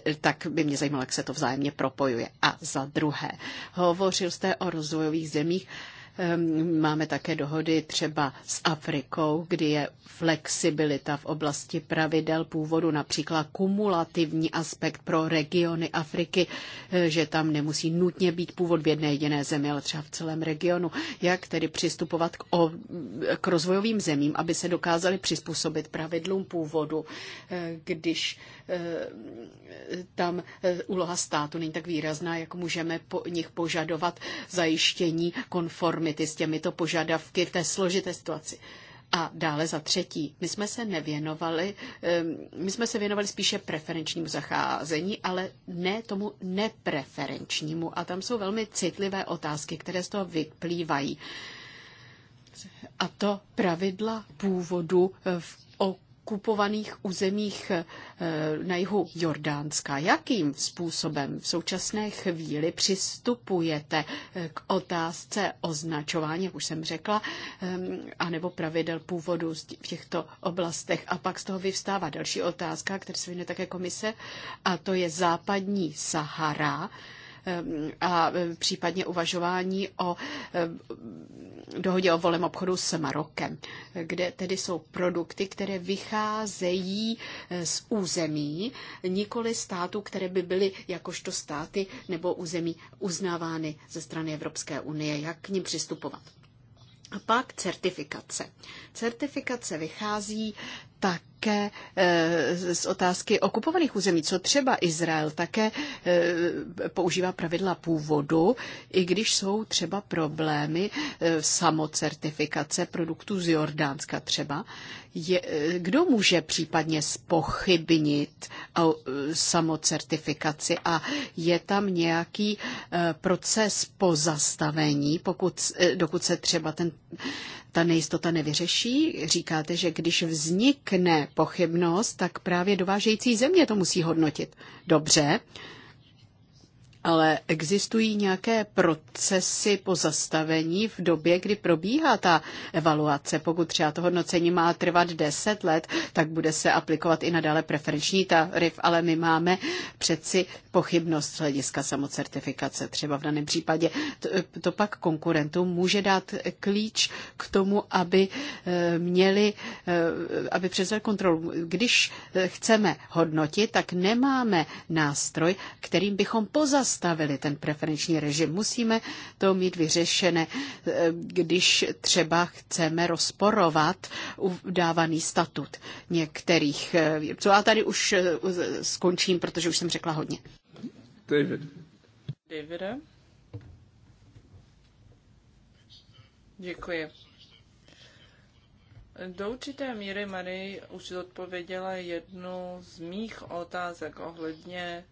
eh, tak by mě zajímalo, jak se to vzájemně propojuje. A za druhé, hovořil jste o rozvojových zemích Ehm, máme také dohody třeba s Afrikou, kdy je flexibilita v oblasti pravidel původu, například kumulativní aspekt pro regiony Afriky, eh, že tam nemusí nutně být původ v jedné jediné zemi, ale třeba v celém regionu. Jak tedy přistupovat k, o, k rozvojovým zemím, aby se dokázali přizpůsobit pravidlům původu, eh, když eh, tam úloha státu není tak výrazná, jak můžeme po nich požadovat zajištění konform konformity s těmito požadavky v té složité situaci. A dále za třetí, my jsme se nevěnovali, my jsme se věnovali spíše preferenčnímu zacházení, ale ne tomu nepreferenčnímu. A tam jsou velmi citlivé otázky, které z toho vyplývají. A to pravidla původu v ok okupovaných územích eh, na jihu Jordánska. Jakým způsobem v současné chvíli přistupujete eh, k otázce označování, jak už jsem řekla, ehm, anebo pravidel původu v těchto oblastech? A pak z toho vyvstává další otázka, která se také komise, a to je západní Sahara a případně uvažování o eh, dohodě o volném obchodu s Marokem, kde tedy jsou produkty, které vycházejí eh, z území, nikoli států, které by byly jakožto státy nebo území uznávány ze strany Evropské unie. Jak k ním přistupovat? A pak certifikace. Certifikace vychází také eh, z otázky okupovaných území, co třeba Izrael také eh, používá pravidla původu, i když jsou třeba problémy eh, samocertifikace produktů z Jordánska třeba. Je, kdo může případně spochybnit samocertifikaci a je tam nějaký proces pozastavení, pokud, dokud se třeba ten ta nejistota nevyřeší. Říkáte, že když vznikne pochybnost, tak právě dovážející země to musí hodnotit. Dobře, ale existují nějaké procesy pozastavení v době, kdy probíhá ta evaluace. Pokud třeba to hodnocení má trvat 10 let, tak bude se aplikovat i nadále preferenční tarif, ale my máme přeci pochybnost hlediska samocertifikace. Třeba v daném případě to, to pak konkurentům může dát klíč k tomu, aby eh, měli, eh, aby převzali kontrolu. Když eh, chceme hodnotit, tak nemáme nástroj, kterým bychom pozastavili nastavili ten preferenční režim. Musíme to mít vyřešené, když třeba chceme rozporovat udávaný statut některých výrobců. A tady už skončím, protože už jsem řekla hodně. David. David. Děkuji. Do určité míry Marie už odpověděla jednu z mých otázek ohledně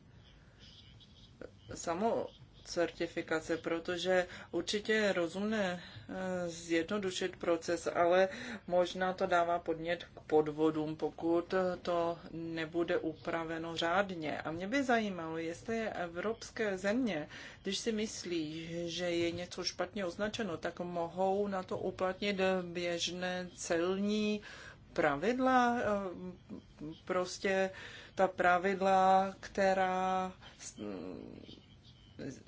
samocertifikace, protože určitě je rozumné eh, zjednodušit proces, ale možná to dává podnět k podvodům, pokud eh, to nebude upraveno řádně. A mě by zajímalo, jestli evropské země, když si myslí, že je něco špatně označeno, tak mohou na to uplatnit běžné celní pravidla, eh, prostě ta pravidla, která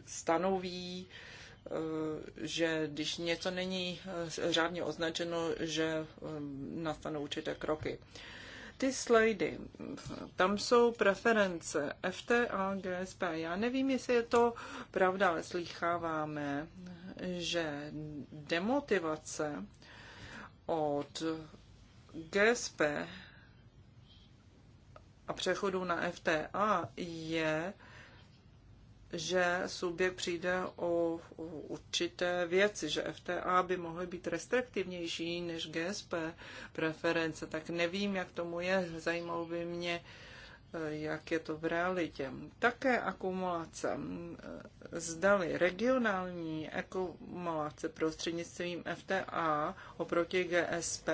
stanoví, eh, že když něco není eh, řádně označeno, že eh, nastanou určité kroky. Ty slajdy, tam jsou preference FTA, GSP. Já nevím, jestli je to pravda, ale slýcháváme, že demotivace od GSP a přechodu na FTA je že subjekt přijde o, o určité věci, že FTA by mohly být restriktivnější než GSP preference, tak nevím, jak tomu je. Zajímalo by mě, jak je to v realitě. Také akumulace. Zdali regionální akumulace prostřednictvím FTA oproti GSP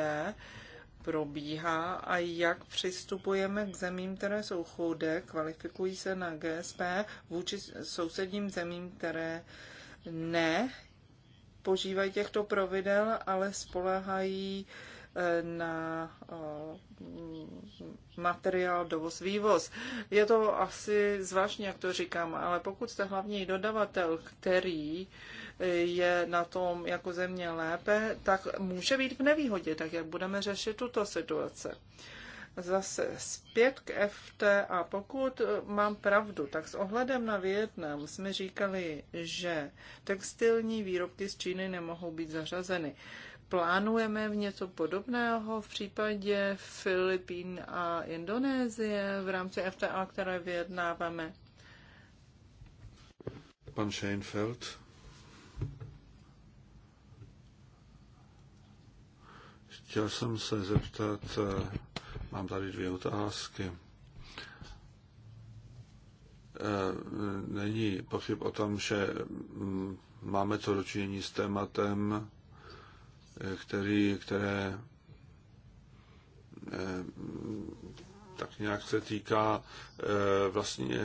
probíhá a jak přistupujeme k zemím, které jsou chudé, kvalifikují se na GSP vůči sousedním zemím, které ne požívají těchto providel, ale spolehají uh, na materiál dovoz-vývoz. Je to asi zvláštní, jak to říkám, ale pokud jste hlavní dodavatel, který je na tom jako země lépe, tak může být v nevýhodě, tak jak budeme řešit tuto situaci zase zpět k FT a pokud mám pravdu, tak s ohledem na Větnam jsme říkali, že textilní výrobky z Číny nemohou být zařazeny. Plánujeme v něco podobného v případě Filipín a Indonésie v rámci FTA, které vyjednáváme? Pan Scheinfeld. Chtěl jsem se zeptat, eh, mám tady dvě otázky. Eh, není pochyb o tom, že mm, máme co dočinění s tématem, Eh, který, které eh, tak nějak se týká eh, vlastně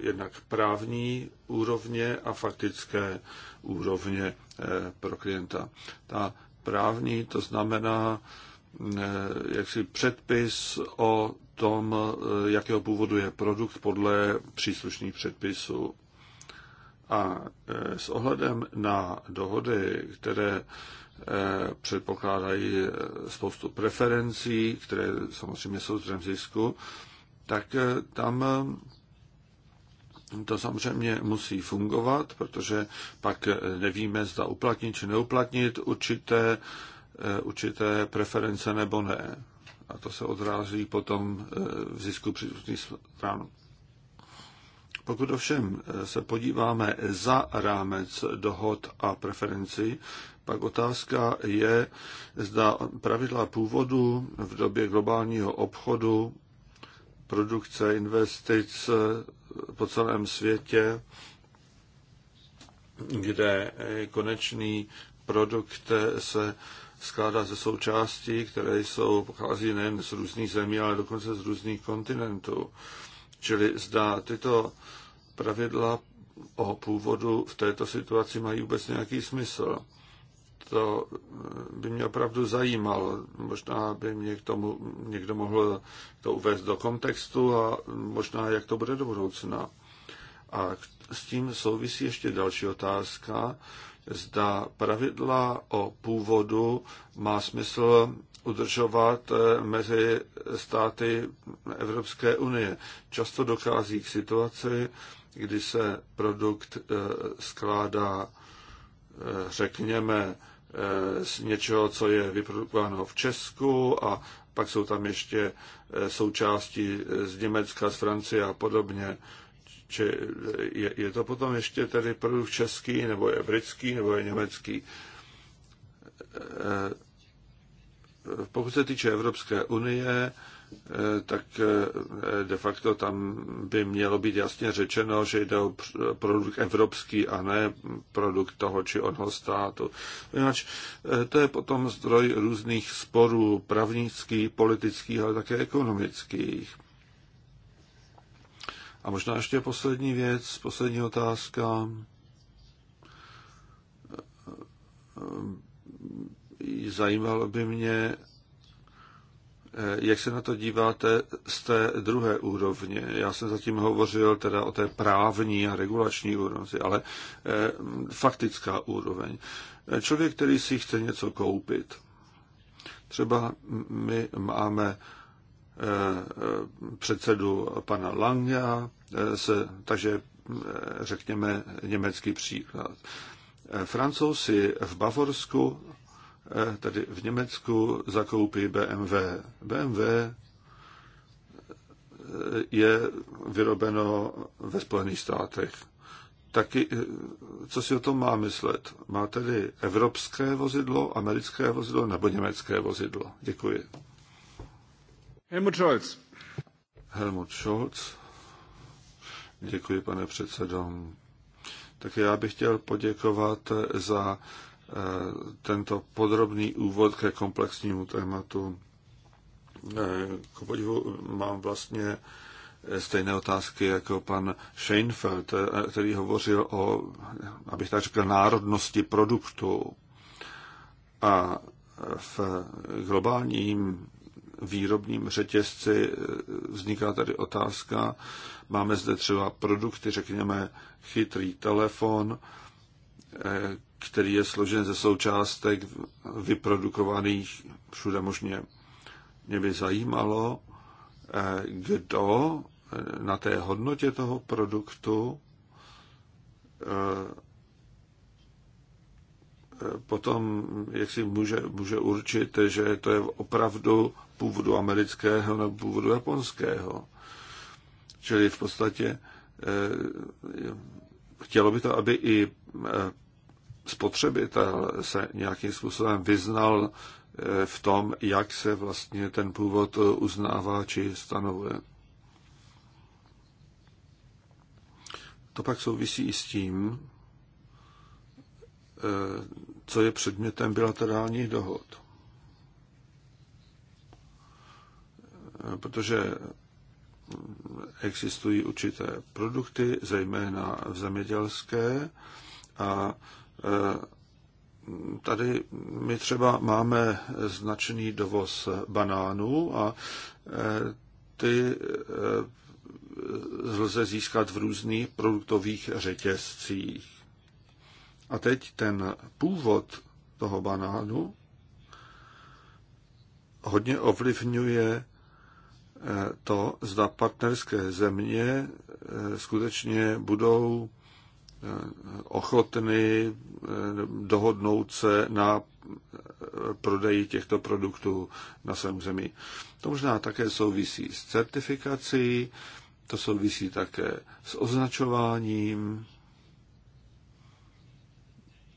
jednak právní úrovně a faktické úrovně pro klienta. Ta právní, to znamená jaksi předpis o tom, jakého původu je produkt podle příslušných předpisů. A s ohledem na dohody, které Eh, předpokládají eh, spoustu preferencí, které samozřejmě jsou zdrojem zisku, tak eh, tam to samozřejmě musí fungovat, protože pak nevíme, zda uplatnit či neuplatnit určité, určité preference nebo ne. A to se odráží potom v zisku příslušných stran. Pokud ovšem se podíváme za rámec dohod a preferenci, pak otázka je, zda pravidla původu v době globálního obchodu, produkce investic po celém světě, kde konečný produkt se skládá ze součástí, které jsou, pochází nejen z různých zemí, ale dokonce z různých kontinentů. Čili zda tyto pravidla o původu v této situaci mají vůbec nějaký smysl to by mě opravdu zajímalo. Možná by mě k tomu někdo mohl to uvést do kontextu a možná jak to bude do budoucna. A s tím souvisí ještě další otázka, zda pravidla o původu má smysl udržovat eh, mezi státy Evropské unie. Často dochází k situaci, kdy se produkt eh, skládá, eh, řekněme, Eh, z něčeho, co je vyprodukováno v Česku a pak jsou tam ještě eh, součásti z Německa, z Francie a podobně. Či eh, je, je to potom ještě tedy produkt český, nebo je britský, nebo je německý. Pokud se týče Evropské unie, Eh, tak eh, de facto tam by mělo být jasně řečeno, že jde o produkt evropský a ne produkt toho či onoho státu. Jinak eh, to je potom zdroj různých sporů pravnických, politických, ale také ekonomických. A možná ještě poslední věc, poslední otázka zajímalo by mě, Eh, jak se na to díváte z té druhé úrovně? Já jsem zatím hovořil teda o té právní a regulační úrovni, ale eh, faktická úroveň. Eh, člověk, který si chce něco koupit, třeba my máme předsedu pana Langa, se, takže řekněme německý příklad. Francouzi v Bavorsku Eh, tedy v Německu zakoupí BMW. BMW eh, je vyrobeno ve Spojených státech. Taky, eh, co si o tom má myslet? Má tedy evropské vozidlo, americké vozidlo nebo německé vozidlo? Děkuji. Helmut Scholz. Helmut Scholz. Děkuji, pane předsedo. Tak já bych chtěl poděkovat za Eh, tento podrobný úvod ke komplexnímu tématu. Eh, K podivu mám vlastně eh, stejné otázky jako pan Scheinfeld, který hovořil o, abych tak řekl, národnosti produktu. A v globálním výrobním řetězci vzniká tady otázka, máme zde třeba produkty, řekněme, chytrý telefon, který je složen ze součástek vyprodukovaných všude možně. Mě by zajímalo, eh, kdo eh, na té hodnotě toho produktu eh, potom jak si může, může určit, že to je opravdu původu amerického nebo původu japonského. Čili v podstatě chtělo by to, aby i spotřebitel se nějakým způsobem vyznal eh, v tom, jak se vlastně ten původ eh, uznává či stanovuje. To pak souvisí i s tím, eh, co je předmětem bilaterálních dohod. Protože existují určité produkty, zejména v zemědělské, a Eh, tady my třeba máme značný dovoz banánů a eh, ty eh, lze získat v různých produktových řetězcích. A teď ten původ toho banánu hodně ovlivňuje to, zda partnerské země skutečně budou ochotny eh, dohodnout se na eh, prodeji těchto produktů na svém zemi. To možná také souvisí s certifikací, to souvisí také s označováním,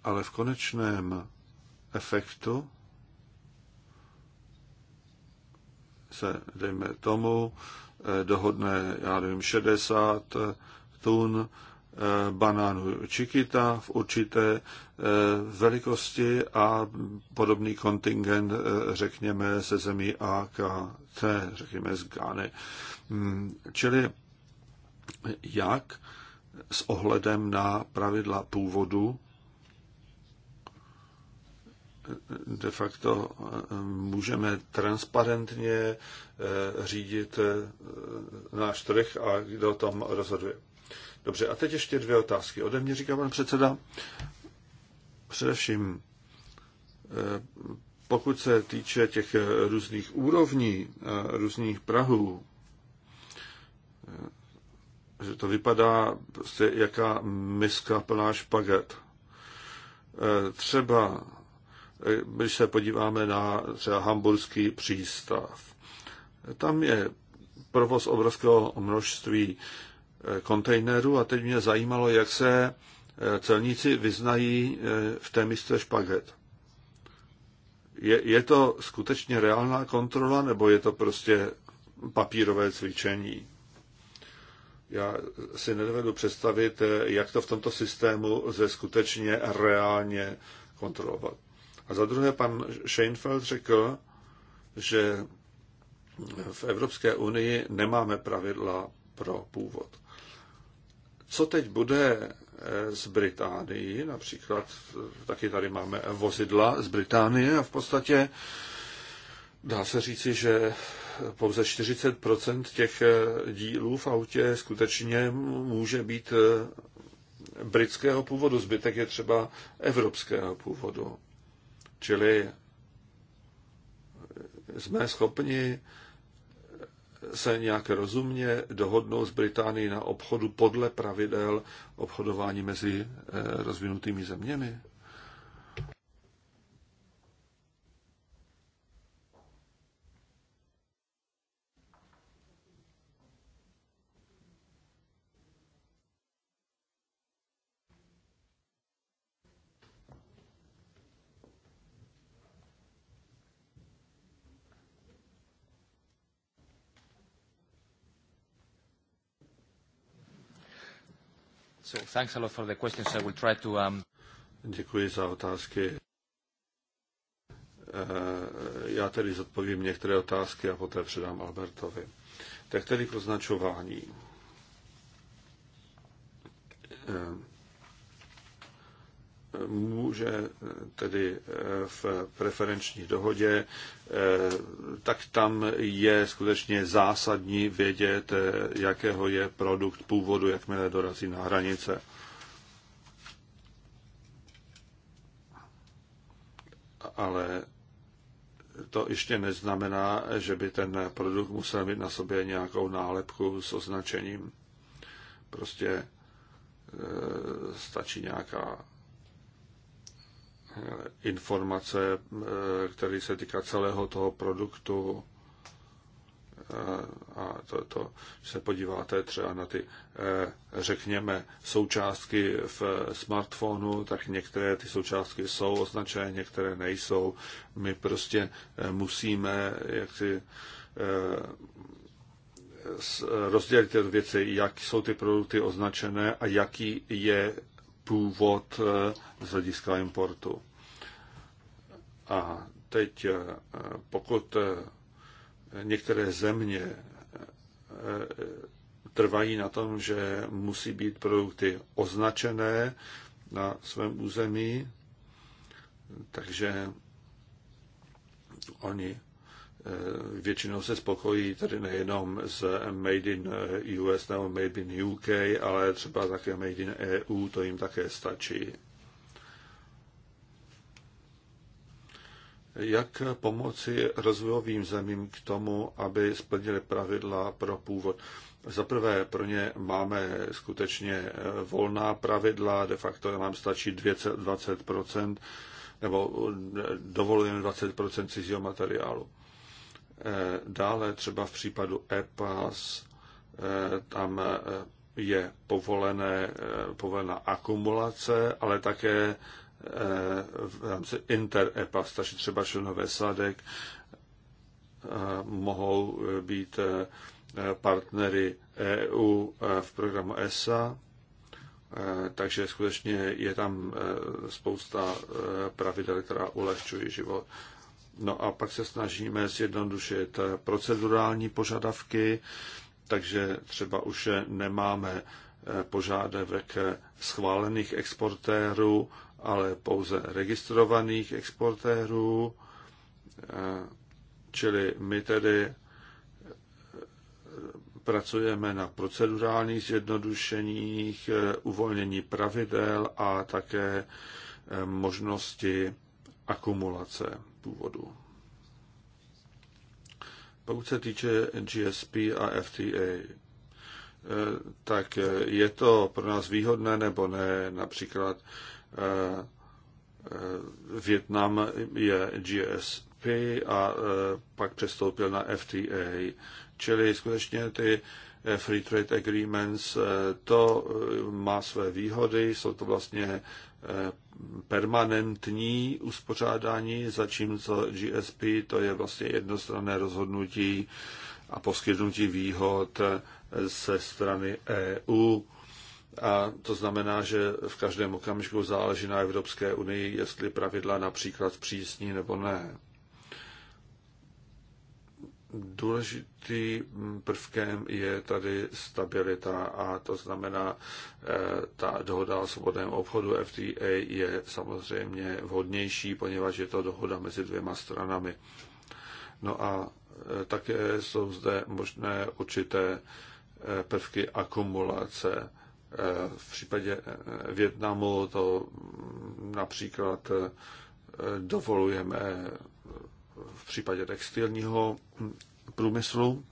ale v konečném efektu se, dejme tomu, eh, dohodne, já nevím, 60 tun Eh, banánu Chiquita v určité eh, velikosti a podobný kontingent, eh, řekněme, se zemí AKT, řekněme z Gány. Hmm, čili jak s ohledem na pravidla původu de facto můžeme transparentně řídit náš trh a kdo tam rozhoduje. Dobře, a teď ještě dvě otázky. Ode mě říká pan předseda. Především, eh, pokud se týče těch eh, různých úrovní, eh, různých prahů, že to vypadá prostě jaká miska plná špaget. Třeba, když se podíváme na třeba hamburský přístav, tam je provoz obrovského množství kontejnerů a teď mě zajímalo, jak se eh, celníci vyznají eh, v té místě špaget. Je, je to skutečně reálná kontrola, nebo je to prostě papírové cvičení? Já si nedovedu představit, eh, jak to v tomto systému ze skutečně reálně kontrolovat. A za druhé pan Scheinfeld řekl, že v Evropské unii nemáme pravidla pro původ. Co teď bude eh, z Británii, například eh, taky tady máme vozidla z Británie a v podstatě dá se říci, že pouze 40% těch eh, dílů v autě skutečně může být britského původu, zbytek je třeba evropského původu. Čili jsme schopni se nějak rozumně dohodnou s Británií na obchodu podle pravidel obchodování mezi eh, rozvinutými zeměmi? Thanks a lot for the questions. I will try to... Um, Děkuji za otázky. Eh, já tedy zodpovím některé otázky a poté předám Albertovi. Tak tedy k označování eh, může tedy eh, v preferenční dohodě, eh, tak tam je skutečně zásadní vědět, eh, jakého je produkt původu, jakmile dorazí na hranice. Ale to ještě neznamená, že by ten produkt musel mít na sobě nějakou nálepku s označením. Prostě stačí nějaká informace, eh, které se týká celého toho produktu. Eh, a to, to, když se podíváte třeba na ty, eh, řekněme, součástky v smartphonu, tak některé ty součástky jsou označené, některé nejsou. My prostě musíme jak si rozdělit ty věci, jak jsou ty produkty označené a jaký je původ eh, z hlediska importu. A teď, eh, pokud eh, některé země trvají na tom, že musí být produkty označené na svém území, takže oni Eh, většinou se spokojí tady nejenom s Made in eh, US nebo Made in UK, ale třeba také Made in EU, to jim také stačí. Jak pomoci rozvojovým zemím k tomu, aby splnili pravidla pro původ? Za prvé, pro ně máme skutečně eh, volná pravidla, de facto nám stačí 20 nebo dovolujeme 20 cizího materiálu. Eh, dále třeba v případu EPAS eh, tam eh, je povolené, povolená akumulace, ale také v rámci inter-EPAS, takže třeba členové sadek mohou být partnery EU v programu ESA, takže skutečně je tam spousta pravidel, která ulehčují život. No a pak se snažíme zjednodušit procedurální požadavky, takže třeba už nemáme eh, požádavek schválených exportérů, ale pouze registrovaných exportérů, eh, čili my tedy eh, pracujeme na procedurálních zjednodušeních, uvolnění pravidel a také možnosti akumulace původu. Pokud se týče GSP a FTA, eh, tak eh, je to pro nás výhodné nebo ne? Například eh, Větnam je GSP a pak přestoupil na FTA. Čili skutečně ty free trade agreements, to má své výhody, jsou to vlastně permanentní uspořádání, zatímco GSP to je vlastně jednostranné rozhodnutí a poskytnutí výhod ze strany EU. A to znamená, že v každém okamžiku záleží na Evropské unii, jestli pravidla například přísní nebo ne. Důležitým prvkem je tady stabilita a to znamená, eh, ta dohoda o svobodném obchodu FTA je samozřejmě vhodnější, poněvadž je to dohoda mezi dvěma stranami. No a eh, také jsou zde možné určité eh, prvky akumulace. V případě Větnamu to mm, například dovolujeme v případě textilního průmyslu,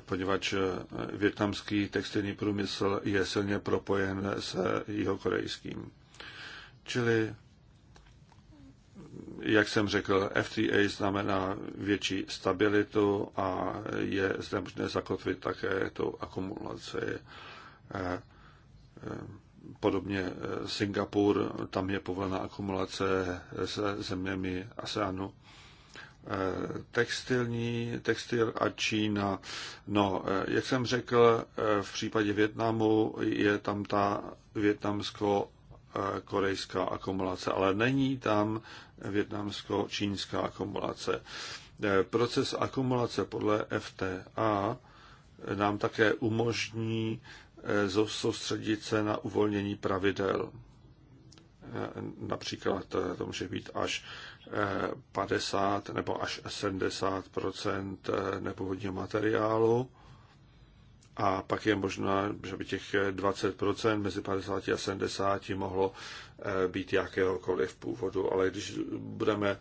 poněvadž větnamský textilní průmysl je silně propojen s jihokorejským. Čili, jak jsem řekl, FTA znamená větší stabilitu a je zde možné zakotvit také tu akumulaci eh, eh, podobně eh, Singapur, tam je povolená akumulace se zeměmi ASEANu. Eh, textilní, textil a Čína. No, eh, jak jsem řekl, v případě Větnamu je tam ta větnamsko-korejská akumulace, ale není tam větnamsko-čínská akumulace. Proces akumulace podle FTA nám také umožní Eh, soustředit se na uvolnění pravidel. Eh, například eh, to může být až 50 nebo až 70 nepůvodního materiálu. A pak je možná, že by těch 20%, mezi 50 a 70 mohlo být jakéhokoliv původu, ale když budeme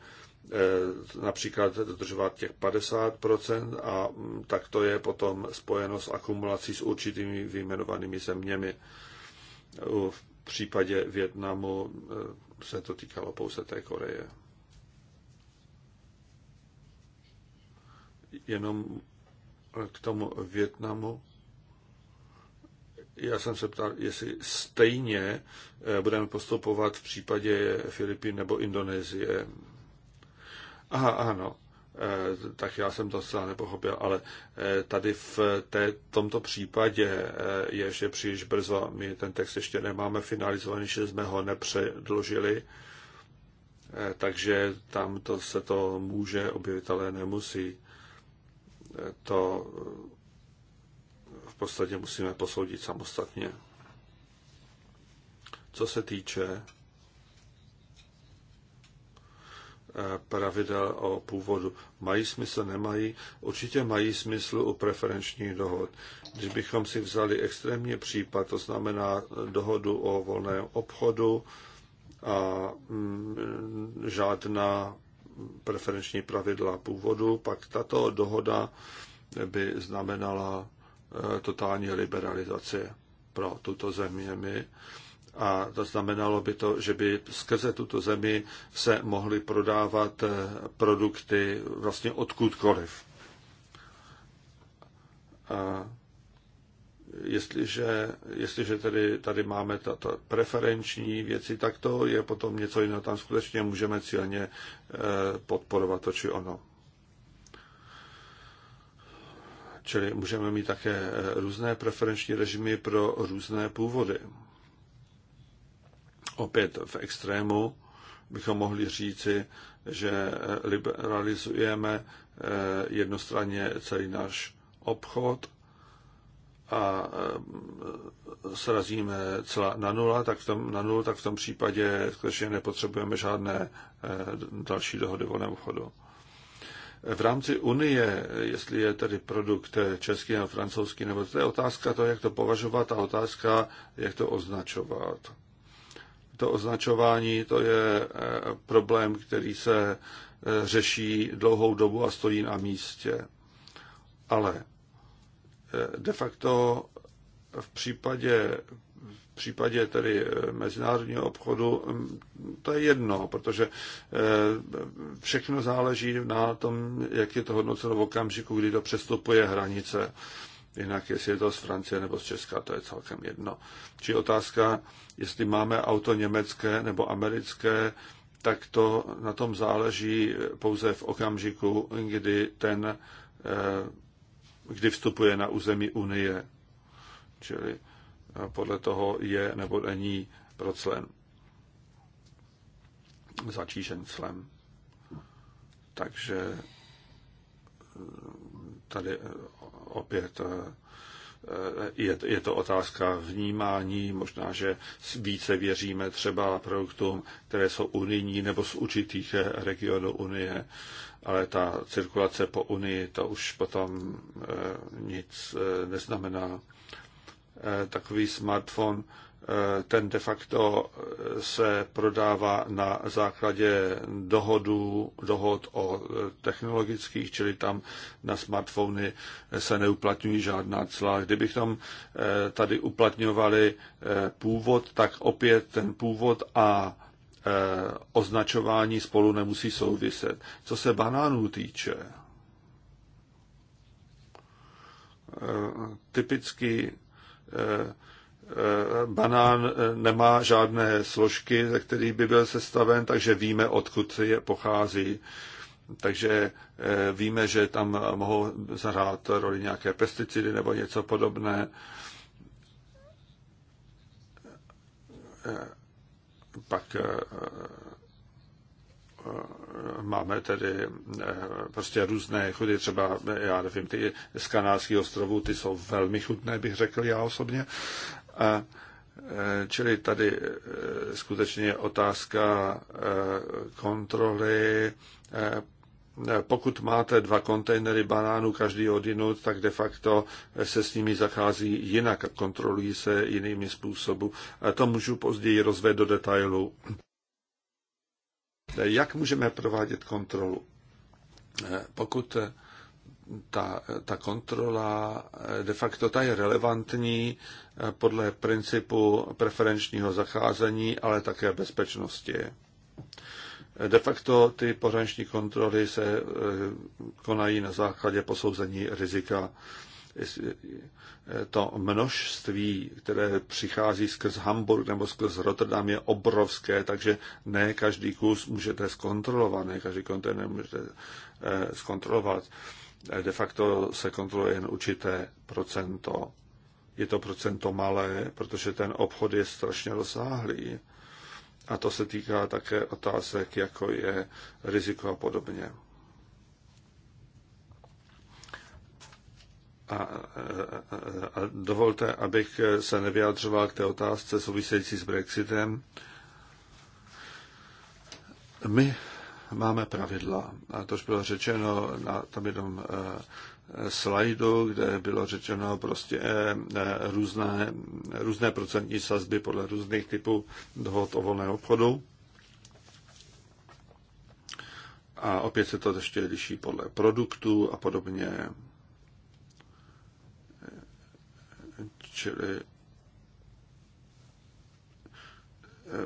Eh, například dodržovat těch 50% a mm, tak to je potom spojeno s akumulací s určitými vyjmenovanými zeměmi. V případě Větnamu eh, se to týkalo pouze té Koreje. Jenom k tomu Větnamu. Já jsem se ptal, jestli stejně eh, budeme postupovat v případě Filipín nebo Indonésie. Aha, ano. Eh, tak já jsem to zcela nepochopil, ale eh, tady v té, tomto případě eh, je ještě příliš brzo. My ten text ještě nemáme finalizovaný, že jsme ho nepředložili, takže tam to, se to může objevit, ale nemusí. To v podstatě musíme posoudit samostatně. Co se týče pravidel o původu mají smysl, nemají. Určitě mají smysl u preferenčních dohod. Když bychom si vzali extrémně případ, to znamená dohodu o volném obchodu a mm, žádná preferenční pravidla původu, pak tato dohoda by znamenala e, totální liberalizaci pro tuto zemi. My a to znamenalo by to, že by skrze tuto zemi se mohly prodávat eh, produkty vlastně odkudkoliv. A jestliže, jestliže tedy tady máme tato preferenční věci, tak to je potom něco jiného. Tam skutečně můžeme cíleně eh, podporovat to či ono. Čili můžeme mít také eh, různé preferenční režimy pro různé původy opět v extrému bychom mohli říci, že liberalizujeme eh, jednostranně celý náš obchod a eh, srazíme celá na nula, tak v tom, na nulu, tak v tom případě skutečně nepotřebujeme žádné eh, další dohody volného obchodu. V rámci Unie, jestli je tedy produkt český nebo francouzský, nebo to je otázka to, jak to považovat a otázka, jak to označovat to označování to je eh, problém, který se eh, řeší dlouhou dobu a stojí na místě. Ale eh, de facto v případě v případě tedy mezinárodního obchodu mm, to je jedno, protože všechno záleží na tom, jak je to hodnoceno v okamžiku, kdy to přestupuje hranice. Jinak, jestli je to z Francie nebo z Česka, to je celkem jedno. Či otázka, jestli máme auto německé nebo americké, tak to na tom záleží pouze v okamžiku, kdy ten, eh, kdy vstupuje na území Unie. Čili eh, podle toho je nebo není proclen zatížen clem. Takže eh, tady opět eh, je, je to otázka vnímání, možná, že více věříme třeba produktům, které jsou unijní nebo z určitých eh, regionů Unie, ale ta cirkulace po Unii, to už potom eh, nic neznamená. Takový smartphone ten de facto se prodává na základě dohodu, dohod o technologických, čili tam na smartfony se neuplatňují žádná cla. Kdybych tam eh, tady uplatňovali eh, původ, tak opět ten původ a eh, označování spolu nemusí souviset. Co se banánů týče, typicky banán nemá žádné složky, ze kterých by byl sestaven, takže víme, odkud je pochází. Takže eh, víme, že tam mohou zahrát roli nějaké pesticidy nebo něco podobné. Eh, pak eh, máme tedy prostě různé chudy, třeba, já nevím, ty z Kanářských ostrovů, ty jsou velmi chutné, bych řekl já osobně. A e, Čili tady e, skutečně je otázka e, kontroly. Pokud máte dva kontejnery banánů každý odinut, tak de facto se s nimi zachází jinak, kontrolují se jinými způsoby. To můžu později rozvést do detailu. Jak můžeme provádět kontrolu? Pokud ta, ta kontrola eh, de facto ta je relevantní eh, podle principu preferenčního zacházení, ale také bezpečnosti. Eh, de facto ty pohraniční kontroly se konají na základě posouzení rizika. To množství, které přichází skrz Hamburg nebo skrz Rotterdam, je obrovské, takže ne každý kus můžete zkontrolovat, ne každý kontejner můžete zkontrolovat. Eh, de facto se kontroluje jen určité procento. Je to procento malé, protože ten obchod je strašně rozsáhlý. A to se týká také otázek, jako je riziko a podobně. A, a, eh, eh, a dovolte, abych se nevyjadřoval k té otázce související s Brexitem. My máme pravidla. A to už bylo řečeno na tom jednom eh, slajdu, kde bylo řečeno prostě eh, eh, různé, různé procentní sazby podle různých typů dohod o volné obchodu. A opět se to ještě liší podle produktů a podobně. Čili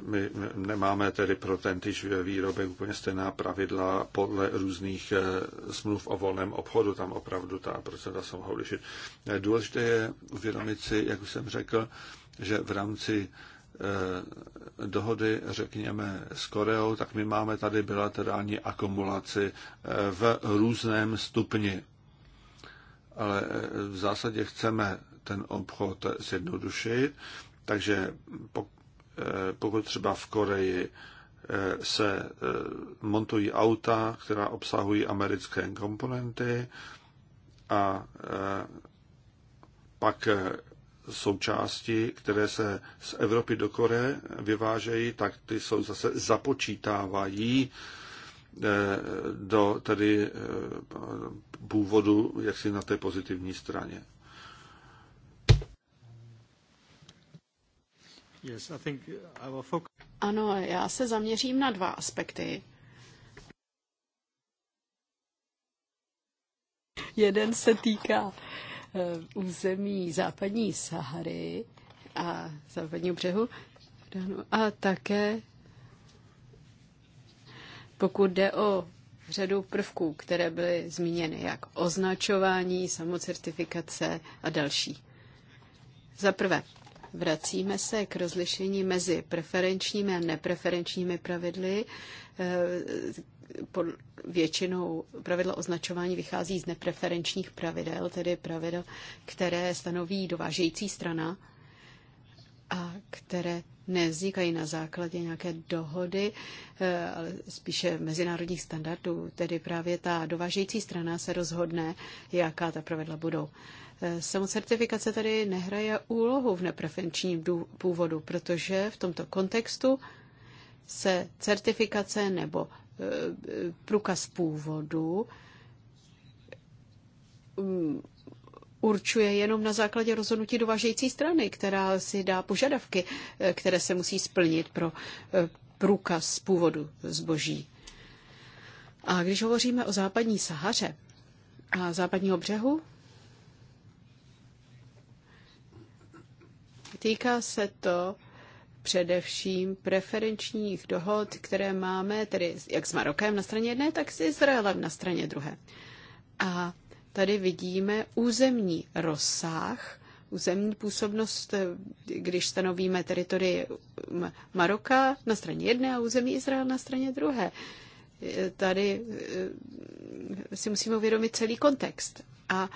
my nemáme tedy pro tentyž výrobek úplně stejná pravidla podle různých eh, smluv o volném obchodu. Tam opravdu ta procenta se mohou lišit. Důležité je uvědomit si, jak už jsem řekl, že v rámci eh, dohody, řekněme, s Koreou, tak my máme tady bilaterální akumulaci eh, v různém stupni. Ale v zásadě chceme ten obchod zjednodušit, takže Eh, pokud třeba v Koreji eh, se eh, montují auta, která obsahují americké komponenty a pak součásti, které se z Evropy do Koreje vyvážejí, tak ty jsou zase započítávají do tedy původu jaksi na té pozitivní straně. Uh, ano, já se zaměřím na dva aspekty. Jeden se týká eh, území západní Sahary a západního břehu a také pokud jde o řadu prvků, které byly zmíněny, jak označování, samocertifikace a další. Za prvé, Vracíme se k rozlišení mezi preferenčními a nepreferenčními pravidly. Eh, většinou pravidla označování vychází z nepreferenčních pravidel, tedy pravidel, které stanoví dovážející strana a které nevznikají na základě nějaké dohody, eh, ale spíše mezinárodních standardů. Tedy právě ta dovážející strana se rozhodne, jaká ta pravidla budou. Samocertifikace tady nehraje úlohu v nepreferenčním původu, protože v tomto kontextu se certifikace nebo e, průkaz původu mm, určuje jenom na základě rozhodnutí dovažející strany, která si dá požadavky, e, které se musí splnit pro e, průkaz původu zboží. A když hovoříme o západní Sahaře a západního břehu, Týká se to především preferenčních dohod, které máme, tedy jak s Marokem na straně jedné, tak s Izraelem na straně druhé. A tady vidíme územní rozsah, územní působnost, když stanovíme teritorii Maroka na straně jedné a území Izrael na straně druhé. Tady eh, si musíme uvědomit celý kontext. A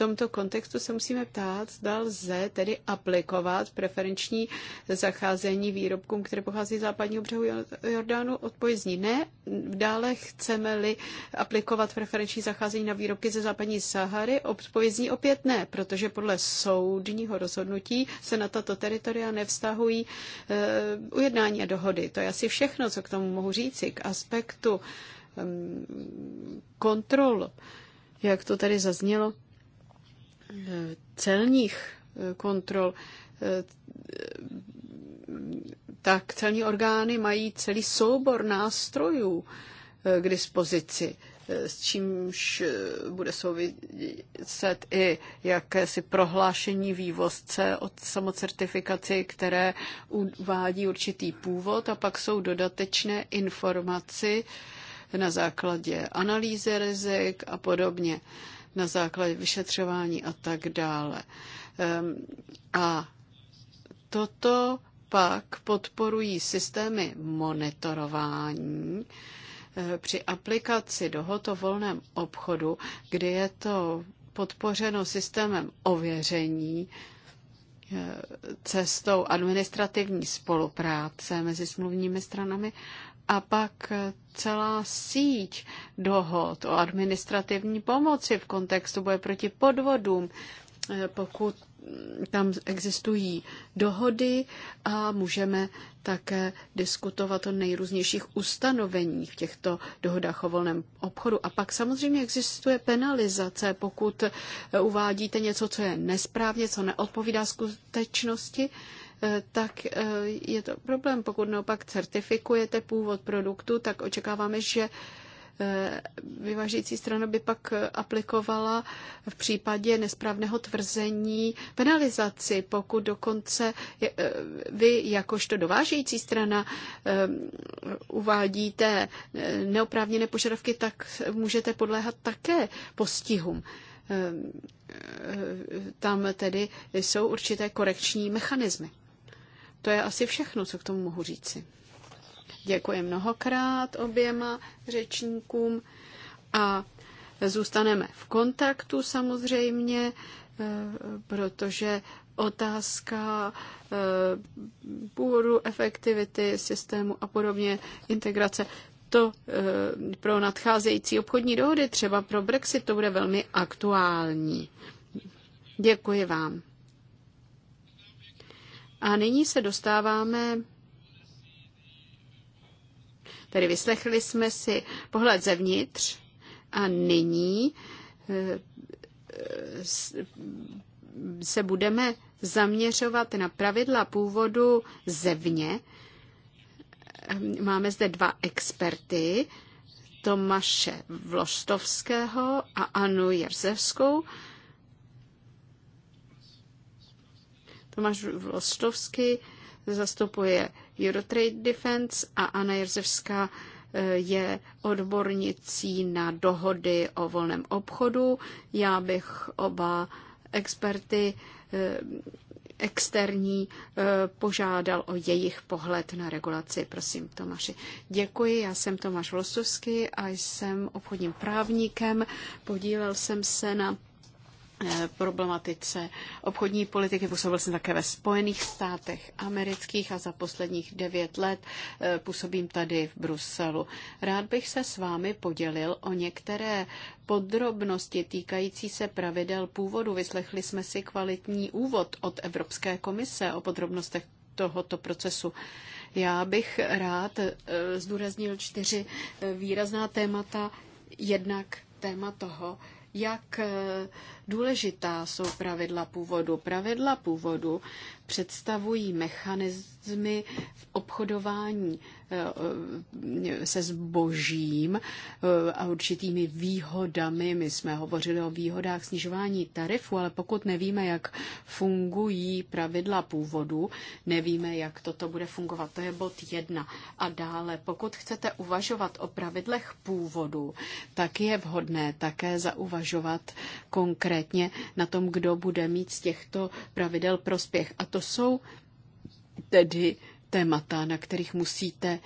tomto kontextu se musíme ptát, zda lze tedy aplikovat preferenční zacházení výrobkům, které pochází z západního břehu Jordánu, odpověď ne. Dále chceme-li aplikovat preferenční zacházení na výrobky ze západní Sahary, odpověď opět ne, protože podle soudního rozhodnutí se na tato teritoria nevztahují e, ujednání a dohody. To je asi všechno, co k tomu mohu říci, k aspektu kontrol, jak to tady zaznělo celních eh, kontrol, eh, tak celní orgány mají celý soubor nástrojů eh, k dispozici, s čímž bude souviset i jakési prohlášení vývozce od samocertifikaci, které uvádí určitý původ a pak jsou dodatečné informaci na základě analýzy rizik a podobně na základě vyšetřování a tak dále. Ehm, a toto pak podporují systémy monitorování eh, při aplikaci dohoto volném obchodu, kdy je to podpořeno systémem ověření, eh, cestou administrativní spolupráce mezi smluvními stranami a pak eh, celá síť dohod o administrativní pomoci v kontextu boje proti podvodům, eh, pokud tam existují dohody a můžeme také diskutovat o nejrůznějších ustanoveních v těchto dohodách o volném obchodu. A pak samozřejmě existuje penalizace, pokud eh, uvádíte něco, co je nesprávně, co neodpovídá skutečnosti tak eh, je to problém. Pokud naopak certifikujete původ produktu, tak očekáváme, že eh, vyvažující strana by pak aplikovala v případě nesprávného tvrzení penalizaci, pokud dokonce eh, vy jakožto dovážející strana uvádíte neoprávněné požadavky, tak můžete podléhat také postihům. Tam tedy jsou určité korekční mechanismy. To je asi všechno, co k tomu mohu říci. Děkuji mnohokrát oběma řečníkům a zůstaneme v kontaktu samozřejmě, eh, protože otázka eh, původu, efektivity systému a podobně, integrace, to eh, pro nadcházející obchodní dohody, třeba pro Brexit, to bude velmi aktuální. Děkuji vám. A nyní se dostáváme Tedy vyslechli jsme si pohled zevnitř a nyní eh, se budeme zaměřovat na pravidla původu zevně. Máme zde dva experty, Tomáše Vloštovského a Anu Jerzevskou Tomáš Vlostovský zastupuje Eurotrade Defense a Anna Jerzevská eh, je odbornicí na dohody o volném obchodu. Já bych oba experty eh, externí eh, požádal o jejich pohled na regulaci. Prosím, Tomáši. Děkuji, já jsem Tomáš Vlosovský a jsem obchodním právníkem. Podílel jsem se na Eh, problematice obchodní politiky. Působil jsem také ve Spojených státech amerických a za posledních devět let eh, působím tady v Bruselu. Rád bych se s vámi podělil o některé podrobnosti týkající se pravidel původu. Vyslechli jsme si kvalitní úvod od Evropské komise o podrobnostech tohoto procesu. Já bych rád eh, zdůraznil čtyři výrazná témata. Jednak téma toho, jak eh, důležitá jsou pravidla původu. Pravidla původu představují mechanismy v obchodování eh, eh, se zbožím eh, a určitými výhodami. My jsme hovořili o výhodách snižování tarifu, ale pokud nevíme, jak fungují pravidla původu, nevíme, jak toto bude fungovat. To je bod jedna. A dále, pokud chcete uvažovat o pravidlech původu, tak je vhodné také zauvažovat konkrétně na tom, kdo bude mít z těchto pravidel prospěch. A to jsou tedy témata, na kterých musíte e,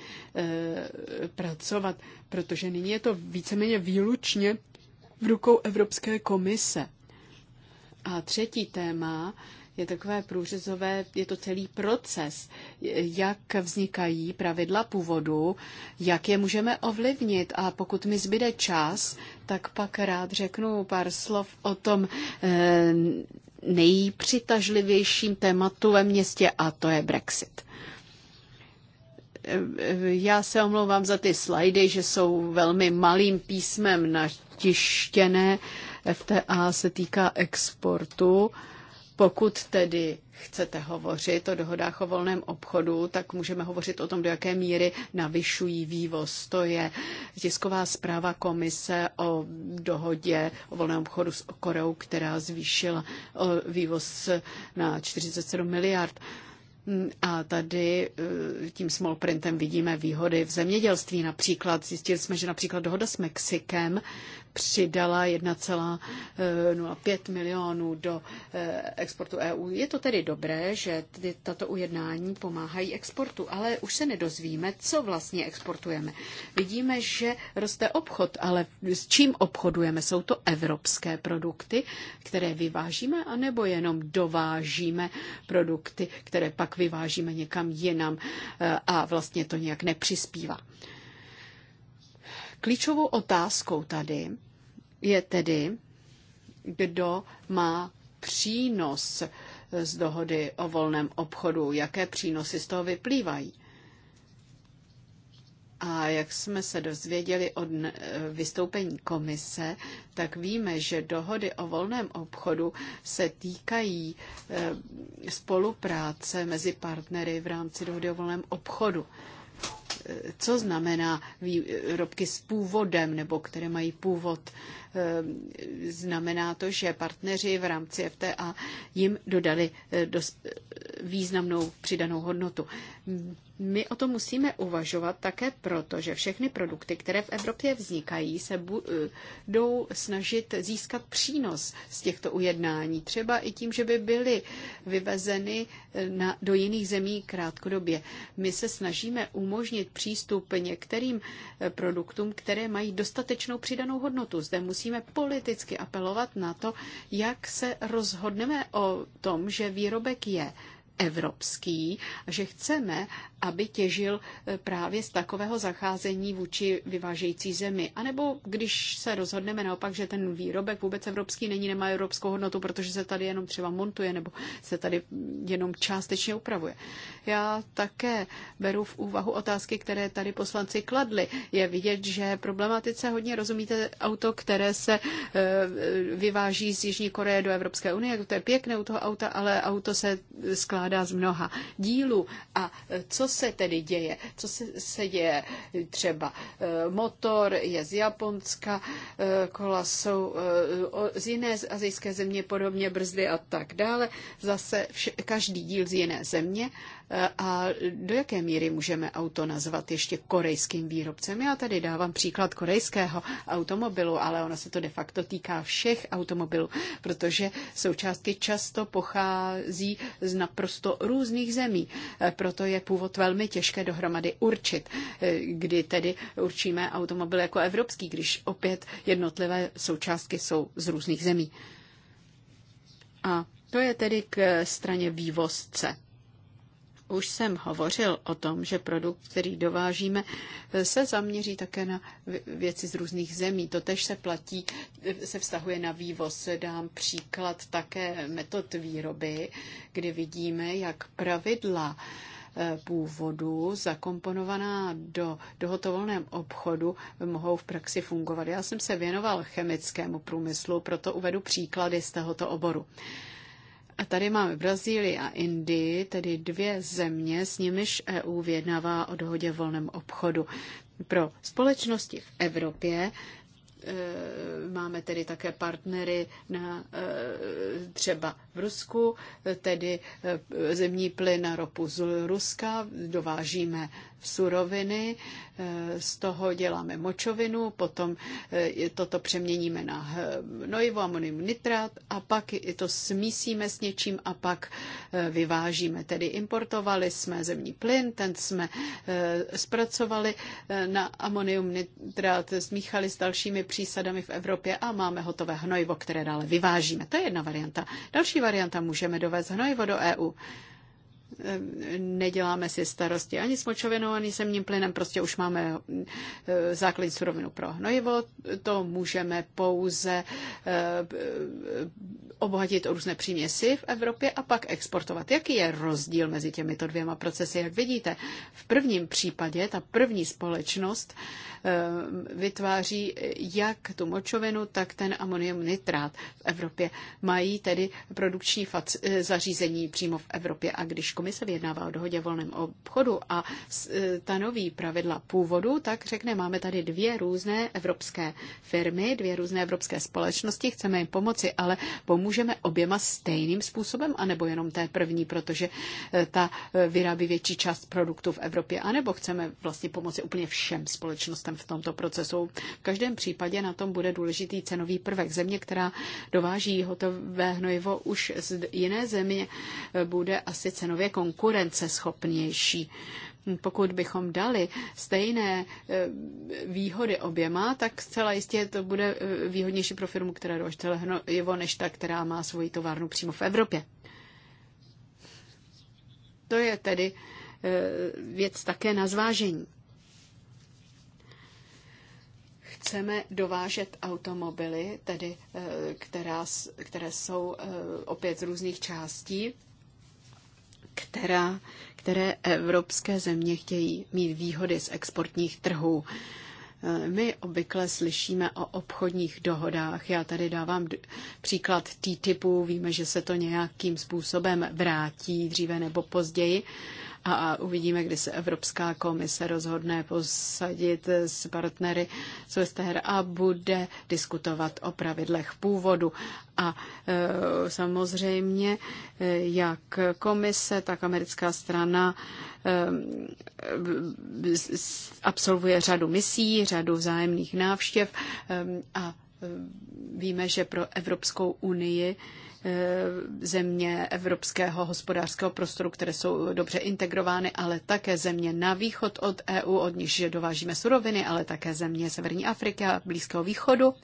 pracovat, protože nyní je to víceméně výlučně v rukou Evropské komise. A třetí téma je takové průřezové, je to celý proces, jak vznikají pravidla původu, jak je můžeme ovlivnit a pokud mi zbyde čas, tak pak rád řeknu pár slov o tom e, nejpřitažlivějším tématu ve městě a to je Brexit. Já se omlouvám za ty slajdy, že jsou velmi malým písmem natištěné. FTA se týká exportu. Pokud tedy chcete hovořit o dohodách o volném obchodu, tak můžeme hovořit o tom, do jaké míry navyšují vývoz. To je tisková zpráva komise o dohodě o volném obchodu s Koreou, která zvýšila vývoz na 47 miliard. A tady e, tím small printem vidíme výhody v zemědělství. Například zjistili jsme, že například dohoda s Mexikem přidala 1,05 eh, milionů do eh, exportu EU. Je to tedy dobré, že tedy tato ujednání pomáhají exportu, ale už se nedozvíme, co vlastně exportujeme. Vidíme, že roste obchod, ale s čím obchodujeme? Jsou to evropské produkty, které vyvážíme, anebo jenom dovážíme produkty, které pak vyvážíme někam jinam eh, a vlastně to nějak nepřispívá. Klíčovou otázkou tady je tedy, kdo má přínos z dohody o volném obchodu, jaké přínosy z toho vyplývají. A jak jsme se dozvěděli od vystoupení komise, tak víme, že dohody o volném obchodu se týkají eh, spolupráce mezi partnery v rámci dohody o volném obchodu co znamená výrobky s původem nebo které mají původ. Eh, znamená to, že partneři v rámci FTA jim dodali eh, dost eh, významnou přidanou hodnotu my o tom musíme uvažovat také proto, že všechny produkty, které v Evropě vznikají, se budou eh, snažit získat přínos z těchto ujednání. Třeba i tím, že by byly vyvezeny eh, na, do jiných zemí krátkodobě. My se snažíme umožnit přístup některým eh, produktům, které mají dostatečnou přidanou hodnotu. Zde musíme politicky apelovat na to, jak se rozhodneme o tom, že výrobek je evropský, že chceme, aby těžil eh, právě z takového zacházení vůči vyvážející zemi. A nebo když se rozhodneme naopak, že ten výrobek vůbec evropský není, nemá evropskou hodnotu, protože se tady jenom třeba montuje nebo se tady jenom částečně upravuje. Já také beru v úvahu otázky, které tady poslanci kladli. Je vidět, že problematice hodně rozumíte auto, které se eh, vyváží z Jižní Koreje do Evropské unie. To je pěkné u toho auta, ale auto se skládá z mnoha dílů. A eh, co se tedy děje? Co se, se děje? Třeba eh, motor je z Japonska, eh, kola jsou eh, z jiné azijské země, podobně brzdy a tak dále. Zase vš- každý díl z jiné země Eh, a do jaké míry můžeme auto nazvat ještě korejským výrobcem. Já tady dávám příklad korejského automobilu, ale ono se to de facto týká všech automobilů, protože součástky často pochází z naprosto různých zemí. Eh, proto je původ velmi těžké dohromady určit, eh, kdy tedy určíme automobil jako evropský, když opět jednotlivé součástky jsou z různých zemí. A to je tedy k straně vývozce. Už jsem hovořil o tom, že produkt, který dovážíme, se zaměří také na věci z různých zemí. To tež se platí, se vztahuje na vývoz. Dám příklad také metod výroby, kdy vidíme, jak pravidla eh, původu zakomponovaná do dohotovolném obchodu mohou v praxi fungovat. Já jsem se věnoval chemickému průmyslu, proto uvedu příklady z tohoto oboru. A tady máme Brazílii a Indii, tedy dvě země, s nimiž EU vyjednává o dohodě v volném obchodu. Pro společnosti v Evropě e, máme tedy také partnery na, e, třeba v Rusku, e, tedy zemní plyn a ropu z Ruska, dovážíme suroviny, eh, z toho děláme močovinu, potom eh, toto přeměníme na eh, hnojivo, amonium nitrat a pak to smísíme s něčím a pak vyvážíme. Tedy importovali jsme zemní plyn, ten jsme zpracovali na amonium nitrat, smíchali s dalšími přísadami v Evropě a máme hotové hnojivo, které dále vyvážíme. To je jedna varianta. Další varianta můžeme dovést hnojivo do EU neděláme si starosti ani s močovinou, ani zemním plynem, prostě už máme eh, základní surovinu pro hnojivo, to můžeme pouze eh, obohatit o různé příměsi v Evropě a pak exportovat. Jaký je rozdíl mezi těmito dvěma procesy? Jak vidíte, v prvním případě ta první společnost Eh, vytváří jak tu močovinu, tak ten amonium nitrát v Evropě. Mají tedy produkční eh, zařízení přímo v Evropě. A když komise vyjednává o dohodě volném obchodu a stanoví eh, pravidla původu, tak řekne, máme tady dvě různé evropské firmy, dvě různé evropské společnosti, chceme jim pomoci, ale pomůžeme oběma stejným způsobem, anebo jenom té první, protože ta vyrábí větší část produktů v Evropě, anebo chceme vlastně pomoci úplně všem společnostem v tomto procesu. V každém případě na tom bude důležitý cenový prvek. Země, která dováží hotové hnojivo už z jiné země, bude asi cenově konkurenceschopnější pokud bychom dali stejné eh, výhody oběma, tak zcela jistě to bude eh, výhodnější pro firmu, která dováží celé hnojivo, než ta, která má svoji továrnu přímo v Evropě. To je tedy eh, věc také na zvážení chceme dovážet automobily, tedy eh, která, které jsou eh, opět z různých částí, která, které evropské země chtějí mít výhody z exportních trhů. Eh, my obvykle slyšíme o obchodních dohodách. Já tady dávám příklad T-typu. Víme, že se to nějakým způsobem vrátí dříve nebo později a uvidíme, kdy se Evropská komise rozhodne posadit s partnery z a bude diskutovat o pravidlech původu. A e, samozřejmě, e, jak komise, tak americká strana e, absolvuje řadu misí, řadu vzájemných návštěv e, a víme, že pro Evropskou unii Eh, země evropského hospodářského prostoru, které jsou dobře integrovány, ale také země na východ od EU, od nichž dovážíme suroviny, ale také země Severní Afriky a Blízkého východu.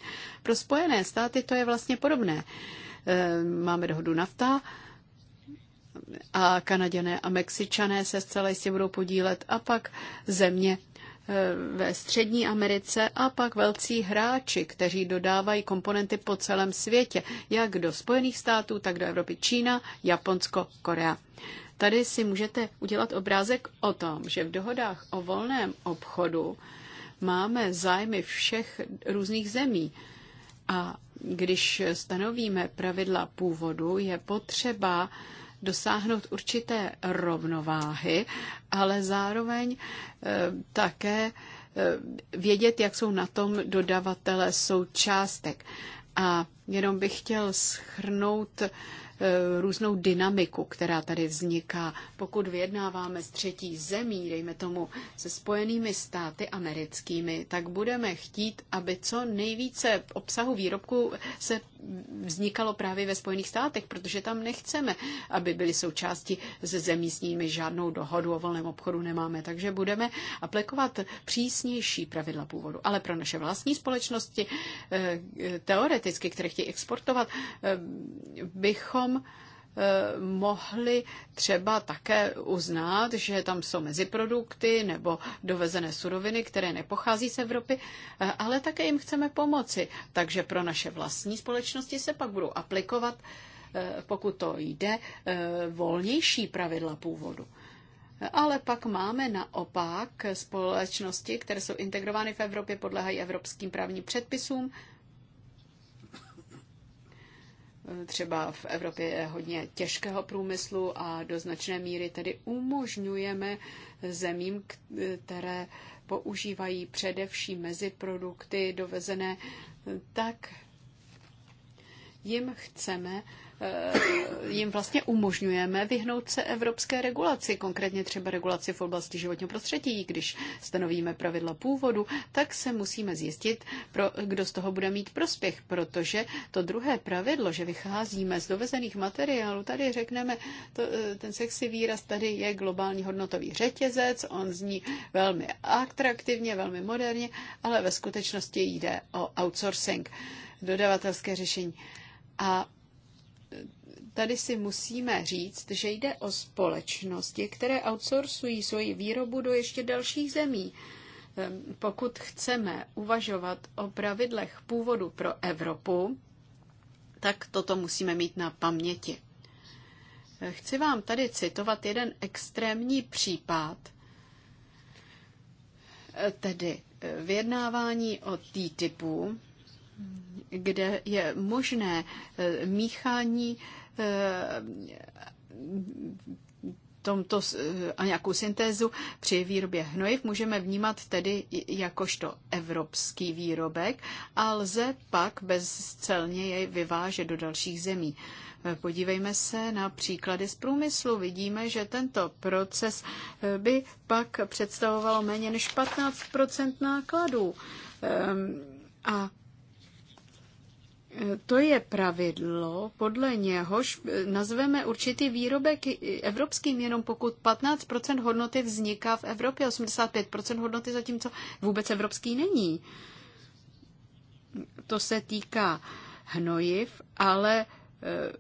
Pro Spojené státy to je vlastně podobné. Eh, máme dohodu NAFTA, a Kanaděné a Mexičané se zcela jistě budou podílet a pak země ve Střední Americe a pak velcí hráči, kteří dodávají komponenty po celém světě, jak do Spojených států, tak do Evropy Čína, Japonsko, Korea. Tady si můžete udělat obrázek o tom, že v dohodách o volném obchodu máme zájmy všech různých zemí. A když stanovíme pravidla původu, je potřeba dosáhnout určité rovnováhy, ale zároveň eh, také eh, vědět, jak jsou na tom dodavatele součástek. A jenom bych chtěl schrnout Eh, různou dynamiku, která tady vzniká. Pokud vyjednáváme s třetí zemí, dejme tomu se spojenými státy americkými, tak budeme chtít, aby co nejvíce obsahu výrobku se vznikalo právě ve Spojených státech, protože tam nechceme, aby byly součásti ze zemí, s nimi žádnou dohodu o volném obchodu nemáme. Takže budeme aplikovat přísnější pravidla původu. Ale pro naše vlastní společnosti eh, teoreticky, které chtějí exportovat, eh, bychom bychom eh, mohli třeba také uznat, že tam jsou meziprodukty nebo dovezené suroviny, které nepochází z Evropy, eh, ale také jim chceme pomoci. Takže pro naše vlastní společnosti se pak budou aplikovat, eh, pokud to jde, volnější pravidla původu. Ale pak máme naopak společnosti, které jsou integrovány v Evropě, podléhají evropským právním předpisům, třeba v Evropě je hodně těžkého průmyslu a do značné míry tedy umožňujeme zemím, které používají především mezi produkty dovezené, tak jim chceme jim vlastně umožňujeme vyhnout se evropské regulaci, konkrétně třeba regulaci v oblasti životního prostředí. Když stanovíme pravidla původu, tak se musíme zjistit, pro, kdo z toho bude mít prospěch, protože to druhé pravidlo, že vycházíme z dovezených materiálů, tady řekneme, to, eh, ten sexy výraz tady je globální hodnotový řetězec, on zní velmi atraktivně, velmi moderně, ale ve skutečnosti jde o outsourcing, dodavatelské řešení. A tady si musíme říct, že jde o společnosti, které outsourcují svoji výrobu do ještě dalších zemí. Ehm, pokud chceme uvažovat o pravidlech původu pro Evropu, tak toto musíme mít na paměti. Ehm, chci vám tady citovat jeden extrémní případ, ehm, tedy vyjednávání o T-typu, kde je možné eh, míchání eh, tomto eh, a nějakou syntézu při výrobě hnojiv můžeme vnímat tedy jakožto evropský výrobek a lze pak bezcelně jej vyvážet do dalších zemí. Podívejme se na příklady z průmyslu. Vidíme, že tento proces by pak představoval méně než 15 nákladů. Ehm, a to je pravidlo, podle něhož eh, nazveme určitý výrobek evropským jenom pokud 15% hodnoty vzniká v Evropě, 85% hodnoty zatímco vůbec evropský není. To se týká hnojiv, ale eh,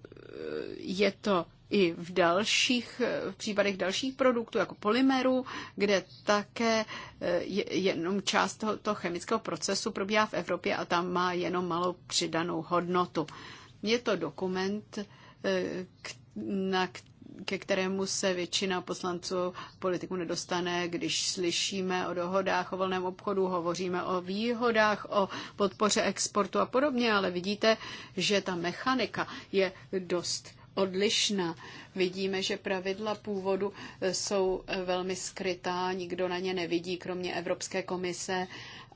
je to i v dalších eh, v případech dalších produktů, jako polymerů, kde také eh, jenom část tohoto chemického procesu probíhá v Evropě a tam má jenom malou přidanou hodnotu. Je to dokument, eh, na ke kterému se většina poslanců politiku nedostane, když slyšíme o dohodách o volném obchodu, hovoříme o výhodách, o podpoře exportu a podobně, ale vidíte, že ta mechanika je dost odlišná. Vidíme, že pravidla původu eh, jsou eh, velmi skrytá, nikdo na ně nevidí, kromě Evropské komise.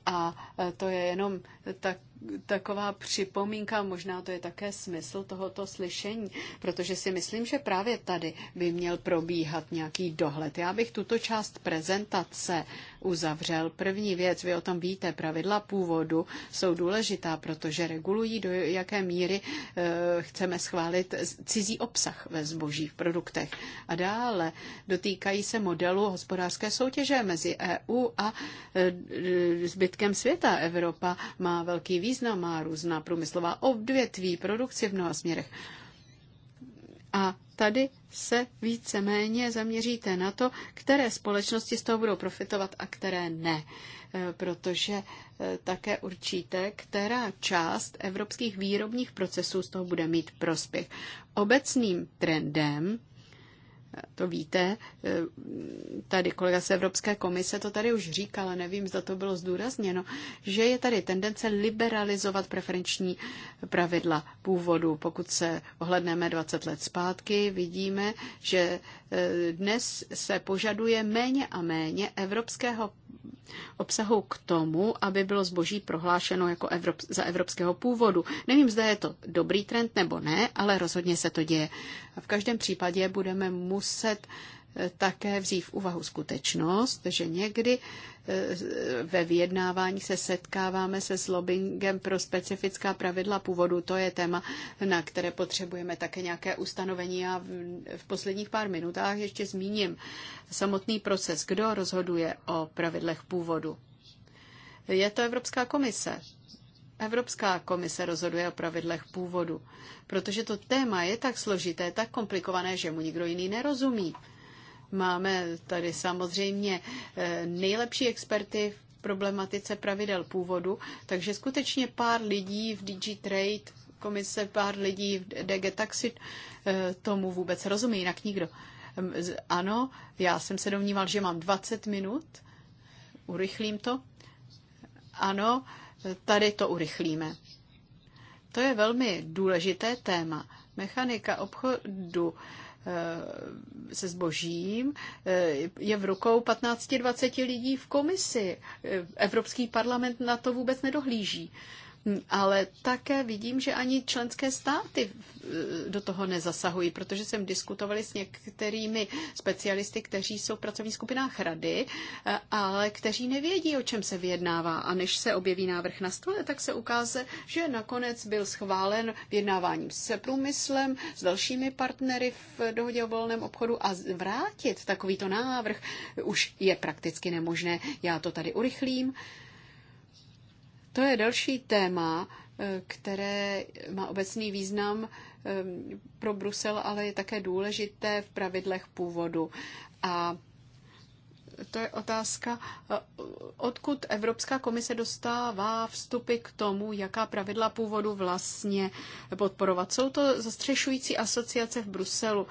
A eh, to je jenom tak, taková připomínka, možná to je také smysl tohoto slyšení, protože si myslím, že právě tady by měl probíhat nějaký dohled. Já bych tuto část prezentace uzavřel. První věc, vy o tom víte, pravidla původu jsou důležitá, protože regulují, do jaké míry eh, chceme schválit cizí obsah ve zboží, v produktech. A dále dotýkají se modelu hospodářské soutěže mezi EU a eh, zbytkem světa. Evropa má velký význam, má různá průmyslová odvětví, produkci v mnoha směrech. A tady se víceméně zaměříte na to, které společnosti z toho budou profitovat a které ne. E, protože e, také určíte, která část evropských výrobních procesů z toho bude mít prospěch. Obecným trendem to víte, e, tady kolega z Evropské komise to tady už říkal, nevím, zda to bylo zdůrazněno, že je tady tendence liberalizovat preferenční pravidla původu. Pokud se ohledneme 20 let zpátky, vidíme, že e, dnes se požaduje méně a méně evropského obsahu k tomu, aby bylo zboží prohlášeno jako Evrop, za evropského původu. Nevím, zda je to dobrý trend nebo ne, ale rozhodně se to děje. V každém případě budeme muset také vzít v úvahu skutečnost, že někdy eh, ve vyjednávání se setkáváme se s lobbyingem pro specifická pravidla původu. To je téma, na které potřebujeme také nějaké ustanovení a v posledních pár minutách ještě zmíním samotný proces. Kdo rozhoduje o pravidlech původu? Je to Evropská komise. Evropská komise rozhoduje o pravidlech původu, protože to téma je tak složité, tak komplikované, že mu nikdo jiný nerozumí. Máme tady samozřejmě eh, nejlepší experty v problematice pravidel původu, takže skutečně pár lidí v DigiTrade, komise pár lidí v DG Taxi eh, tomu vůbec rozumí, jinak nikdo. Ehm, ano, já jsem se domníval, že mám 20 minut, urychlím to. Ano, tady to urychlíme. To je velmi důležité téma. Mechanika obchodu Eh, se zbožím eh, je v rukou 15-20 lidí v komisi. Eh, Evropský parlament na to vůbec nedohlíží. Hm, ale také vidím, že ani členské státy eh, do toho nezasahují, protože jsem diskutovali s některými specialisty, kteří jsou v pracovních skupinách rady, eh, ale kteří nevědí, o čem se vyjednává. A než se objeví návrh na stole, tak se ukáže, že nakonec byl schválen vyjednáváním se průmyslem, s dalšími partnery v dohodě o volném obchodu a vrátit takovýto návrh už je prakticky nemožné. Já to tady urychlím. To je další téma, eh, které má obecný význam eh, pro Brusel, ale je také důležité v pravidlech původu. A to je otázka, eh, odkud Evropská komise dostává vstupy k tomu, jaká pravidla původu vlastně podporovat. Jsou to zastřešující asociace v Bruselu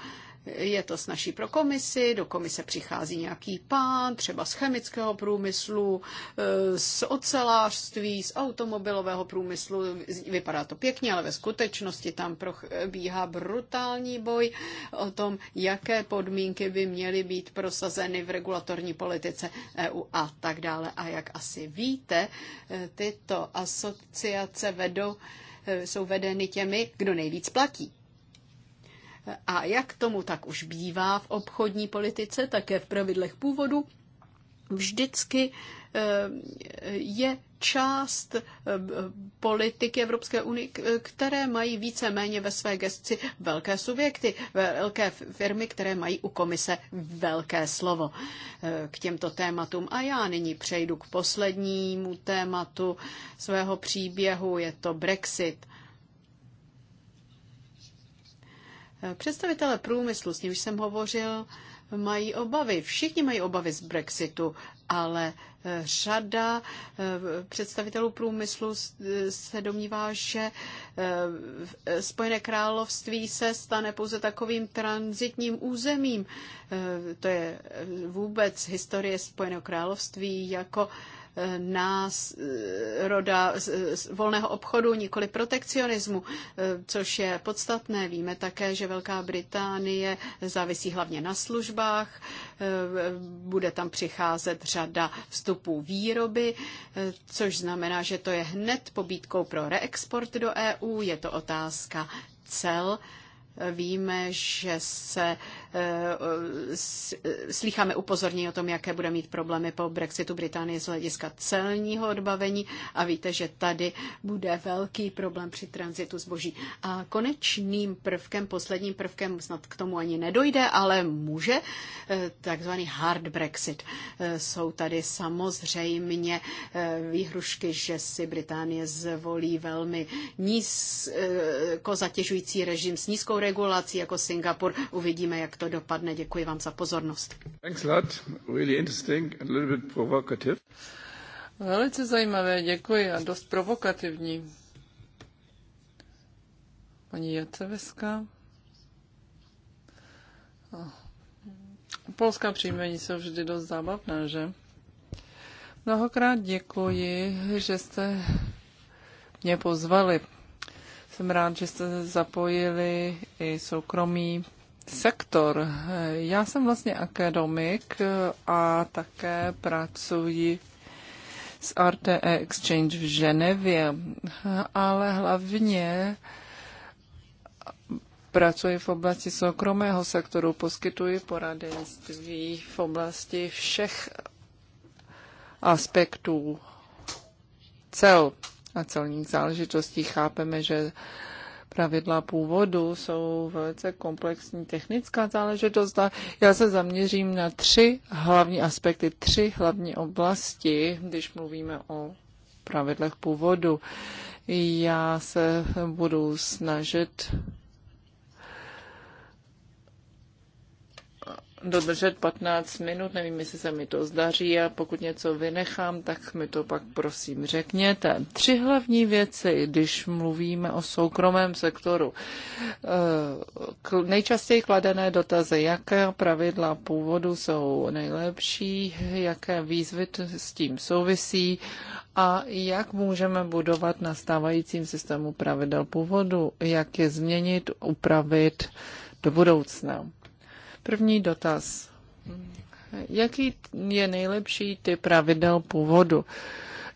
je to naší pro komisi, do komise přichází nějaký pán, třeba z chemického průmyslu, eh, z ocelářství, z automobilového průmyslu. Vypadá to pěkně, ale ve skutečnosti tam probíhá brutální boj o tom, jaké podmínky by měly být prosazeny v regulatorní politice EU a tak dále. A jak asi víte, eh, tyto asociace vedou, eh, jsou vedeny těmi, kdo nejvíc platí. A jak tomu tak už bývá v obchodní politice, také v pravidlech původu, vždycky eh, je část eh, politiky Evropské unie, které mají více-méně ve své gesci velké subjekty, velké firmy, které mají u komise velké slovo eh, k těmto tématům. A já nyní přejdu k poslednímu tématu svého příběhu, je to Brexit. Představitelé průmyslu, s nímž jsem hovořil, mají obavy. Všichni mají obavy z Brexitu, ale eh, řada eh, představitelů průmyslu se domnívá, že eh, Spojené království se stane pouze takovým transitním územím. To je vůbec historie Spojeného království jako nás eh, roda volného obchodu, nikoli protekcionismu, eh, což je podstatné. Víme také, že Velká Británie závisí hlavně na službách, eh, bude tam přicházet řada vstupů výroby, což znamená, že to je hned pobídkou pro reexport do EU, je to otázka cel Víme, že se eh, slycháme upozornění o tom, jaké bude mít problémy po Brexitu Británie z hlediska celního odbavení a víte, že tady bude velký problém při tranzitu zboží. A konečným prvkem, posledním prvkem, snad k tomu ani nedojde, ale může, eh, takzvaný hard Brexit. Eh, jsou tady samozřejmě výhrušky, že si Británie zvolí velmi nízko zatěžující režim s nízkou regulací jako Singapur. Uvidíme, jak to dopadne. Děkuji vám za pozornost. Thanks a lot. Really interesting and a little bit provocative. Velice zajímavé, děkuji a dost provokativní. Paní Jaceveska. Oh. Polská příjmení jsou vždy dost zábavná, že? Mnohokrát děkuji, že jste mě pozvali. Jsem rád, že jste zapojili i soukromý sektor. Já jsem vlastně akademik a také pracuji s RTE Exchange v Ženevě, ale hlavně pracuji v oblasti soukromého sektoru, poskytuji poradenství v oblasti všech aspektů cel na celních záležitostí. Chápeme, že pravidla původu jsou velice komplexní technická záležitost a já se zaměřím na tři hlavní aspekty, tři hlavní oblasti, když mluvíme o pravidlech původu. Já se budu snažit dodržet 15 minut, nevím, jestli se mi to zdaří a pokud něco vynechám, tak mi to pak prosím řekněte. Tři hlavní věci, když mluvíme o soukromém sektoru. Eh, nejčastěji kladené dotazy, jaké pravidla původu jsou nejlepší, jaké výzvy s tím souvisí a jak můžeme budovat na stávajícím systému pravidel původu, jak je změnit, upravit do budoucna. První dotaz. Jaký je nejlepší typ pravidel původu?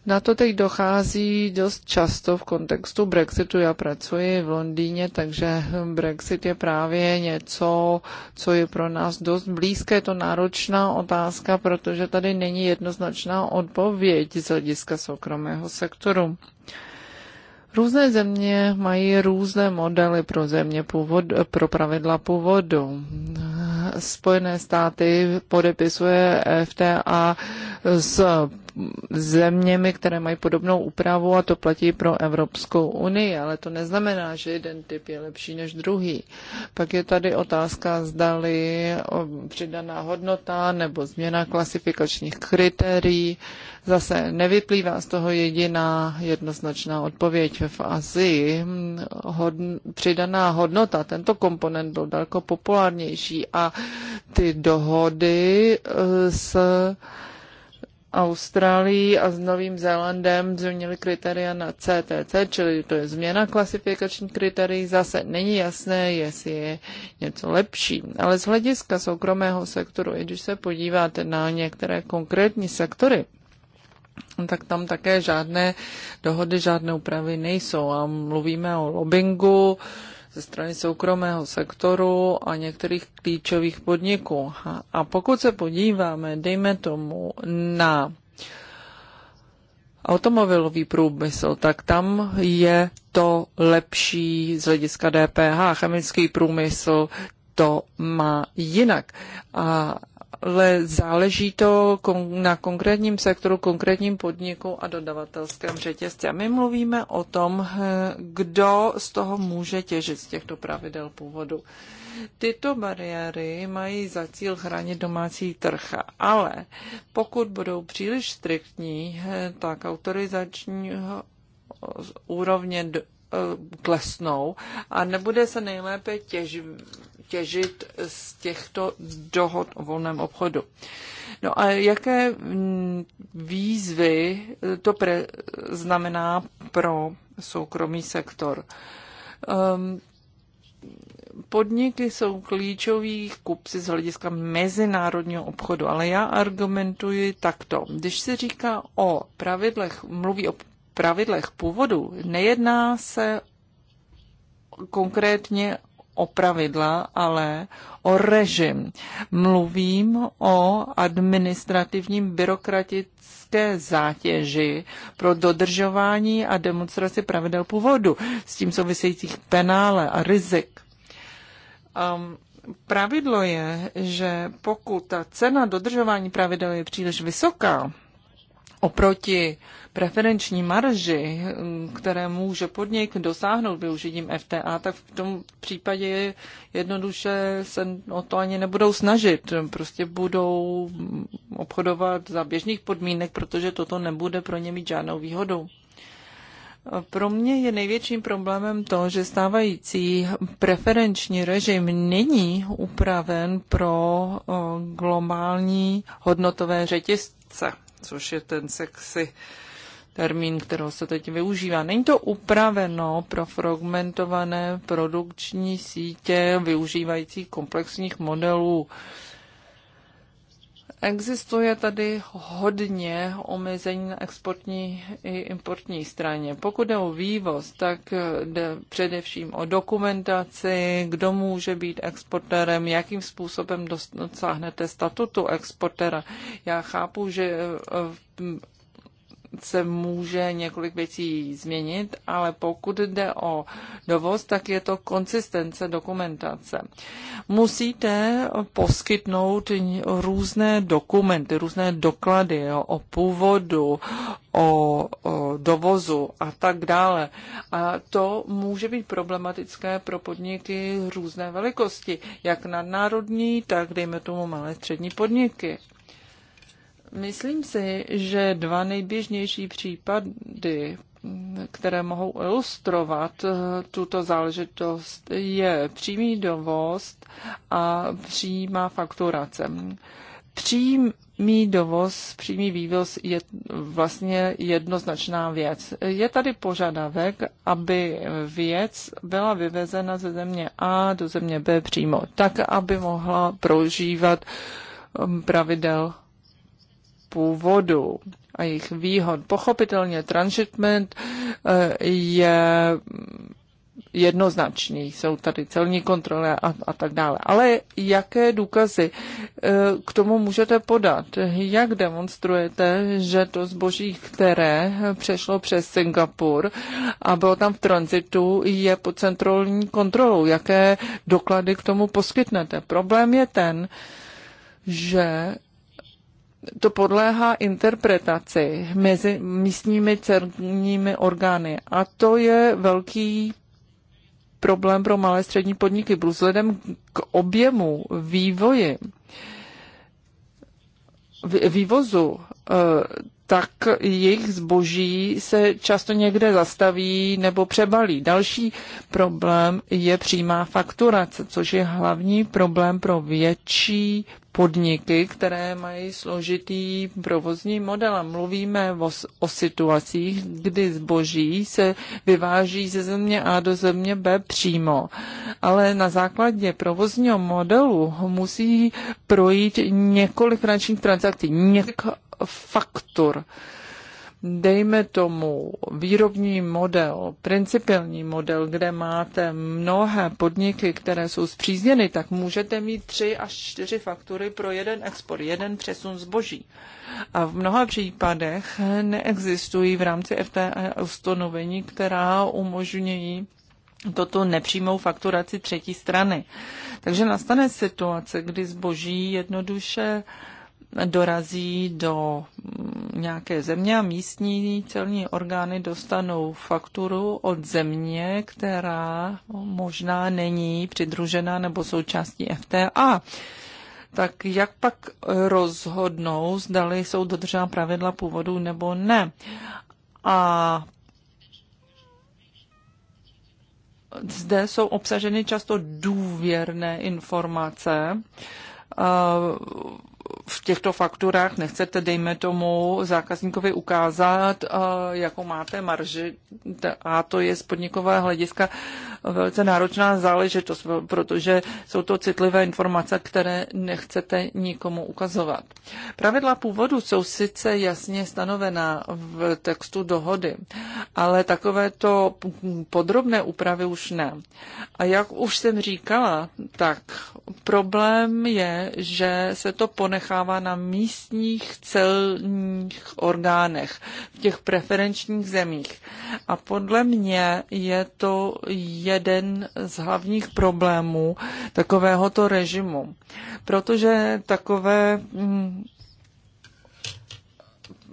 Na to teď dochází dost často v kontextu Brexitu. Já pracuji v Londýně, takže Brexit je právě něco, co je pro nás dost blízké. Je to náročná otázka, protože tady není jednoznačná odpověď z hlediska soukromého sektoru. Různé země mají různé modely pro země původ, pro pravidla původu. Spojené státy podepisuje FTA s zeměmi, které mají podobnou úpravu a to platí pro Evropskou unii, ale to neznamená, že jeden typ je lepší než druhý. Pak je tady otázka, zdali přidaná hodnota nebo změna klasifikačních kritérií. Zase nevyplývá z toho jediná jednoznačná odpověď. V Azii hm, hodn- přidaná hodnota, tento komponent byl daleko populárnější a ty dohody eh, s Austrálií a s Novým Zélandem změnili kritéria na CTC, čili to je změna klasifikačních kritérií. Zase není jasné, jestli je něco lepší. Ale z hlediska soukromého sektoru, i když se podíváte na některé konkrétní sektory, tak tam také žádné dohody, žádné úpravy nejsou. A mluvíme o lobbingu, ze strany soukromého sektoru a některých klíčových podniků. A pokud se podíváme, dejme tomu, na automobilový průmysl, tak tam je to lepší z hlediska DPH. Chemický průmysl to má jinak. A ale záleží to na konkrétním sektoru, konkrétním podniku a dodavatelském řetězci. A my mluvíme o tom, eh, kdo z toho může těžit z těchto pravidel původu. Tyto bariéry mají za cíl chránit domácí trh, ale pokud budou příliš striktní, eh, tak autorizační eh, úrovně Eh, klesnou a nebude se nejlépe těž, těžit z těchto dohod o volném obchodu. No a jaké mm, výzvy to pre, znamená pro soukromý sektor? Um, podniky jsou klíčoví kupci z hlediska mezinárodního obchodu, ale já argumentuji takto. Když se říká o pravidlech, mluví o pravidlech původu nejedná se konkrétně o pravidla, ale o režim. Mluvím o administrativním byrokratické zátěži pro dodržování a demonstraci pravidel původu, s tím souvisejících penále a rizik. Um, pravidlo je, že pokud ta cena dodržování pravidel je příliš vysoká, oproti preferenční marži, které může podnik dosáhnout využitím FTA, tak v tom případě jednoduše se o to ani nebudou snažit. Prostě budou obchodovat za běžných podmínek, protože toto nebude pro ně mít žádnou výhodu. Pro mě je největším problémem to, že stávající preferenční režim není upraven pro eh, globální hodnotové řetězce což je ten sexy termín, kterého se teď využívá. Není to upraveno pro fragmentované produkční sítě využívající komplexních modelů Existuje tady hodně omezení na exportní i importní straně. Pokud jde o vývoz, tak jde především o dokumentaci, kdo může být exportérem, jakým způsobem dosáhnete statutu exportéra. Já chápu, že eh, se může několik věcí změnit, ale pokud jde o dovoz, tak je to konsistence dokumentace. Musíte poskytnout různé dokumenty, různé doklady jo, o původu, o, o dovozu a tak dále. A to může být problematické pro podniky různé velikosti, jak nadnárodní, tak dejme tomu malé střední podniky. Myslím si, že dva nejběžnější případy, které mohou ilustrovat eh, tuto záležitost, je přímý dovoz a přímá fakturace. Přímý dovoz, přímý vývoz je vlastně jednoznačná věc. Je tady požadavek, aby věc byla vyvezena ze země A do země B přímo, tak, aby mohla prožívat eh, pravidel původu a jejich výhod. Pochopitelně transshipment eh, je jednoznačný, jsou tady celní kontroly a, a tak dále. Ale jaké důkazy eh, k tomu můžete podat? Jak demonstrujete, že to zboží, které přešlo přes Singapur a bylo tam v tranzitu, je pod centrální kontrolou? Jaké doklady k tomu poskytnete? Problém je ten, že to podléhá interpretaci mezi místními cerními orgány. A to je velký problém pro malé střední podniky, vzhledem k objemu vývoji, vývozu eh, tak jejich zboží se často někde zastaví nebo přebalí. Další problém je přímá fakturace, což je hlavní problém pro větší podniky, které mají složitý provozní model. A mluvíme o, o situacích, kdy zboží se vyváží ze země A do země B přímo. Ale na základě provozního modelu musí projít několik finančních transakcí, několik faktur. Dejme tomu výrobní model, principiální model, kde máte mnohé podniky, které jsou zpřízněny, tak můžete mít tři až čtyři faktury pro jeden export, jeden přesun zboží. A v mnoha případech neexistují v rámci FTA e ustanovení, která umožňují toto nepřímou fakturaci třetí strany. Takže nastane situace, kdy zboží jednoduše dorazí do nějaké země a místní celní orgány dostanou fakturu od země, která možná není přidružená nebo součástí FTA. Tak jak pak rozhodnou, zdali jsou dodržena pravidla původu nebo ne? A zde jsou obsaženy často důvěrné informace, v těchto fakturách nechcete, dejme tomu, zákazníkovi ukázat, eh, jakou máte marži. A to je z podnikového hlediska velice náročná záležitost, protože jsou to citlivé informace, které nechcete nikomu ukazovat. Pravidla původu jsou sice jasně stanovená v textu dohody, ale takovéto podrobné úpravy už ne. A jak už jsem říkala, tak problém je, že se to ponechá odehrává na místních celních orgánech v těch preferenčních zemích. A podle mě je to jeden z hlavních problémů takovéhoto režimu, protože takové, mm,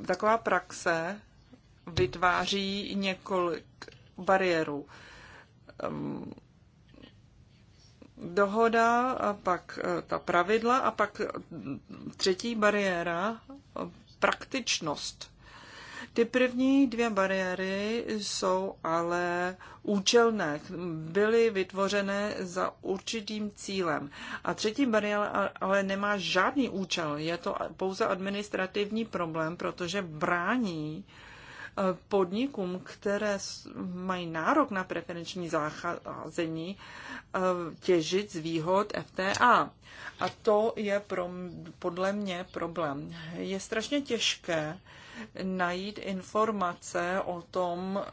taková praxe vytváří několik bariérů ehm, dohoda a pak e, ta pravidla a pak e, třetí bariéra, praktičnost. Ty první dvě bariéry jsou ale účelné, byly vytvořené za určitým cílem. A třetí bariéra ale nemá žádný účel, je to pouze administrativní problém, protože brání uh, podnikům, které mají nárok na preferenční zacházení, eh, těžit z výhod FTA. A to je pro, podle mě problém. Je strašně těžké najít informace o tom,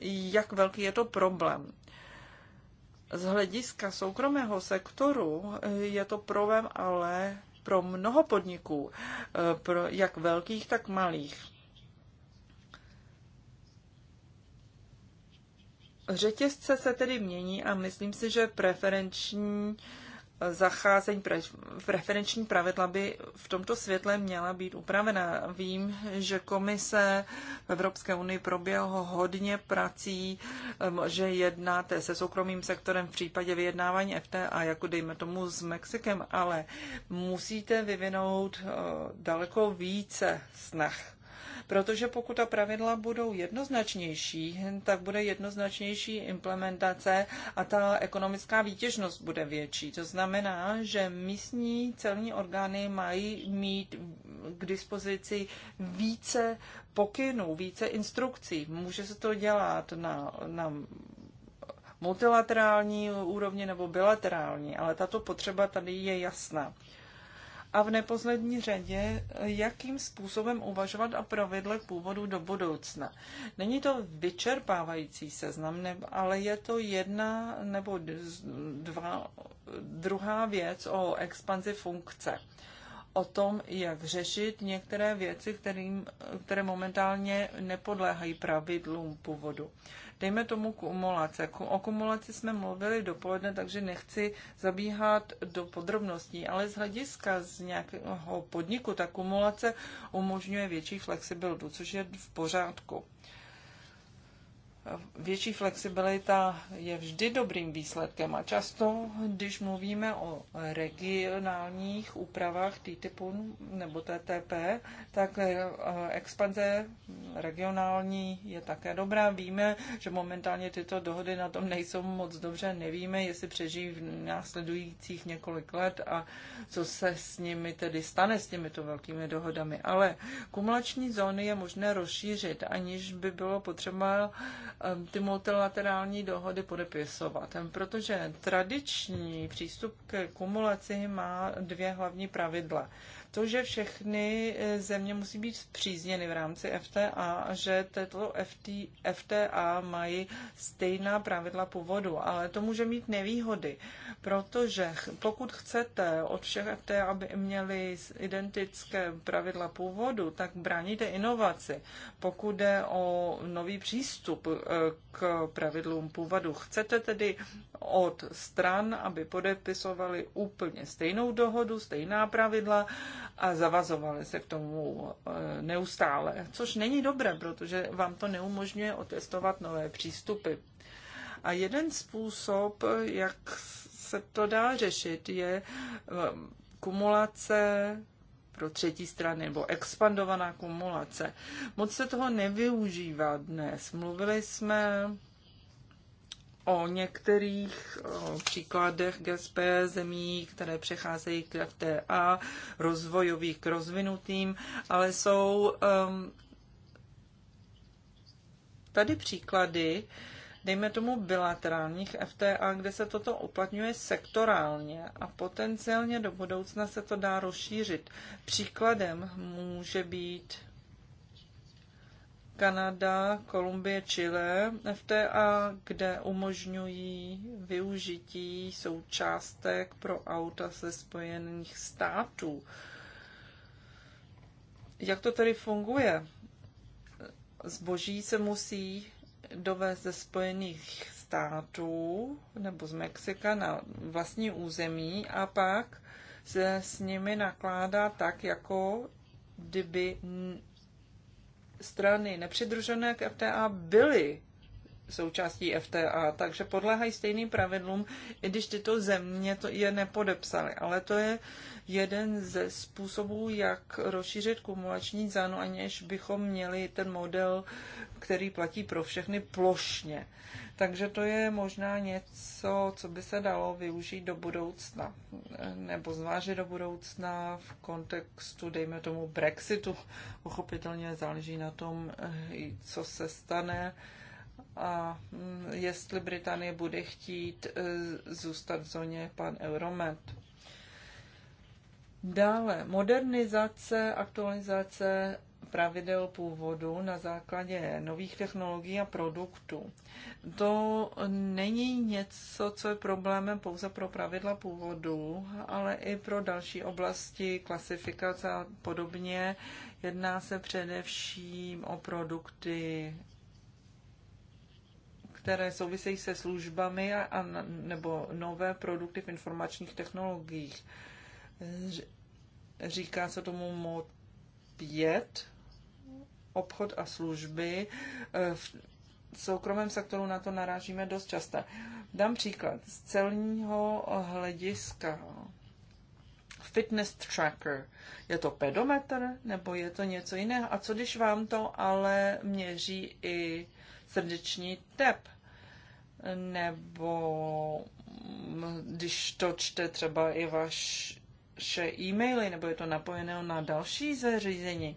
jak velký je to problém. Z hlediska soukromého sektoru eh, je to problém ale pro mnoho podniků, eh, pro jak velkých, tak malých. Řetězce se tedy mění a myslím si, že preferenční eh, zacházení, preferenční pravidla by v tomto světle měla být upravena. Vím, že komise v Evropské unii proběhlo hodně prací, ehm, že jednáte se soukromým sektorem v případě vyjednávání FTA, jako dejme tomu s Mexikem, ale musíte vyvinout eh, daleko více snah Protože pokud ta pravidla budou jednoznačnější, tak bude jednoznačnější implementace a ta ekonomická výtěžnost bude větší. To znamená, že místní celní orgány mají mít k dispozici více pokynů, více instrukcí. Může se to dělat na, na multilaterální úrovni nebo bilaterální, ale tato potřeba tady je jasná a v neposlední řadě, jakým způsobem uvažovat a pravidlech původu do budoucna. Není to vyčerpávající seznam, ale je to jedna nebo dva, druhá věc o expanzi funkce o tom, jak řešit některé věci, kterým, které momentálně nepodléhají pravidlům původu. Dejme tomu kumulace. O kumulaci jsme mluvili dopoledne, takže nechci zabíhat do podrobností, ale z hlediska z nějakého podniku ta kumulace umožňuje větší flexibilitu, což je v pořádku. Větší flexibilita je vždy dobrým výsledkem a často, když mluvíme o regionálních úpravách TTIPu nebo TTP, tak eh, expanze regionální je také dobrá. Víme, že momentálně tyto dohody na tom nejsou moc dobře, nevíme, jestli přežijí v následujících několik let a co se s nimi tedy stane, s těmito velkými dohodami. Ale kumulační zóny je možné rozšířit, aniž by bylo potřeba ty multilaterální dohody podepisovat, protože tradiční přístup k kumulaci má dvě hlavní pravidla to, že všechny e, země musí být zpřízněny v rámci FTA a že této FT, FTA mají stejná pravidla původu, ale to může mít nevýhody, protože pokud chcete od všech FTA, aby měli identické pravidla původu, tak bráníte inovaci. Pokud jde o nový přístup e, k pravidlům původu, chcete tedy od stran, aby podepisovali úplně stejnou dohodu, stejná pravidla, a zavazovali se k tomu eh, neustále, což není dobré, protože vám to neumožňuje otestovat nové přístupy. A jeden způsob, jak se to dá řešit, je eh, kumulace pro třetí strany nebo expandovaná kumulace. Moc se toho nevyužívá dnes. Mluvili jsme o některých příkladech GSP zemí, které přecházejí k FTA, rozvojových k rozvinutým, ale jsou um, tady příklady, dejme tomu bilaterálních FTA, kde se toto uplatňuje sektorálně a potenciálně do budoucna se to dá rozšířit. Příkladem může být Kanada, Kolumbie, Chile, FTA, kde umožňují využití součástek pro auta ze Spojených států. Jak to tedy funguje? Zboží se musí dovést ze Spojených států nebo z Mexika na vlastní území a pak se s nimi nakládá tak, jako kdyby strany nepřidružené k FTA byly součástí FTA, takže podléhají stejným pravidlům, i když tyto země to je nepodepsaly. Ale to je jeden ze způsobů, jak rozšířit kumulační zánu, aniž bychom měli ten model, který platí pro všechny plošně. Takže to je možná něco, co by se dalo využít do budoucna, nebo zvážit do budoucna v kontextu, dejme tomu, Brexitu. Pochopitelně záleží na tom, co se stane a mm, jestli Británie bude chtít e, zůstat v zóně pan Euromed. Dále modernizace, aktualizace pravidel původu na základě nových technologií a produktů. To není něco, co je problémem pouze pro pravidla původu, ale i pro další oblasti klasifikace a podobně. Jedná se především o produkty které souvisejí se službami a, a nebo nové produkty v informačních technologiích. Říká se tomu MOD 5, obchod a služby. E, v soukromém sektoru na to narážíme dost často. Dám příklad. Z celního hlediska fitness tracker. Je to pedometr nebo je to něco jiného? A co když vám to ale měří i srdeční tep? nebo mm, když to čte třeba i vaše e-maily, nebo je to napojené na další zařízení,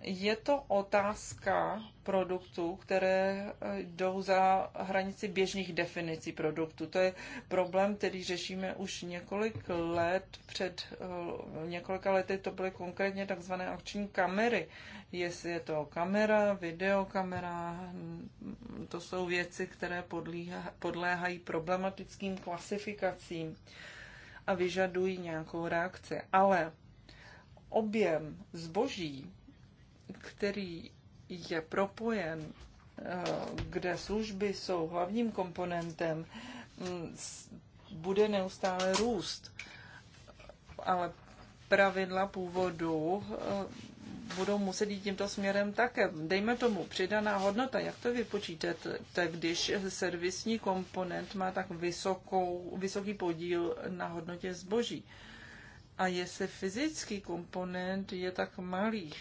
je to otázka produktů, které eh, jdou za hranici běžných definicí produktů. To je problém, který řešíme už několik let. Před eh, několika lety to byly konkrétně takzvané akční kamery. Jestli je to kamera, videokamera, hm, to jsou věci, které podlíha, podléhají problematickým klasifikacím a vyžadují nějakou reakci. Ale objem zboží který je propojen, eh, kde služby jsou hlavním komponentem, mm, bude neustále růst. Ale pravidla původu eh, budou muset jít tímto směrem také. Dejme tomu přidaná hodnota, jak to vypočítáte, když servisní komponent má tak vysokou, vysoký podíl na hodnotě zboží. A jestli fyzický komponent je tak malý,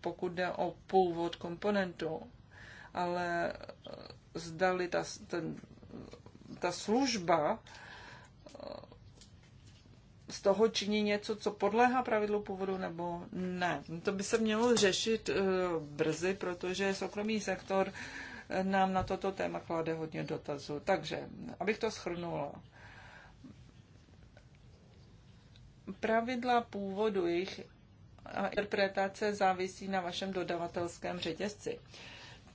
pokud jde o původ komponentu, ale eh, zdali ta, ten, ta služba eh, z toho činí něco, co podléhá pravidlu původu nebo ne. To by se mělo řešit eh, brzy, protože soukromý sektor nám na toto téma klade hodně dotazů. Takže, abych to schrnula. Pravidla původu, jejich a interpretace závisí na vašem dodavatelském řetězci.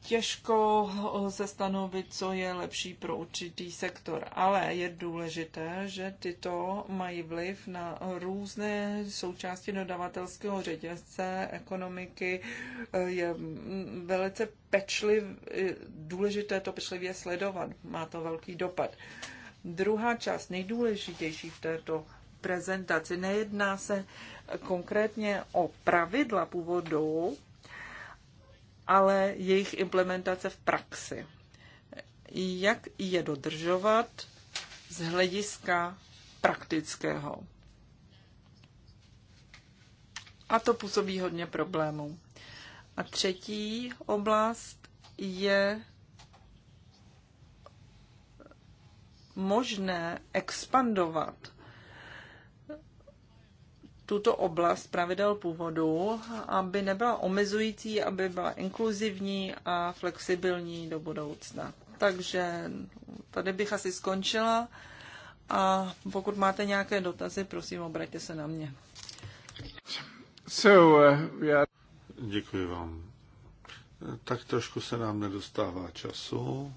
Těžko eh, se stanovit, co je lepší pro určitý sektor, ale je důležité, že tyto mají vliv na různé součásti dodavatelského řetězce, ekonomiky. Eh, je mm, velice pečliv, eh, důležité to pečlivě sledovat, má to velký dopad. Druhá část, nejdůležitější v této prezentaci, nejedná se konkrétně o pravidla původu, ale jejich implementace v praxi. Jak je dodržovat z hlediska praktického. A to působí hodně problémů. A třetí oblast je možné expandovat tuto oblast pravidel původu, aby nebyla omezující, aby byla inkluzivní a flexibilní do budoucna. Takže tady bych asi skončila a pokud máte nějaké dotazy, prosím, obraťte se na mě. So, uh, yeah. Děkuji vám. Tak trošku se nám nedostává času,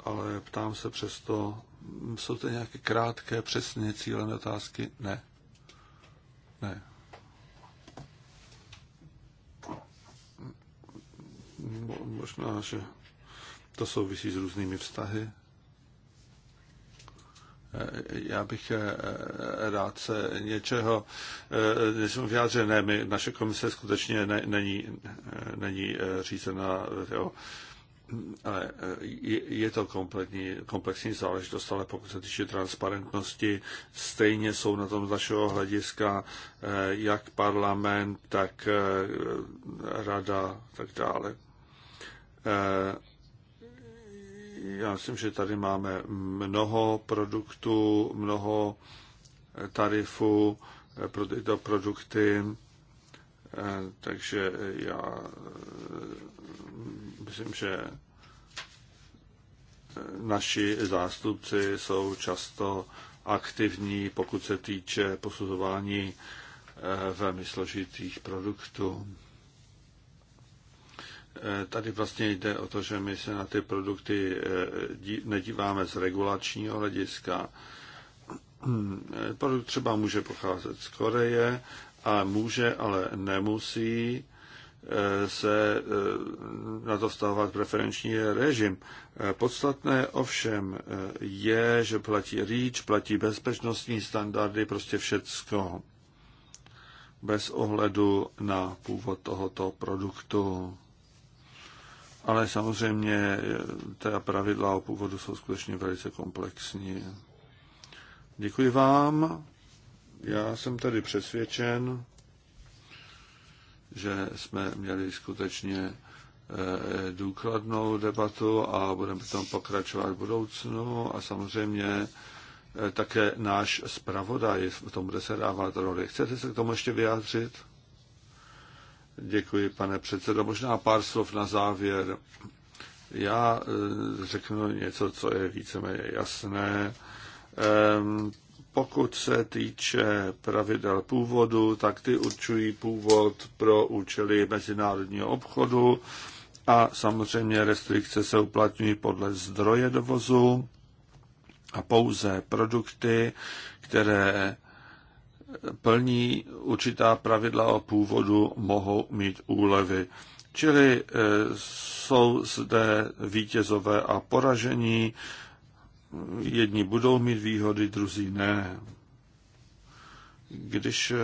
ale ptám se přesto, jsou to nějaké krátké, přesně cílené otázky? Ne. Ne. Možná, že to souvisí s různými vztahy. Eh, já bych eh, rád se něčeho, eh, něčemu vyjádřil. Ne, my, naše komise skutečně ne, není, není řízena jo, ale eh, je to kompletní, komplexní záležitost, ale pokud se týče transparentnosti, stejně jsou na tom z našeho hlediska eh, jak parlament, tak eh, rada, tak dále. Já myslím, že tady máme mnoho produktů, mnoho tarifů pro tyto produkty, takže já Myslím, že eh, naši zástupci jsou často aktivní, pokud se týče posuzování eh, velmi složitých produktů. Eh, tady vlastně jde o to, že my se na ty produkty nedíváme z regulačního hlediska. Produkt třeba může pocházet z Koreje a může, ale nemusí Eh, se eh, na to vztahovat preferenční režim. Eh, podstatné ovšem je, že platí REACH, platí bezpečnostní standardy, prostě všecko bez ohledu na původ tohoto produktu. Ale samozřejmě ta pravidla o původu jsou skutečně velice komplexní. Děkuji vám. Já jsem tady přesvědčen, že jsme měli skutečně eh, důkladnou debatu a budeme potom pokračovat v budoucnu a samozřejmě eh, také náš zpravodaj v tom bude se dávat roli. Chcete se k tomu ještě vyjádřit? Děkuji, pane předsedo. Možná pár slov na závěr. Já eh, řeknu něco, co je víceméně jasné. Ehm, pokud se týče pravidel původu, tak ty určují původ pro účely mezinárodního obchodu a samozřejmě restrikce se uplatňují podle zdroje dovozu a pouze produkty, které plní určitá pravidla o původu, mohou mít úlevy. Čili eh, jsou zde vítězové a poražení, jedni budou mít výhody, druzí ne. Když eh,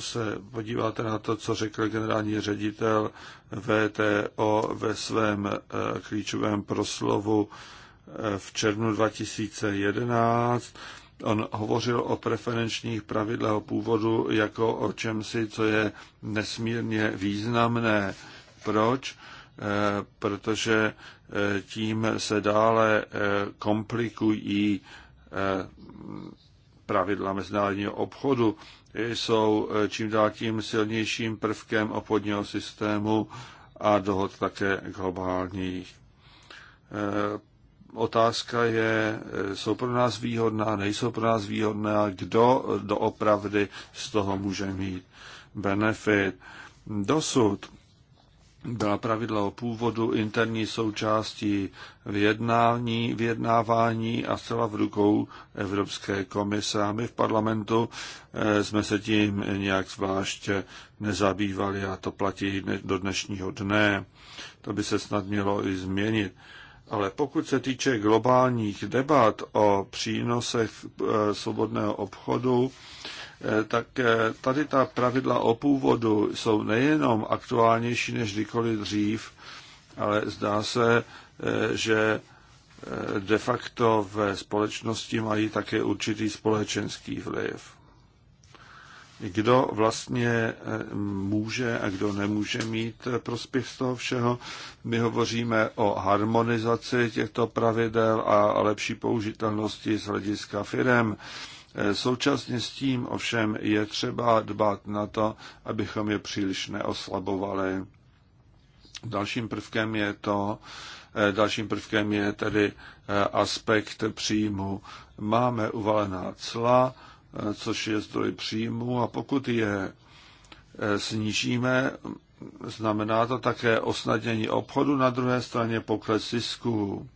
se podíváte na to, co řekl generální ředitel VTO ve svém eh, klíčovém proslovu eh, v červnu 2011, On hovořil o preferenčních pravidlech původu jako o čemsi, co je nesmírně významné. Proč? protože eh, tím se dále eh, komplikují eh, pravidla mezinárodního obchodu, jsou čím dál tím silnějším prvkem obchodního systému a dohod také globálních. Otázka je, jsou pro nás výhodná, nejsou pro nás výhodná, kdo doopravdy z toho může mít benefit. Dosud byla pravidla o původu interní součástí vyjednání, vyjednávání a zcela v rukou Evropské komise. A my v parlamentu eh, jsme se tím nějak zvlášť nezabývali a to platí do dnešního dne. To by se snad mělo i změnit. Ale pokud se týče globálních debat o přínosech eh, svobodného obchodu, Eh, tak eh, tady ta pravidla o původu jsou nejenom aktuálnější než kdykoliv dřív, ale zdá se, eh, že de facto ve společnosti mají také určitý společenský vliv. Kdo vlastně může a kdo nemůže mít prospěch z toho všeho? My hovoříme o harmonizaci těchto pravidel a lepší použitelnosti z hlediska firem. Eh, současně s tím ovšem je třeba dbát na to, abychom je příliš neoslabovali. Dalším prvkem je to, eh, dalším prvkem je tedy eh, aspekt příjmu. Máme uvalená cla, což je zdroj příjmu a pokud je snížíme, znamená to také osnadnění obchodu, na druhé straně pokles zisků.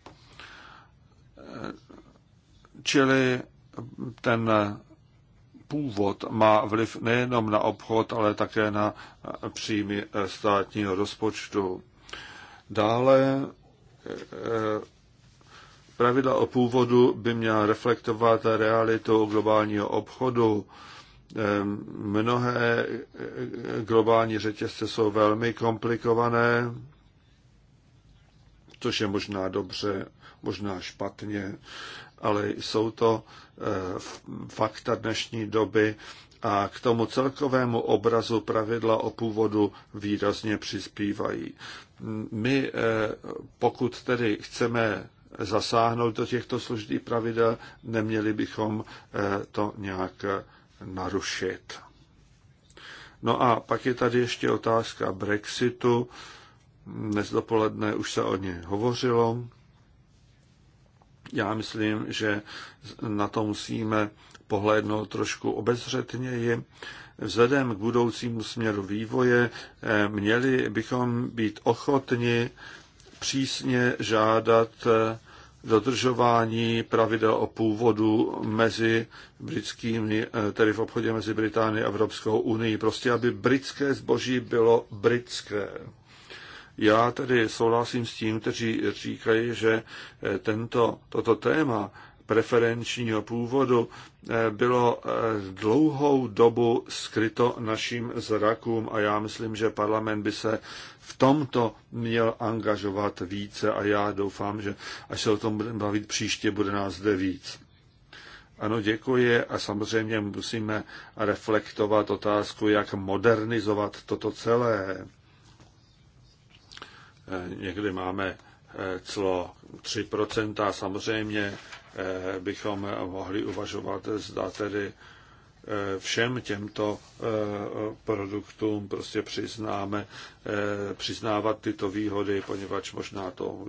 Čili ten původ má vliv nejenom na obchod, ale také na příjmy státního rozpočtu. Dále eh, pravidla o původu by měla reflektovat realitu globálního obchodu. Eh, mnohé eh, globální řetězce jsou velmi komplikované, což je možná dobře, možná špatně ale jsou to eh, fakta dnešní doby a k tomu celkovému obrazu pravidla o původu výrazně přispívají. My, eh, pokud tedy chceme zasáhnout do těchto složitých pravidel, neměli bychom eh, to nějak narušit. No a pak je tady ještě otázka Brexitu. Dnes dopoledne už se o ně hovořilo. Já myslím, že na to musíme pohlédnout trošku obezřetněji. Vzhledem k budoucímu směru vývoje eh, měli bychom být ochotni přísně žádat eh, dodržování pravidel o původu mezi britskými, eh, tedy v obchodě mezi Británií a Evropskou unii. Prostě, aby britské zboží bylo britské. Já tedy souhlasím s tím, kteří říkají, že eh, tento, toto téma preferenčního původu eh, bylo eh, dlouhou dobu skryto našim zrakům a já myslím, že parlament by se v tomto měl angažovat více a já doufám, že až se o tom budeme bavit příště, bude nás zde víc. Ano, děkuji a samozřejmě musíme reflektovat otázku, jak modernizovat toto celé. Eh, někdy máme eh, clo 3%. Samozřejmě eh, bychom mohli uvažovat, zda tedy všem těmto produktům prostě přiznáme, přiznávat tyto výhody, poněvadž možná to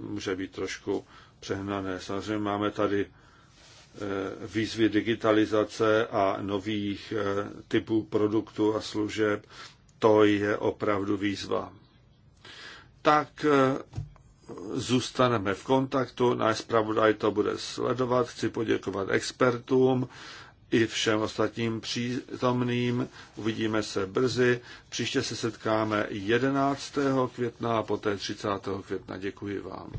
může být trošku přehnané. Samozřejmě máme tady výzvy digitalizace a nových typů produktů a služeb to je opravdu výzva. Tak eh, zůstaneme v kontaktu, náš zpravodaj to bude sledovat. Chci poděkovat expertům i všem ostatním přítomným. Uvidíme se brzy. Příště se setkáme 11. května a poté 30. května. Děkuji vám.